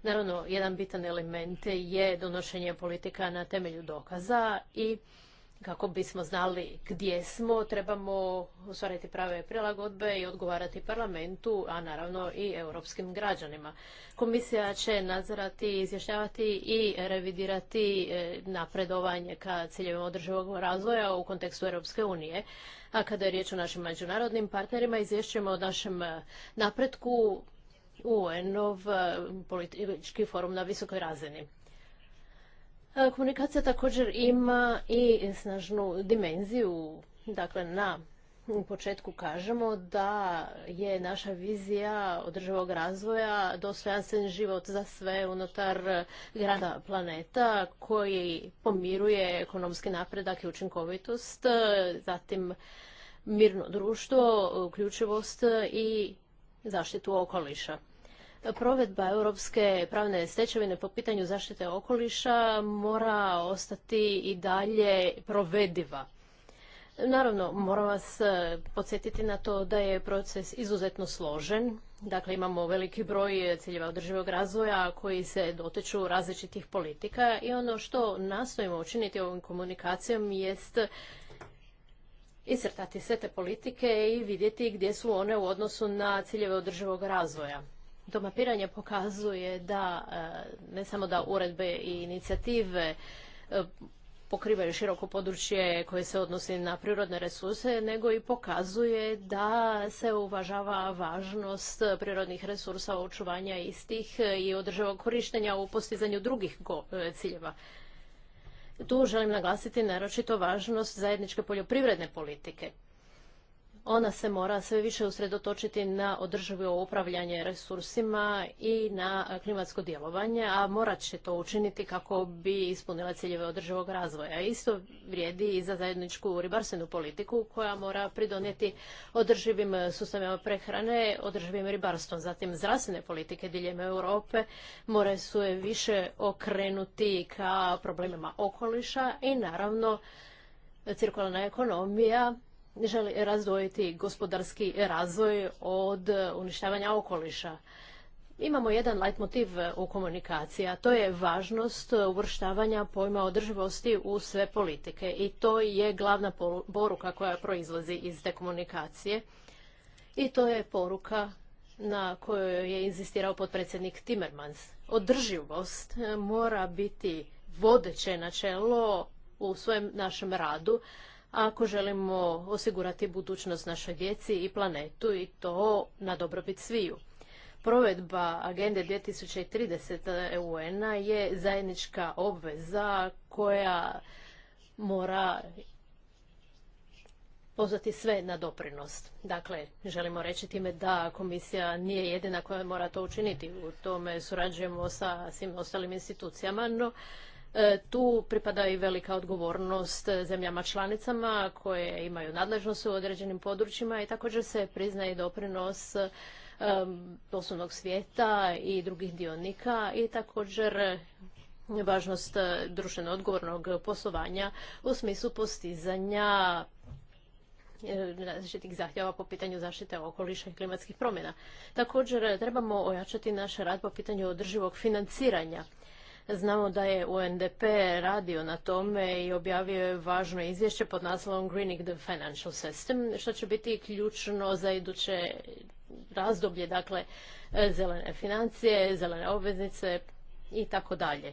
Naravno, jedan bitan element je donošenje politika na temelju dokaza i kako bismo znali gdje smo, trebamo ostvariti prave prilagodbe i odgovarati parlamentu, a naravno i europskim građanima. Komisija će nadzirati, izjašnjavati i revidirati e, napredovanje ka ciljevima održivog razvoja u kontekstu Europske unije. A kada je riječ o našim međunarodnim partnerima, izvješćujemo o našem napretku UN-ov e, politički forum na visokoj razini. E, komunikacija također ima i snažnu dimenziju. Dakle, na početku kažemo da je naša vizija održivog razvoja dostojanstven život za sve unutar grada planeta koji pomiruje ekonomski napredak i učinkovitost, zatim mirno društvo, uključivost i zaštitu okoliša provedba europske pravne stečevine po pitanju zaštite okoliša mora ostati i dalje provediva. Naravno, moram vas e, podsjetiti na to da je proces izuzetno složen. Dakle, imamo veliki broj ciljeva održivog razvoja koji se dotiču različitih politika i ono što nastojimo učiniti ovom komunikacijom jest iscrtati sve te politike i vidjeti gdje su one u odnosu na ciljeve održivog razvoja to mapiranje pokazuje da e, ne samo da uredbe i inicijative e, pokrivaju široko područje koje se odnosi na prirodne resurse, nego i pokazuje da se uvažava važnost prirodnih resursa, očuvanja istih i održavog korištenja u postizanju drugih e, ciljeva. Tu želim naglasiti naročito važnost zajedničke poljoprivredne politike. Ona se mora sve više usredotočiti na održivo upravljanje resursima i na klimatsko djelovanje, a morat će to učiniti kako bi ispunila ciljeve održivog razvoja. Isto vrijedi i za zajedničku ribarstvenu politiku koja mora pridonijeti održivim sustavima prehrane, održivim ribarstvom. Zatim zdravstvene politike diljem Europe moraju se više okrenuti ka problemima okoliša i naravno cirkularna ekonomija želi razdvojiti gospodarski razvoj od uništavanja okoliša. Imamo jedan leitmotiv e, u komunikaciji, a to je važnost uvrštavanja pojma održivosti u sve politike. I to je glavna poruka koja proizlazi iz te komunikacije. I to je poruka na kojoj je insistirao potpredsjednik Timmermans. Održivost e, mora biti vodeće načelo u svojem našem radu, ako želimo osigurati budućnost našoj djeci i planetu i to na dobrobit sviju. Provedba Agende 2030 e UN-a je zajednička obveza koja mora pozvati sve na doprinost. Dakle, želimo reći time da komisija nije jedina koja mora to učiniti. U tome surađujemo sa svim ostalim institucijama, no E, tu pripada i velika odgovornost zemljama članicama koje imaju nadležnost u određenim područjima i također se priznaje i doprinos poslovnog svijeta i drugih dionika i također važnost društveno odgovornog poslovanja u smislu postizanja e, različitih zahtjeva po pitanju zaštite okoliša i klimatskih promjena. Također e, trebamo ojačati naš rad po pitanju održivog financiranja. Znamo da je UNDP radio na tome i objavio je važno izvješće pod naslovom Greening the Financial System, što će biti ključno za iduće razdoblje, dakle e, zelene financije, zelene obveznice i tako dalje.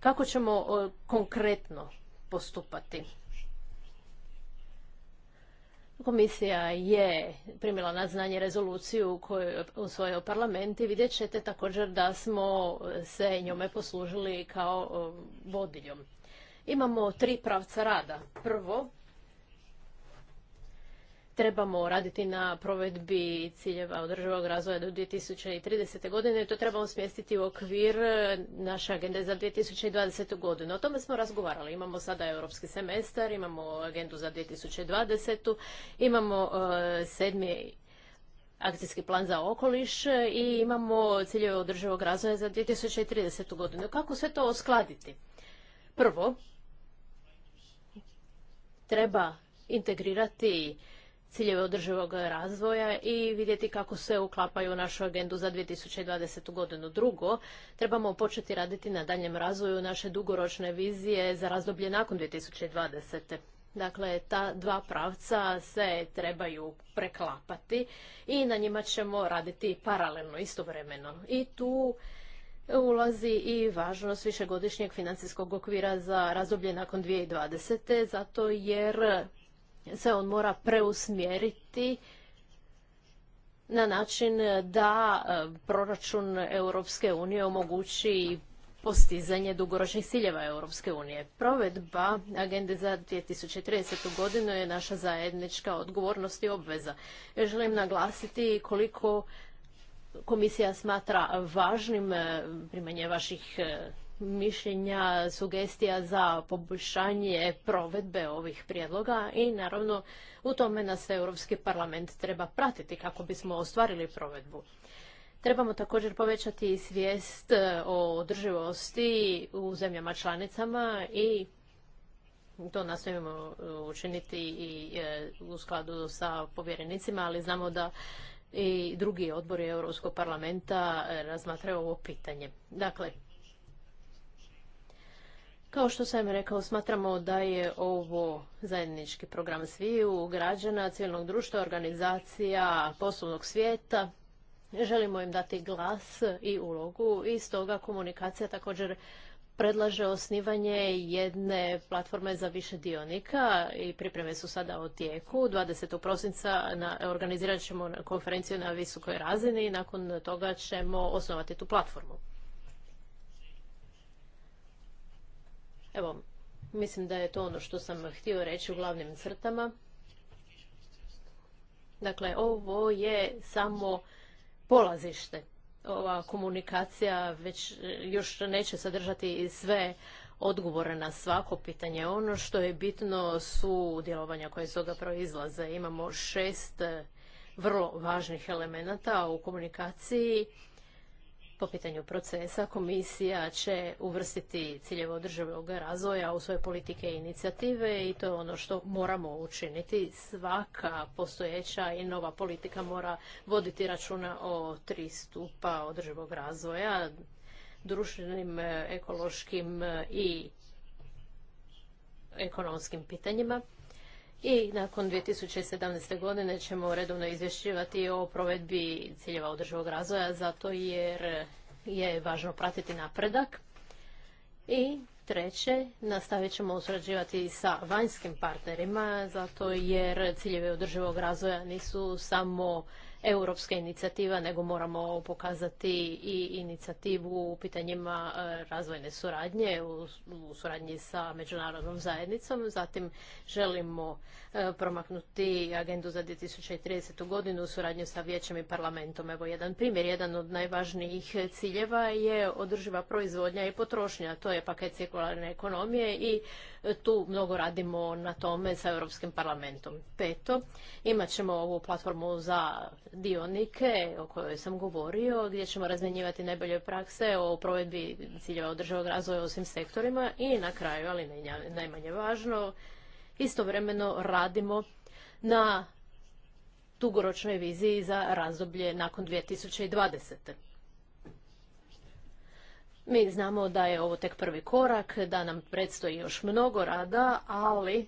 Kako ćemo konkretno postupati? Komisija je primila na znanje rezoluciju koju je usvojio parlament i vidjet ćete također da smo se njome poslužili kao vodiljom. Imamo tri pravca rada. Prvo, trebamo raditi na provedbi ciljeva održivog razvoja do 2030. godine i to trebamo smjestiti u okvir e, naše agende za 2020. godinu. O tome smo razgovarali. Imamo sada europski semestar, imamo agendu za 2020. Imamo e, sedmi akcijski plan za okoliš i imamo ciljeve održivog razvoja za 2030. godinu. Kako sve to oskladiti? Prvo, treba integrirati ciljeve održivog razvoja i vidjeti kako se uklapaju u našu agendu za 2020. godinu. Drugo, trebamo početi raditi na daljem razvoju naše dugoročne vizije za razdoblje nakon 2020. Dakle, ta dva pravca se trebaju preklapati i na njima ćemo raditi paralelno, istovremeno. I tu ulazi i važnost višegodišnjeg financijskog okvira za razdoblje nakon 2020. zato jer se on mora preusmjeriti na način da e, proračun Europske unije omogući postizanje dugoročnih ciljeva Europske unije. Provedba agende za 2030. godinu je naša zajednička odgovornost i obveza. Želim naglasiti koliko komisija smatra važnim e, primanje vaših e, mišljenja, sugestija za poboljšanje provedbe ovih prijedloga i naravno u tome nas Europski parlament treba pratiti kako bismo ostvarili provedbu. Trebamo također povećati svijest e, o održivosti u zemljama članicama i to nastavimo e, učiniti i e, u skladu sa povjerenicima, ali znamo da i drugi odbori Europskog parlamenta razmatraju ovo pitanje. Dakle, kao što sam rekao, smatramo da je ovo zajednički program sviju, građana, civilnog društva, organizacija, poslovnog svijeta. Želimo im dati glas i ulogu i stoga komunikacija također predlaže osnivanje jedne platforme za više dionika i pripreme su sada u tijeku. 20. prosinca organizirat ćemo konferenciju na visokoj razini i nakon toga ćemo osnovati tu platformu. Evo, mislim da je to ono što sam htio reći u glavnim crtama. Dakle, ovo je samo polazište. Ova komunikacija već eh, još neće sadržati sve odgovore na svako pitanje. Ono što je bitno su djelovanja koje iz toga proizlaze. Imamo šest eh, vrlo važnih elemenata u komunikaciji po pitanju procesa komisija će uvrstiti ciljeve održivog razvoja u svoje politike i inicijative i to je ono što moramo učiniti. Svaka postojeća i nova politika mora voditi računa o tri stupa održivog razvoja, društvenim, ekološkim i ekonomskim pitanjima i nakon 2017. godine ćemo redovno izvješćivati o provedbi ciljeva održivog razvoja zato jer je važno pratiti napredak. I treće, nastavit ćemo surađivati sa vanjskim partnerima zato jer ciljeve održivog razvoja nisu samo europska inicijativa, nego moramo pokazati i inicijativu u pitanjima e, razvojne suradnje u suradnji sa međunarodnom zajednicom. Zatim želimo e, promaknuti agendu za 2030. godinu u suradnju sa vijećem i parlamentom. Evo jedan primjer, jedan od najvažnijih ciljeva je održiva proizvodnja i potrošnja. To je paket cirkularne ekonomije i E, tu mnogo radimo na tome sa Europskim parlamentom. Peto, imat ćemo ovu platformu za dionike o kojoj sam govorio, gdje ćemo razmjenjivati najbolje prakse o provedbi ciljeva održavog razvoja u svim sektorima i na kraju, ali najmanje važno, istovremeno radimo na dugoročnoj viziji za razdoblje nakon 2020. Mi znamo da je ovo tek prvi korak, da nam predstoji još mnogo rada, ali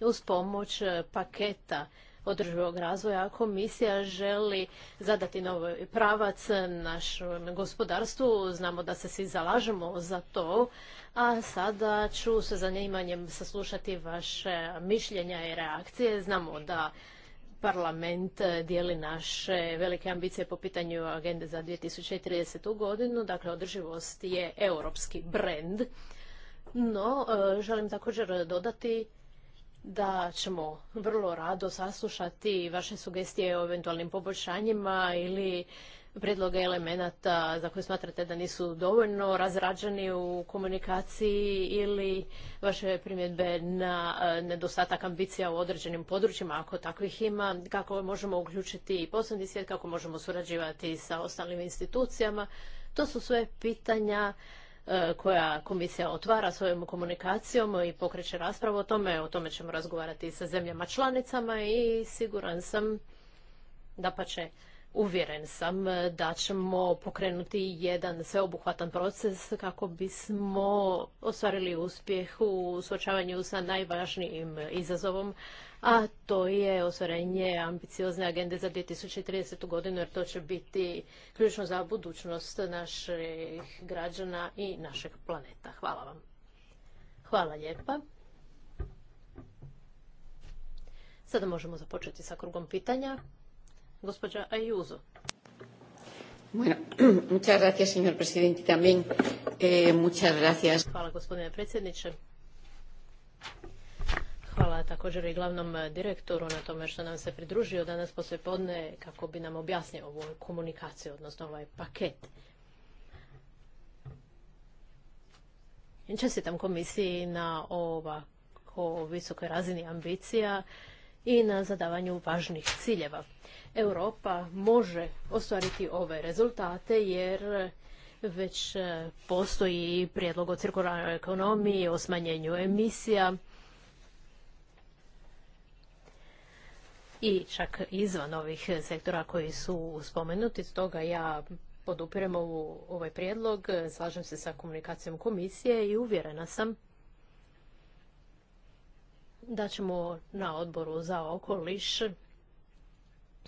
uz pomoć e, paketa održivog razvoja komisija želi zadati novi pravac našem gospodarstvu. Znamo da se svi zalažemo za to, a sada ću sa zanimanjem saslušati vaše mišljenja i reakcije. Znamo da parlament eh, dijeli naše velike ambicije po pitanju agende za 2030. godinu. Dakle, održivost je europski brend. No, eh, želim također dodati da ćemo vrlo rado saslušati vaše sugestije o eventualnim poboljšanjima ili prijedloge elemenata za koje smatrate da nisu dovoljno razrađeni u komunikaciji ili vaše primjedbe na e, nedostatak ambicija u određenim područjima, ako takvih ima, kako možemo uključiti i poslovni svijet, kako možemo surađivati sa ostalim institucijama. To su sve pitanja e, koja komisija otvara svojom komunikacijom i pokreće raspravu o tome. O tome ćemo razgovarati sa zemljama članicama i siguran sam da pa će Uvjeren sam e, da ćemo pokrenuti jedan sveobuhvatan proces kako bismo ostvarili uspjeh u suočavanju sa najvažnijim izazovom, a to je ostvarenje ambiciozne agende za 2030. godinu, jer to će biti ključno za budućnost naših građana i našeg planeta. Hvala vam. Hvala lijepa. Sada možemo započeti sa krugom pitanja. Gospođa Ayuso. Bueno, eh, muchas gracias, Hvala, gospodine predsjedniče. Hvala također i glavnom eh, direktoru na tome što nam se pridružio danas poslije podne kako bi nam objasnio ovu komunikaciju, odnosno ovaj paket. Čestitam komisiji na ovako visokoj razini ambicija i na zadavanju važnih ciljeva. Europa može ostvariti ove rezultate jer već postoji prijedlog o cirkularnoj ekonomiji, o smanjenju emisija i čak izvan ovih sektora koji su spomenuti. Stoga ja podupirem ovaj prijedlog, slažem se sa komunikacijom komisije i uvjerena sam da ćemo na odboru za okoliš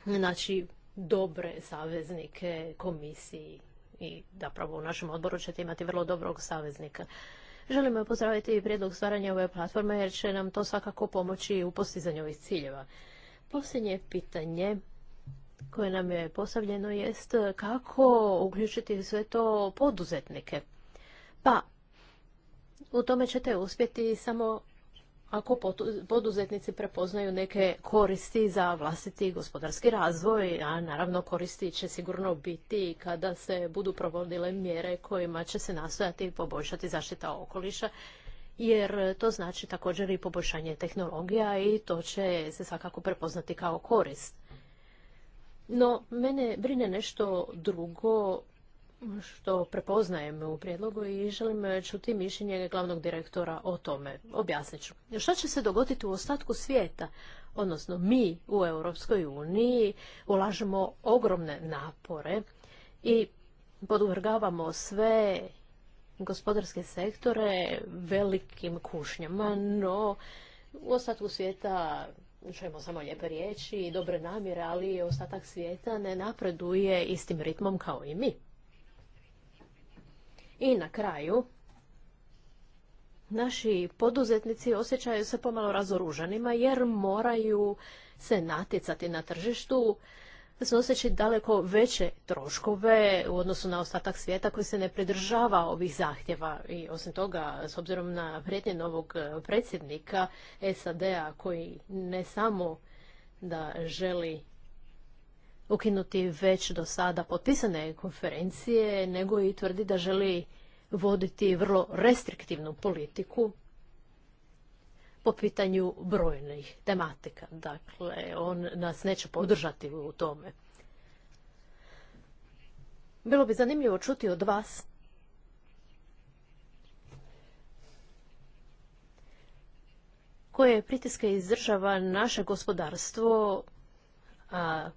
naći dobre saveznike komisiji i zapravo u našem odboru ćete imati vrlo dobrog saveznika. Želimo pozdraviti i prijedlog stvaranja ove platforme jer će nam to svakako pomoći u postizanju ovih ciljeva. Posljednje pitanje koje nam je postavljeno jest kako uključiti sve to poduzetnike. Pa, u tome ćete uspjeti samo ako poduzetnici prepoznaju neke koristi za vlastiti gospodarski razvoj, a naravno koristi će sigurno biti kada se budu provodile mjere kojima će se nastojati poboljšati zaštita okoliša, jer to znači također i poboljšanje tehnologija i to će se svakako prepoznati kao korist. No, mene brine nešto drugo što prepoznajem u prijedlogu i želim čuti mišljenje glavnog direktora o tome. Objasnit ću. Šta će se dogoditi u ostatku svijeta? Odnosno, mi u Europskoj uniji ulažemo ogromne napore i podvrgavamo sve gospodarske sektore velikim kušnjama, no u ostatku svijeta čujemo samo lijepe riječi i dobre namjere, ali ostatak svijeta ne napreduje istim ritmom kao i mi. I na kraju, naši poduzetnici osjećaju se pomalo razoružanima jer moraju se natjecati na tržištu, snoseći daleko veće troškove u odnosu na ostatak svijeta koji se ne pridržava ovih zahtjeva. I osim toga, s obzirom na prijetnje novog e, predsjednika SAD-a koji ne samo da želi ukinuti već do sada potpisane konferencije, nego i tvrdi da želi voditi vrlo restriktivnu politiku po pitanju brojnih tematika. Dakle, on nas neće podržati u tome. Bilo bi zanimljivo čuti od vas koje pritiske izdržava naše gospodarstvo, a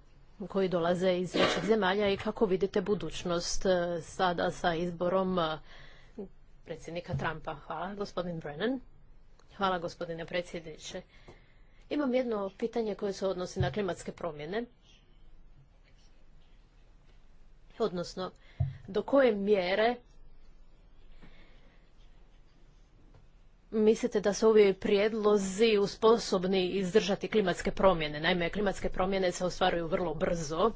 koji dolaze iz većih zemalja i kako vidite budućnost e, sada sa izborom e, predsjednika Trumpa. Hvala, gospodin Brennan. Hvala, gospodine predsjedniče. Imam jedno pitanje koje se odnosi na klimatske promjene. Odnosno, do koje mjere mislite da su ovi prijedlozi usposobni izdržati klimatske promjene? Naime, klimatske promjene se ostvaruju vrlo brzo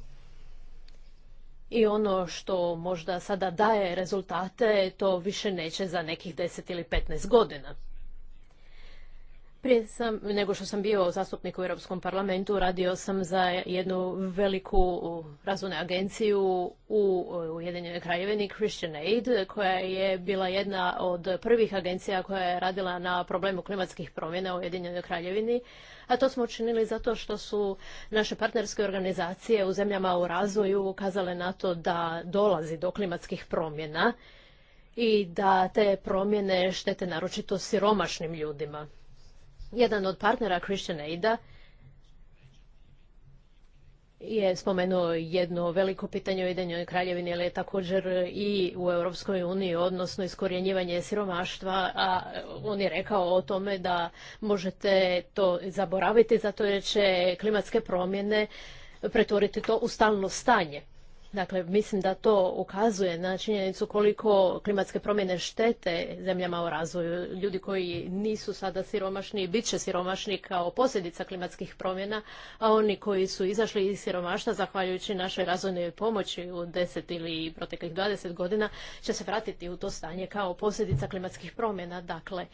i ono što možda sada daje rezultate, to više neće za nekih 10 ili 15 godina. Prije sam, nego što sam bio zastupnik u Europskom parlamentu, radio sam za jednu veliku razvojnu agenciju u Ujedinjenoj kraljevini, Christian Aid, koja je bila jedna od prvih agencija koja je radila na problemu klimatskih promjena u Ujedinjenoj kraljevini. A to smo učinili zato što su naše partnerske organizacije u zemljama u razvoju ukazale na to da dolazi do klimatskih promjena i da te promjene štete naročito siromašnim ljudima. Jedan od partnera Christian Aida je spomenuo jedno veliko pitanje o Ujedinjenoj kraljevini, ali je također i u Europskoj uniji, odnosno iskorjenjivanje siromaštva, a on je rekao o tome da možete to zaboraviti zato jer će klimatske promjene pretvoriti to u stalno stanje. Dakle, mislim da to ukazuje na činjenicu koliko klimatske promjene štete zemljama u razvoju. Ljudi koji nisu sada siromašni, bit će siromašni kao posljedica klimatskih promjena, a oni koji su izašli iz siromaštva zahvaljujući našoj razvojnoj pomoći u deset ili proteklih dvadeset godina će se vratiti u to stanje kao posljedica klimatskih promjena. Dakle,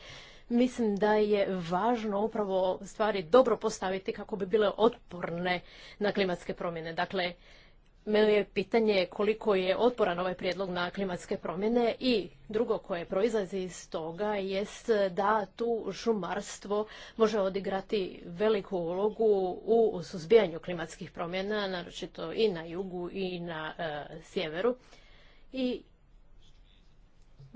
mislim da je važno upravo stvari dobro postaviti kako bi bile otporne na klimatske promjene. Dakle, Meno je pitanje koliko je otporan ovaj prijedlog na klimatske promjene i drugo koje proizlazi iz toga jest da tu šumarstvo može odigrati veliku ulogu u suzbijanju klimatskih promjena, naročito i na jugu i na e, sjeveru. I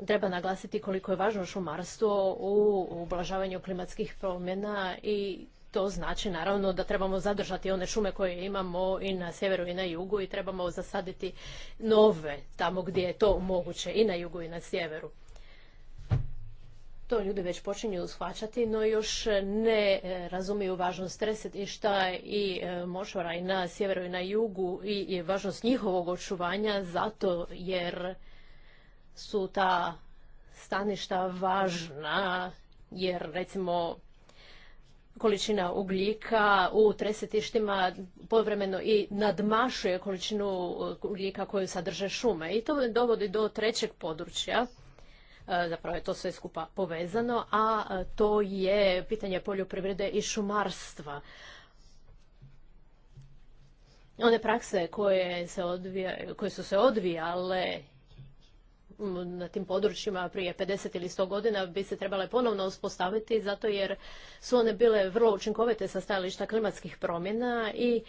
treba naglasiti koliko je važno šumarstvo u ublažavanju klimatskih promjena i to znači naravno da trebamo zadržati one šume koje imamo i na sjeveru i na jugu i trebamo zasaditi nove tamo gdje je to moguće i na jugu i na sjeveru. To ljudi već počinju shvaćati, no još ne e, razumiju važnost resetišta i e, mošora i na sjeveru i na jugu i važnost njihovog očuvanja zato jer su ta staništa važna jer recimo količina ugljika u tresetištima povremeno i nadmašuje količinu uh, ugljika koju sadrže šume. I to dovodi do trećeg područja, uh, zapravo je to sve skupa povezano, a uh, to je pitanje poljoprivrede i šumarstva. One prakse koje, koje su se odvijale na tim područjima prije 50 ili 100 godina bi se trebale ponovno uspostaviti zato jer su one bile vrlo učinkovite sa stajališta klimatskih promjena i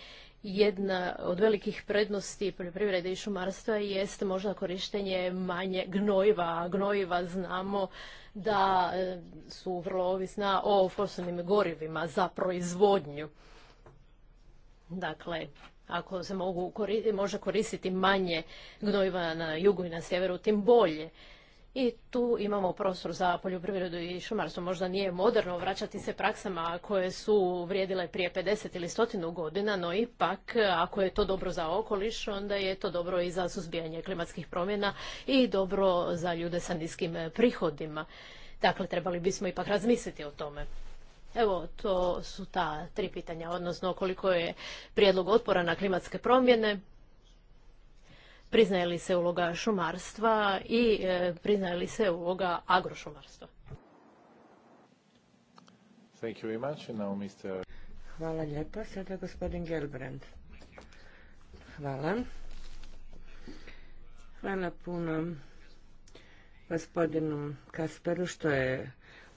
jedna od velikih prednosti poljoprivrede i šumarstva jest možda korištenje manje gnojiva. Gnojiva znamo da e, su vrlo ovisna o fosilnim gorivima za proizvodnju. Dakle, ako se mogu može koristiti manje gnojiva na jugu i na sjeveru, tim bolje. I tu imamo prostor za poljoprivredu i šumarstvo. Možda nije moderno vraćati se praksama koje su vrijedile prije 50 ili 100 godina, no ipak ako je to dobro za okoliš, onda je to dobro i za suzbijanje klimatskih promjena i dobro za ljude sa niskim prihodima. Dakle, trebali bismo ipak razmisliti o tome. Evo, to su ta tri pitanja, odnosno koliko je prijedlog otpora na klimatske promjene, priznaje li se uloga šumarstva i e, priznaje li se uloga agrošumarstva. Thank you very much. Now, Mr. Hvala lijepa. Sada gospodin Gelbrand. Hvala. Hvala puno gospodinu Kasperu što je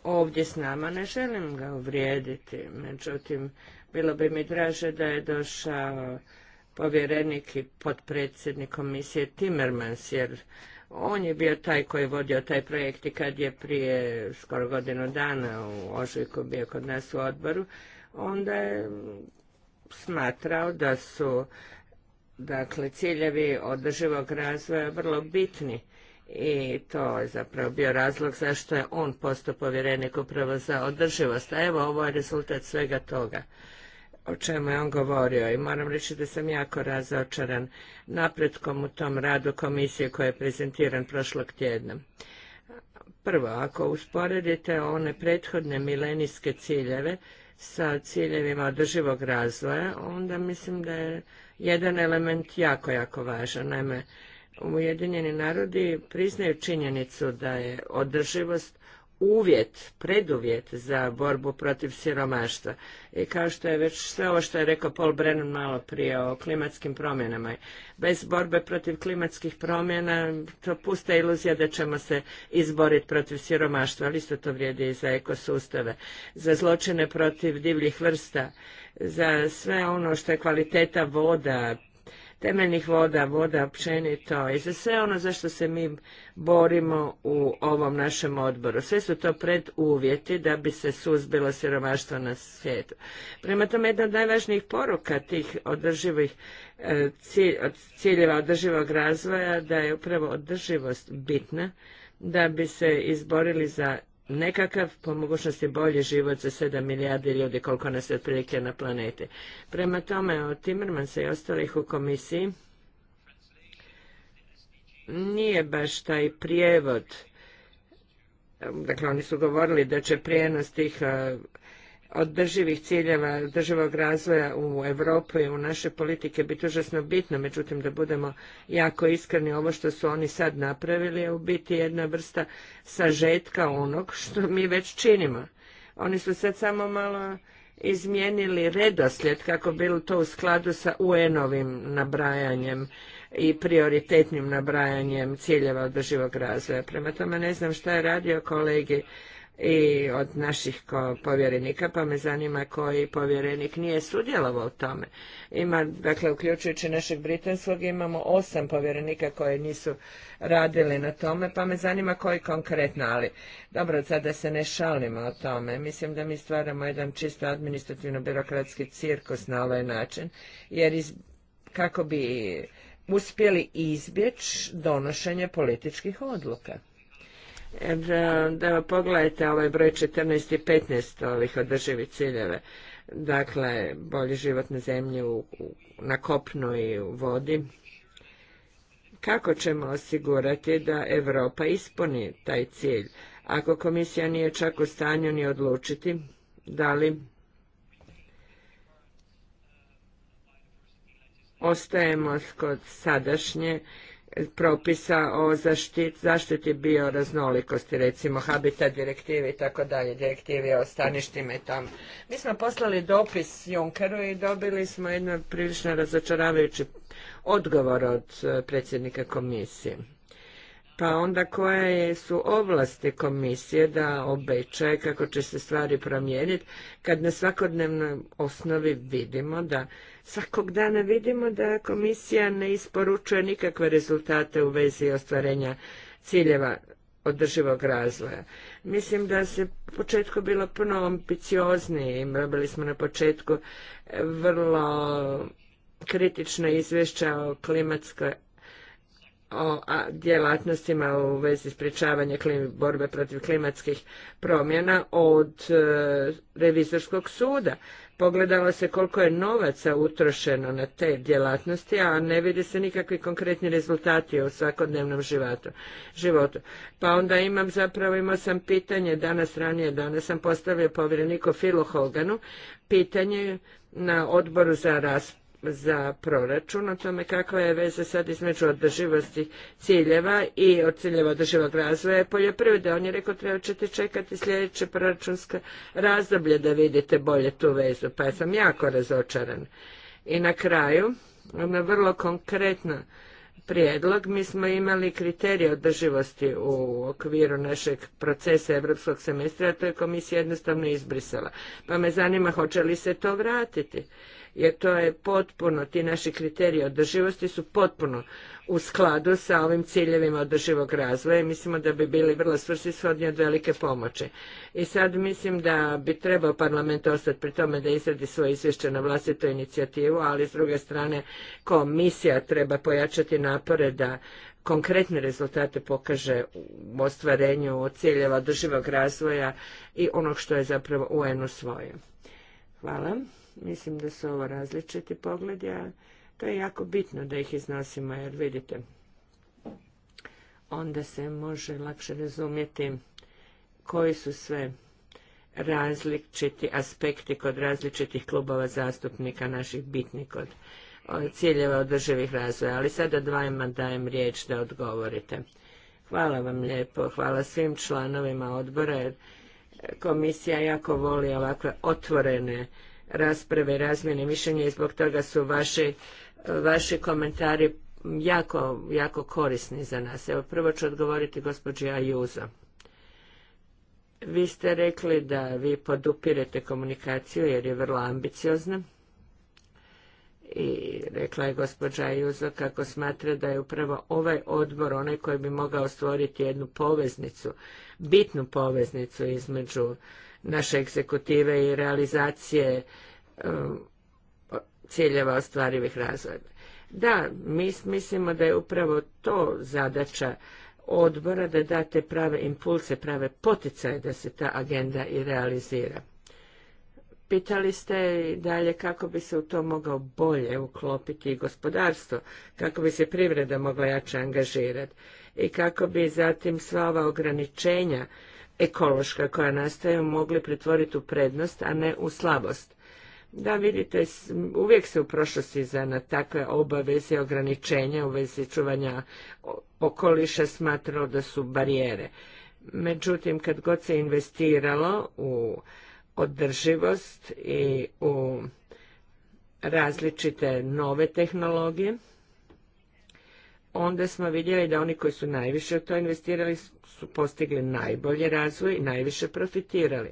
ovdje s nama. Ne želim ga uvrijediti, međutim, bilo bi mi draže da je došao povjerenik i potpredsjednik komisije Timmermans, jer on je bio taj koji je vodio taj projekt i kad je prije skoro godinu dana u Ožujku bio kod nas u odboru, onda je smatrao da su dakle, ciljevi održivog razvoja vrlo bitni i to je zapravo bio razlog zašto je on postao povjerenik upravo za održivost. A evo ovo je rezultat svega toga o čemu je on govorio i moram reći da sam jako razočaran napretkom u tom radu komisije koji je prezentiran prošlog tjedna. Prvo, ako usporedite one prethodne milenijske ciljeve sa ciljevima održivog razvoja, onda mislim da je jedan element jako, jako važan. Naime, Ujedinjeni narodi priznaju činjenicu da je održivost uvjet, preduvjet za borbu protiv siromaštva. I kao što je već sve ovo što je rekao Paul Brennan malo prije o klimatskim promjenama. Bez borbe protiv klimatskih promjena to pusta iluzija da ćemo se izboriti protiv siromaštva, ali isto to vrijedi i za ekosustave, za zločine protiv divljih vrsta, za sve ono što je kvaliteta voda, temeljnih voda, voda općenito i za sve ono za što se mi borimo u ovom našem odboru. Sve su to preduvjeti da bi se suzbilo siromaštvo na svijetu. Prema tome, jedna od najvažnijih poruka tih održivih e, ciljeva održivog razvoja da je upravo održivost bitna da bi se izborili za nekakav, po mogućnosti bolji život za 7 milijardi ljudi koliko nas je otprilike na planeti. Prema tome, od Timmermansa i ostalih u komisiji nije baš taj prijevod, dakle oni su govorili da će prijenos tih održivih ciljeva državog razvoja u Europu i u naše politike biti užasno bitno, međutim da budemo jako iskreni, ovo što su oni sad napravili je u biti jedna vrsta sažetka onog što mi već činimo. Oni su sad samo malo izmijenili redoslijed kako bilo to u skladu sa UN-ovim nabrajanjem i prioritetnim nabrajanjem ciljeva održivog razvoja. Prema tome ne znam šta je radio kolegi i od naših povjerenika, pa me zanima koji povjerenik nije sudjelovao u tome. Ima, dakle, uključujući našeg britanskog, imamo osam povjerenika koji nisu radili na tome, pa me zanima koji konkretno, ali dobro, da se ne šalimo o tome. Mislim da mi stvaramo jedan čisto administrativno-birokratski cirkus na ovaj način, jer kako bi uspjeli izbjeći donošenje političkih odluka. E, da pogledajte ovaj broj 14 i 15 ovih održivi ciljeve. Dakle, bolji život na zemlji, na kopnu i u vodi. Kako ćemo osigurati da Europa ispuni taj cilj? Ako komisija nije čak u stanju ni odlučiti, da li ostajemo kod sadašnje propisa o zaštiti zaštiti bioraznolikosti, recimo Habitat direktive i tako dalje, direktive o staništima i tamo. Mi smo poslali dopis Junckeru i dobili smo jedan prilično razočaravajući odgovor od eh, predsjednika komisije pa onda koje su ovlasti komisije da obećaje kako će se stvari promijeniti kad na svakodnevnoj osnovi vidimo da svakog dana vidimo da komisija ne isporučuje nikakve rezultate u vezi ostvarenja ciljeva održivog razvoja. Mislim da se u početku bilo puno ambicioznije i robili smo na početku vrlo kritična izvješća o klimatskoj o djelatnostima u vezi sprječavanja borbe protiv klimatskih promjena od e, revizorskog suda. Pogledalo se koliko je novaca utrošeno na te djelatnosti, a ne vidi se nikakvi konkretni rezultati u svakodnevnom životu. Pa onda imam zapravo, imao sam pitanje danas ranije, danas sam postavio povjereniku Filu Hoganu, pitanje na odboru za raspravu za proračun, o tome kakva je veza sad između održivosti ciljeva i od ciljeva održivog razvoja poljoprivrede. On je rekao treba ćete čekati sljedeće proračunske razdoblje da vidite bolje tu vezu, pa ja sam jako razočaran. I na kraju, ono vrlo konkretno prijedlog, mi smo imali kriterije održivosti u okviru našeg procesa europskog semestra, a to je komisija jednostavno izbrisala. Pa me zanima hoće li se to vratiti jer to je potpuno, ti naši kriteriji održivosti su potpuno u skladu sa ovim ciljevima održivog razvoja i mislimo da bi bili vrlo svrsishodni od velike pomoći. I sad mislim da bi trebao parlament ostati pri tome da izradi svoje izvješće na vlastitu inicijativu, ali s druge strane komisija treba pojačati napore da konkretne rezultate pokaže u ostvarenju ciljeva održivog razvoja i onog što je zapravo UN usvojio. Hvala. Mislim da su ovo različiti pogledi, a to je jako bitno da ih iznosimo, jer vidite, onda se može lakše razumjeti koji su sve različiti aspekti kod različitih klubova zastupnika naših bitnih kod ciljeva održivih razvoja. Ali sada dvajma dajem riječ da odgovorite. Hvala vam lijepo, hvala svim članovima odbora jer komisija jako voli ovakve otvorene rasprave razmjene mišljenja i zbog toga su vaši, komentari jako, jako korisni za nas. Evo prvo ću odgovoriti gospođi Ajuza. Vi ste rekli da vi podupirete komunikaciju jer je vrlo ambiciozna. I rekla je gospođa Ajuza kako smatra da je upravo ovaj odbor onaj koji bi mogao stvoriti jednu poveznicu, bitnu poveznicu između naše egzekutive i realizacije e, ciljeva ostvarivih razvoja. Da, mi mislimo da je upravo to zadaća odbora da date prave impulse, prave poticaje da se ta agenda i realizira. Pitali ste i dalje kako bi se u to mogao bolje uklopiti i gospodarstvo, kako bi se privreda mogla jače angažirati i kako bi zatim sva ova ograničenja ekološka koja nastaju mogli pretvoriti u prednost, a ne u slabost. Da, vidite, uvijek se u prošlosti za na takve obaveze i ograničenja u vezi čuvanja okoliša smatralo da su barijere. Međutim, kad god se investiralo u održivost i u različite nove tehnologije, onda smo vidjeli da oni koji su najviše u to investirali su postigli najbolji razvoj i najviše profitirali.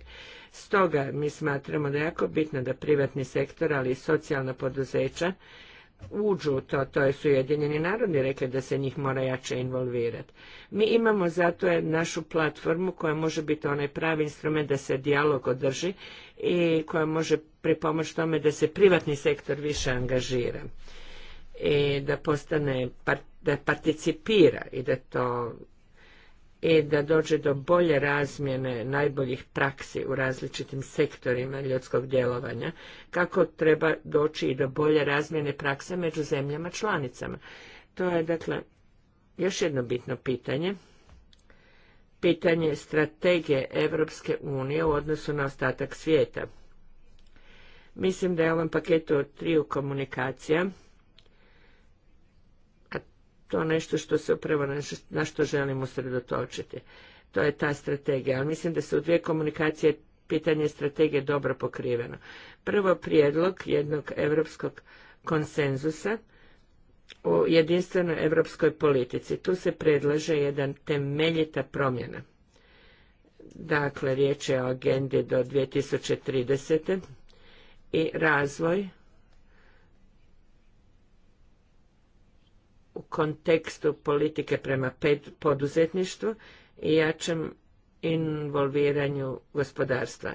Stoga mi smatramo da je jako bitno da privatni sektor, ali i socijalna poduzeća uđu u to, to je su Ujedinjeni narodi rekli da se njih mora jače involvirati. Mi imamo zato našu platformu koja može biti onaj pravi instrument da se dijalog održi i koja može pripomoći tome da se privatni sektor više angažira i da postane, da participira i da to i da dođe do bolje razmjene najboljih praksi u različitim sektorima ljudskog djelovanja, kako treba doći i do bolje razmjene prakse među zemljama članicama. To je, dakle, još jedno bitno pitanje. Pitanje strategije Evropske unije u odnosu na ostatak svijeta. Mislim da je ovom paketu od triju komunikacija to nešto što se upravo na što želimo sredotočiti. To je ta strategija. Ali mislim da se u dvije komunikacije pitanje strategije dobro pokriveno. Prvo prijedlog jednog europskog konsenzusa o jedinstvenoj europskoj politici. Tu se predlaže jedan temeljita promjena. Dakle, riječ je o agendi do 2030. i razvoj u kontekstu politike prema poduzetništvu i jačem involviranju gospodarstva.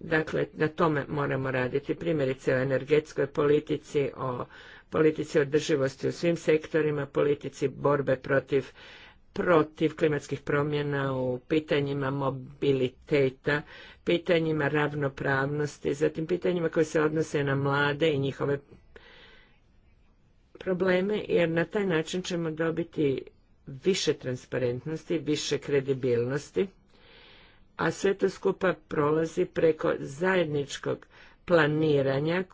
Dakle, na tome moramo raditi. Primjerice o energetskoj politici, o politici održivosti u svim sektorima, politici borbe protiv protiv klimatskih promjena u pitanjima mobiliteta, pitanjima ravnopravnosti, zatim pitanjima koje se odnose na mlade i njihove probleme jer na taj način ćemo dobiti više transparentnosti, više kredibilnosti, a sve to skupa prolazi preko zajedničkog planiranja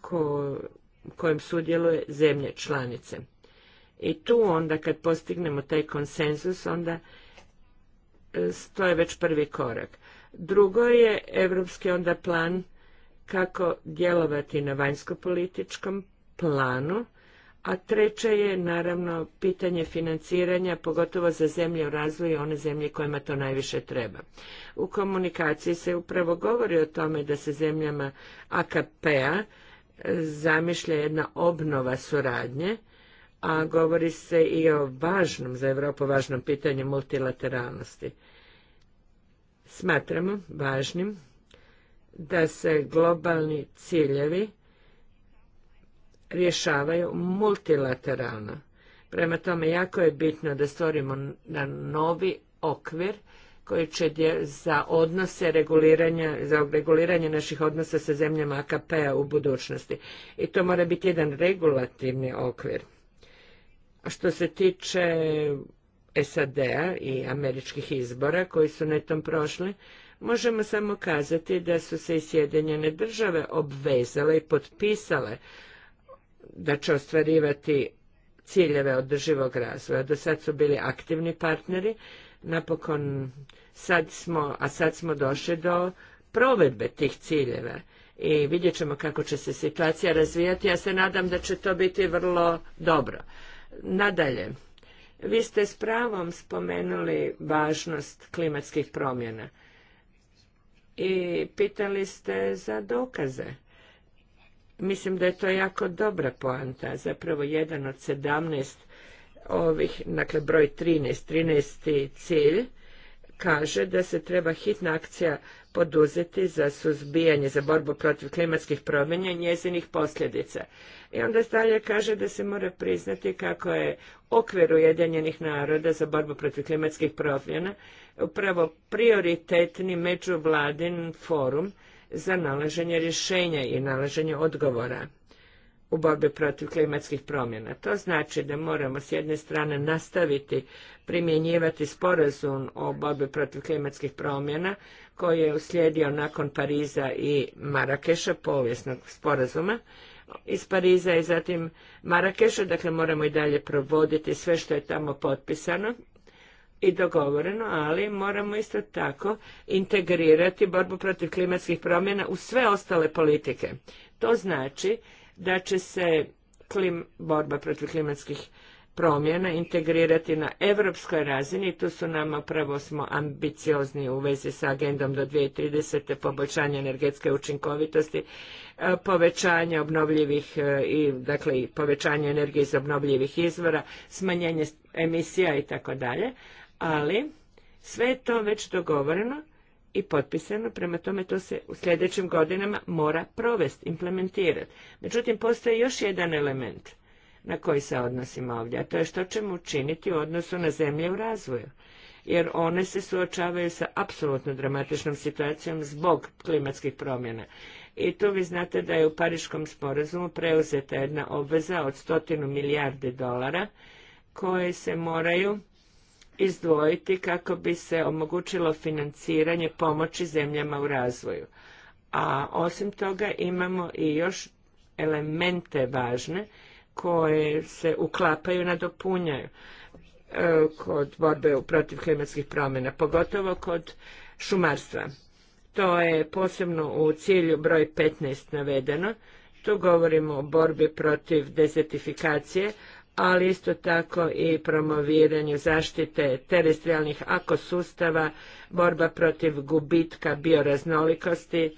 kojem sudjeluje zemlje članice. I tu onda kad postignemo taj konsenzus, onda e, to je već prvi korak. Drugo je evropski onda plan kako djelovati na vanjsko-političkom planu a treće je naravno pitanje financiranja, pogotovo za zemlje u razvoju i one zemlje kojima to najviše treba. U komunikaciji se upravo govori o tome da se zemljama AKP-a e, zamišlja jedna obnova suradnje, a govori se i o važnom, za Europu važnom pitanju multilateralnosti. Smatramo važnim da se globalni ciljevi rješavaju multilateralno. Prema tome, jako je bitno da stvorimo na novi okvir koji će za odnose reguliranja, za reguliranje naših odnosa sa zemljama AKP-a u budućnosti. I to mora biti jedan regulativni okvir. Što se tiče SAD-a i američkih izbora koji su netom prošli, možemo samo kazati da su se i Sjedinjene države obvezale i potpisale da će ostvarivati ciljeve održivog razvoja. Do sad su bili aktivni partneri, napokon sad smo, a sad smo došli do provedbe tih ciljeva i vidjet ćemo kako će se situacija razvijati. Ja se nadam da će to biti vrlo dobro. Nadalje, vi ste s pravom spomenuli važnost klimatskih promjena i pitali ste za dokaze Mislim da je to jako dobra poanta, zapravo jedan od sedamnaest ovih, dakle broj 13, 13. cilj, kaže da se treba hitna akcija poduzeti za suzbijanje, za borbu protiv klimatskih promjena i njezinih posljedica. I onda stalje kaže da se mora priznati kako je okvir Ujedinjenih naroda za borbu protiv klimatskih promjena upravo prioritetni međuvladin forum za nalaženje rješenja i nalaženje odgovora u borbi protiv klimatskih promjena. To znači da moramo s jedne strane nastaviti primjenjivati sporazum o borbi protiv klimatskih promjena koji je uslijedio nakon Pariza i Marakeša, povijesnog sporazuma, iz Pariza i zatim Marakeša, dakle moramo i dalje provoditi sve što je tamo potpisano i dogovoreno, ali moramo isto tako integrirati borbu protiv klimatskih promjena u sve ostale politike. To znači da će se klim, borba protiv klimatskih promjena integrirati na europskoj razini. Tu su nama pravo smo ambiciozni u vezi sa agendom do 2030. poboljšanje energetske učinkovitosti, e, povećanje obnovljivih e, i dakle povećanje energije iz obnovljivih izvora, smanjenje emisija i tako dalje ali sve je to već dogovoreno i potpisano, prema tome to se u sljedećim godinama mora provesti, implementirati. Međutim, postoji još jedan element na koji se odnosimo ovdje, a to je što ćemo učiniti u odnosu na zemlje u razvoju. Jer one se suočavaju sa apsolutno dramatičnom situacijom zbog klimatskih promjena. I tu vi znate da je u Pariškom sporazumu preuzeta jedna obveza od stotinu milijardi dolara koje se moraju izdvojiti kako bi se omogućilo financiranje pomoći zemljama u razvoju. A osim toga imamo i još elemente važne koje se uklapaju, dopunjaju e, kod borbe protiv klimatskih promjena, pogotovo kod šumarstva. To je posebno u cilju broj 15 navedeno. Tu govorimo o borbi protiv dezertifikacije, ali isto tako i promoviranju zaštite terestrijalnih akosustava, borba protiv gubitka bioraznolikosti,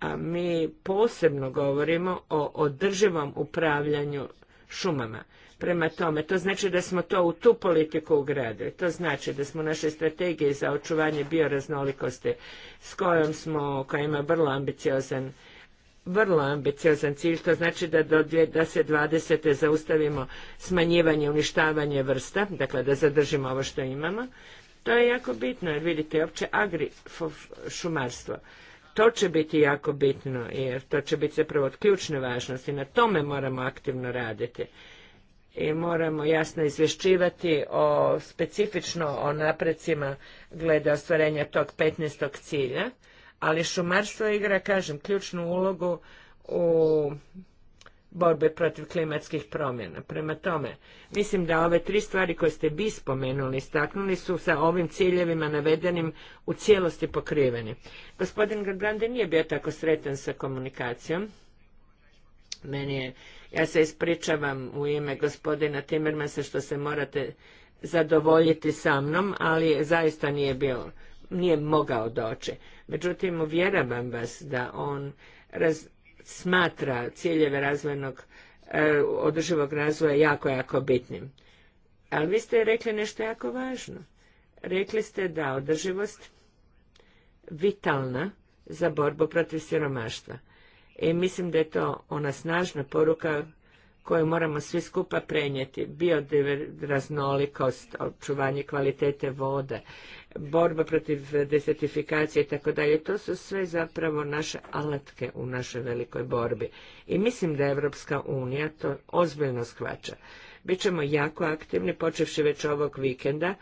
a mi posebno govorimo o održivom upravljanju šumama. Prema tome, to znači da smo to u tu politiku ugradili. To znači da smo naše strategije za očuvanje bioraznolikosti s kojom smo, koja ima vrlo ambiciozan vrlo ambiciozan cilj, to znači da do 2020. zaustavimo smanjivanje, uništavanje vrsta, dakle da zadržimo ovo što imamo. To je jako bitno, jer vidite, opće agri šumarstvo. To će biti jako bitno, jer to će biti zapravo od ključne važnosti. Na tome moramo aktivno raditi. I moramo jasno izvješćivati o specifično o naprecima glede ostvarenja tog 15. cilja ali šumarstvo igra, kažem, ključnu ulogu u borbe protiv klimatskih promjena. Prema tome, mislim da ove tri stvari koje ste vi spomenuli, staknuli, su sa ovim ciljevima navedenim u cijelosti pokriveni. Gospodin Grbrande nije bio tako sretan sa komunikacijom. Meni je, ja se ispričavam u ime gospodina Timmermansa što se morate zadovoljiti sa mnom, ali zaista nije bio nije mogao doći. Međutim, uvjeravam vas da on smatra ciljeve razvojnog e, održivog razvoja jako, jako bitnim. Ali vi ste rekli nešto jako važno. Rekli ste da održivost vitalna za borbu protiv siromaštva. I mislim da je to ona snažna poruka koju moramo svi skupa prenijeti. Bioraznolikost, očuvanje kvalitete vode, borba protiv desertifikacije i tako dalje. To su sve zapravo naše alatke u našoj velikoj borbi. I mislim da Evropska unija to ozbiljno shvaća. Bićemo jako aktivni, počevši već ovog vikenda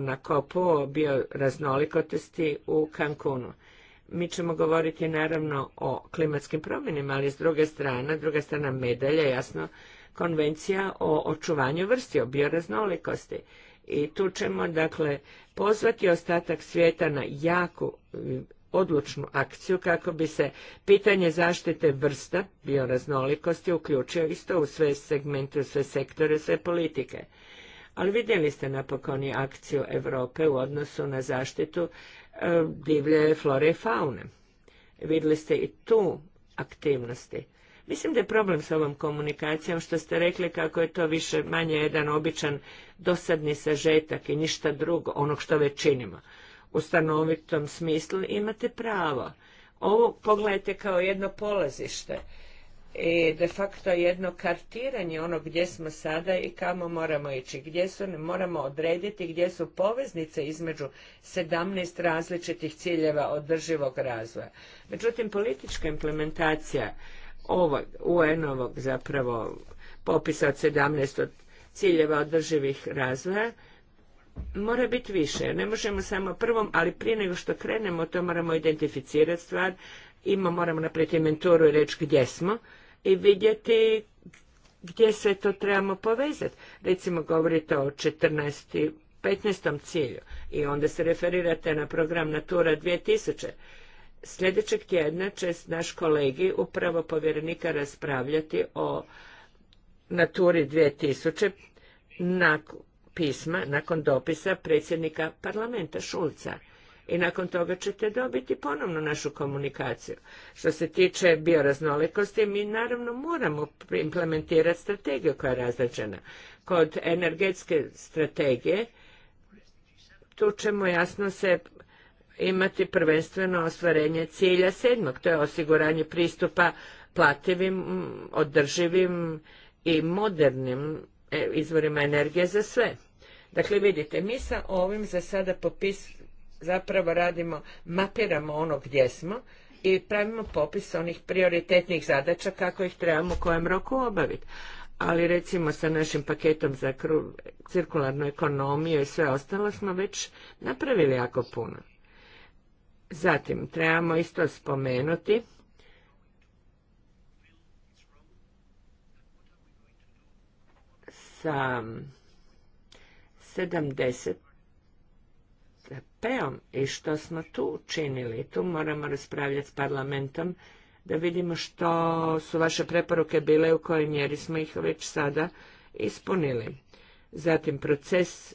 na kopu o u Cancunu mi ćemo govoriti naravno o klimatskim promjenima, ali s druge strane, druga strana medalja, jasno, konvencija o očuvanju vrsti, o bioraznolikosti. I tu ćemo, dakle, pozvati ostatak svijeta na jaku odlučnu akciju kako bi se pitanje zaštite vrsta bioraznolikosti uključio isto u sve segmente, u sve sektore, sve politike. Ali vidjeli ste napokon i akciju Europe u odnosu na zaštitu E, divlje flore i faune. Vidjeli ste i tu aktivnosti. Mislim da je problem s ovom komunikacijom što ste rekli kako je to više manje jedan običan dosadni sažetak i ništa drugo, onog što već činimo. U stanovitom smislu imate pravo. Ovo pogledajte kao jedno polazište i de facto jedno kartiranje ono gdje smo sada i kamo moramo ići, gdje su, moramo odrediti gdje su poveznice između 17 različitih ciljeva održivog razvoja. Međutim, politička implementacija ovog UN-ovog zapravo popisa od 17 od ciljeva održivih razvoja mora biti više. Ne možemo samo prvom, ali prije nego što krenemo to moramo identificirati stvar, ima, moramo napraviti inventuru i reći gdje smo, i vidjeti gdje se to trebamo povezati. Recimo govorite o 14. 15. cilju i onda se referirate na program Natura 2000. Sljedećeg tjedna će naš kolegi upravo povjerenika raspravljati o Naturi 2000 nakon pisma, nakon dopisa predsjednika parlamenta Šulca i nakon toga ćete dobiti ponovno našu komunikaciju. Što se tiče bioraznolikosti, mi naravno moramo implementirati strategiju koja je razrađena. Kod energetske strategije, tu ćemo jasno se imati prvenstveno ostvarenje cilja sedmog, to je osiguranje pristupa plativim, održivim i modernim e, izvorima energije za sve. Dakle, vidite, mi sa ovim za sada popis, zapravo radimo, mapiramo ono gdje smo i pravimo popis onih prioritetnih zadaća kako ih trebamo u kojem roku obaviti. Ali recimo sa našim paketom za cirkularnu ekonomiju i sve ostalo smo već napravili jako puno. Zatim trebamo isto spomenuti sa 70 peom i što smo tu činili, Tu moramo raspravljati s parlamentom da vidimo što su vaše preporuke bile, u kojoj mjeri smo ih već sada ispunili. Zatim proces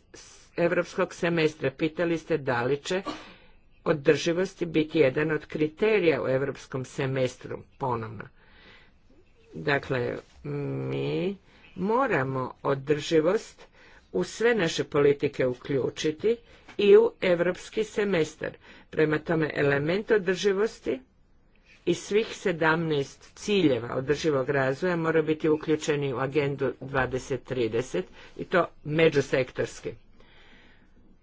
evropskog semestra. Pitali ste da li će održivosti biti jedan od kriterija u evropskom semestru ponovno. Dakle, mi moramo održivost u sve naše politike uključiti i u europski semestar. Prema tome, element održivosti i svih 17 ciljeva održivog razvoja mora biti uključeni u agendu 2030 i to međusektorski.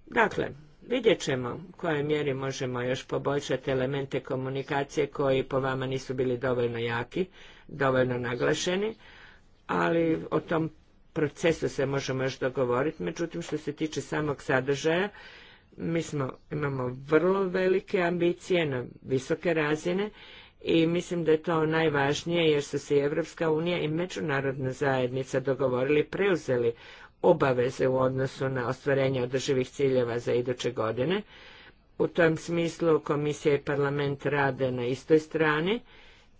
Dakle, vidjet ćemo u kojoj mjeri možemo još poboljšati elemente komunikacije koji po vama nisu bili dovoljno jaki, dovoljno naglašeni, ali o tom procesu se možemo još dogovoriti. Međutim, što se tiče samog sadržaja, mi smo, imamo vrlo velike ambicije na visoke razine i mislim da je to najvažnije jer su se Evropska unija i međunarodna zajednica dogovorili, preuzeli obaveze u odnosu na ostvarenje održivih ciljeva za iduće godine. U tom smislu komisija i parlament rade na istoj strani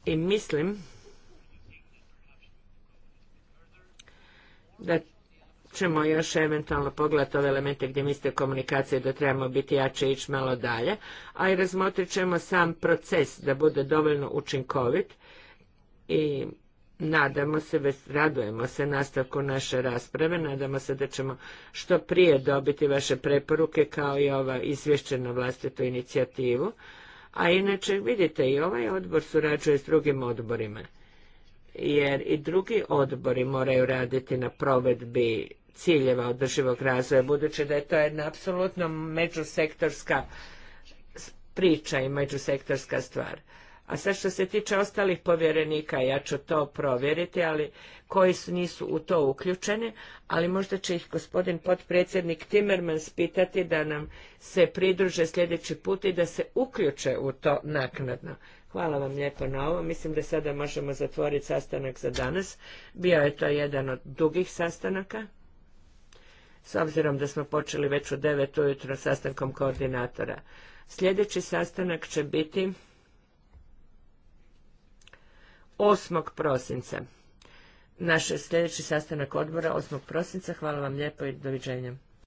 i mislim da ćemo još eventualno pogledati ove elemente gdje mislite komunikacije da trebamo biti jače i ići malo dalje, a i razmotrit ćemo sam proces da bude dovoljno učinkovit i nadamo se, već radujemo se nastavku naše rasprave, nadamo se da ćemo što prije dobiti vaše preporuke kao i ova izvješća na vlastitu inicijativu. A inače, vidite, i ovaj odbor surađuje s drugim odborima, jer i drugi odbori moraju raditi na provedbi ciljeva održivog razvoja, budući da je to jedna apsolutno međusektorska priča i međusektorska stvar. A sad što se tiče ostalih povjerenika, ja ću to provjeriti, ali koji su, nisu u to uključeni, ali možda će ih gospodin potpredsjednik Timmermans pitati da nam se pridruže sljedeći put i da se uključe u to naknadno. Hvala vam lijepo na ovo. Mislim da sada možemo zatvoriti sastanak za danas. Bio je to jedan od dugih sastanaka s obzirom da smo počeli već u 9 ujutro sastankom koordinatora. Sljedeći sastanak će biti 8. prosinca. Naš sljedeći sastanak odbora 8. prosinca. Hvala vam lijepo i doviđenja.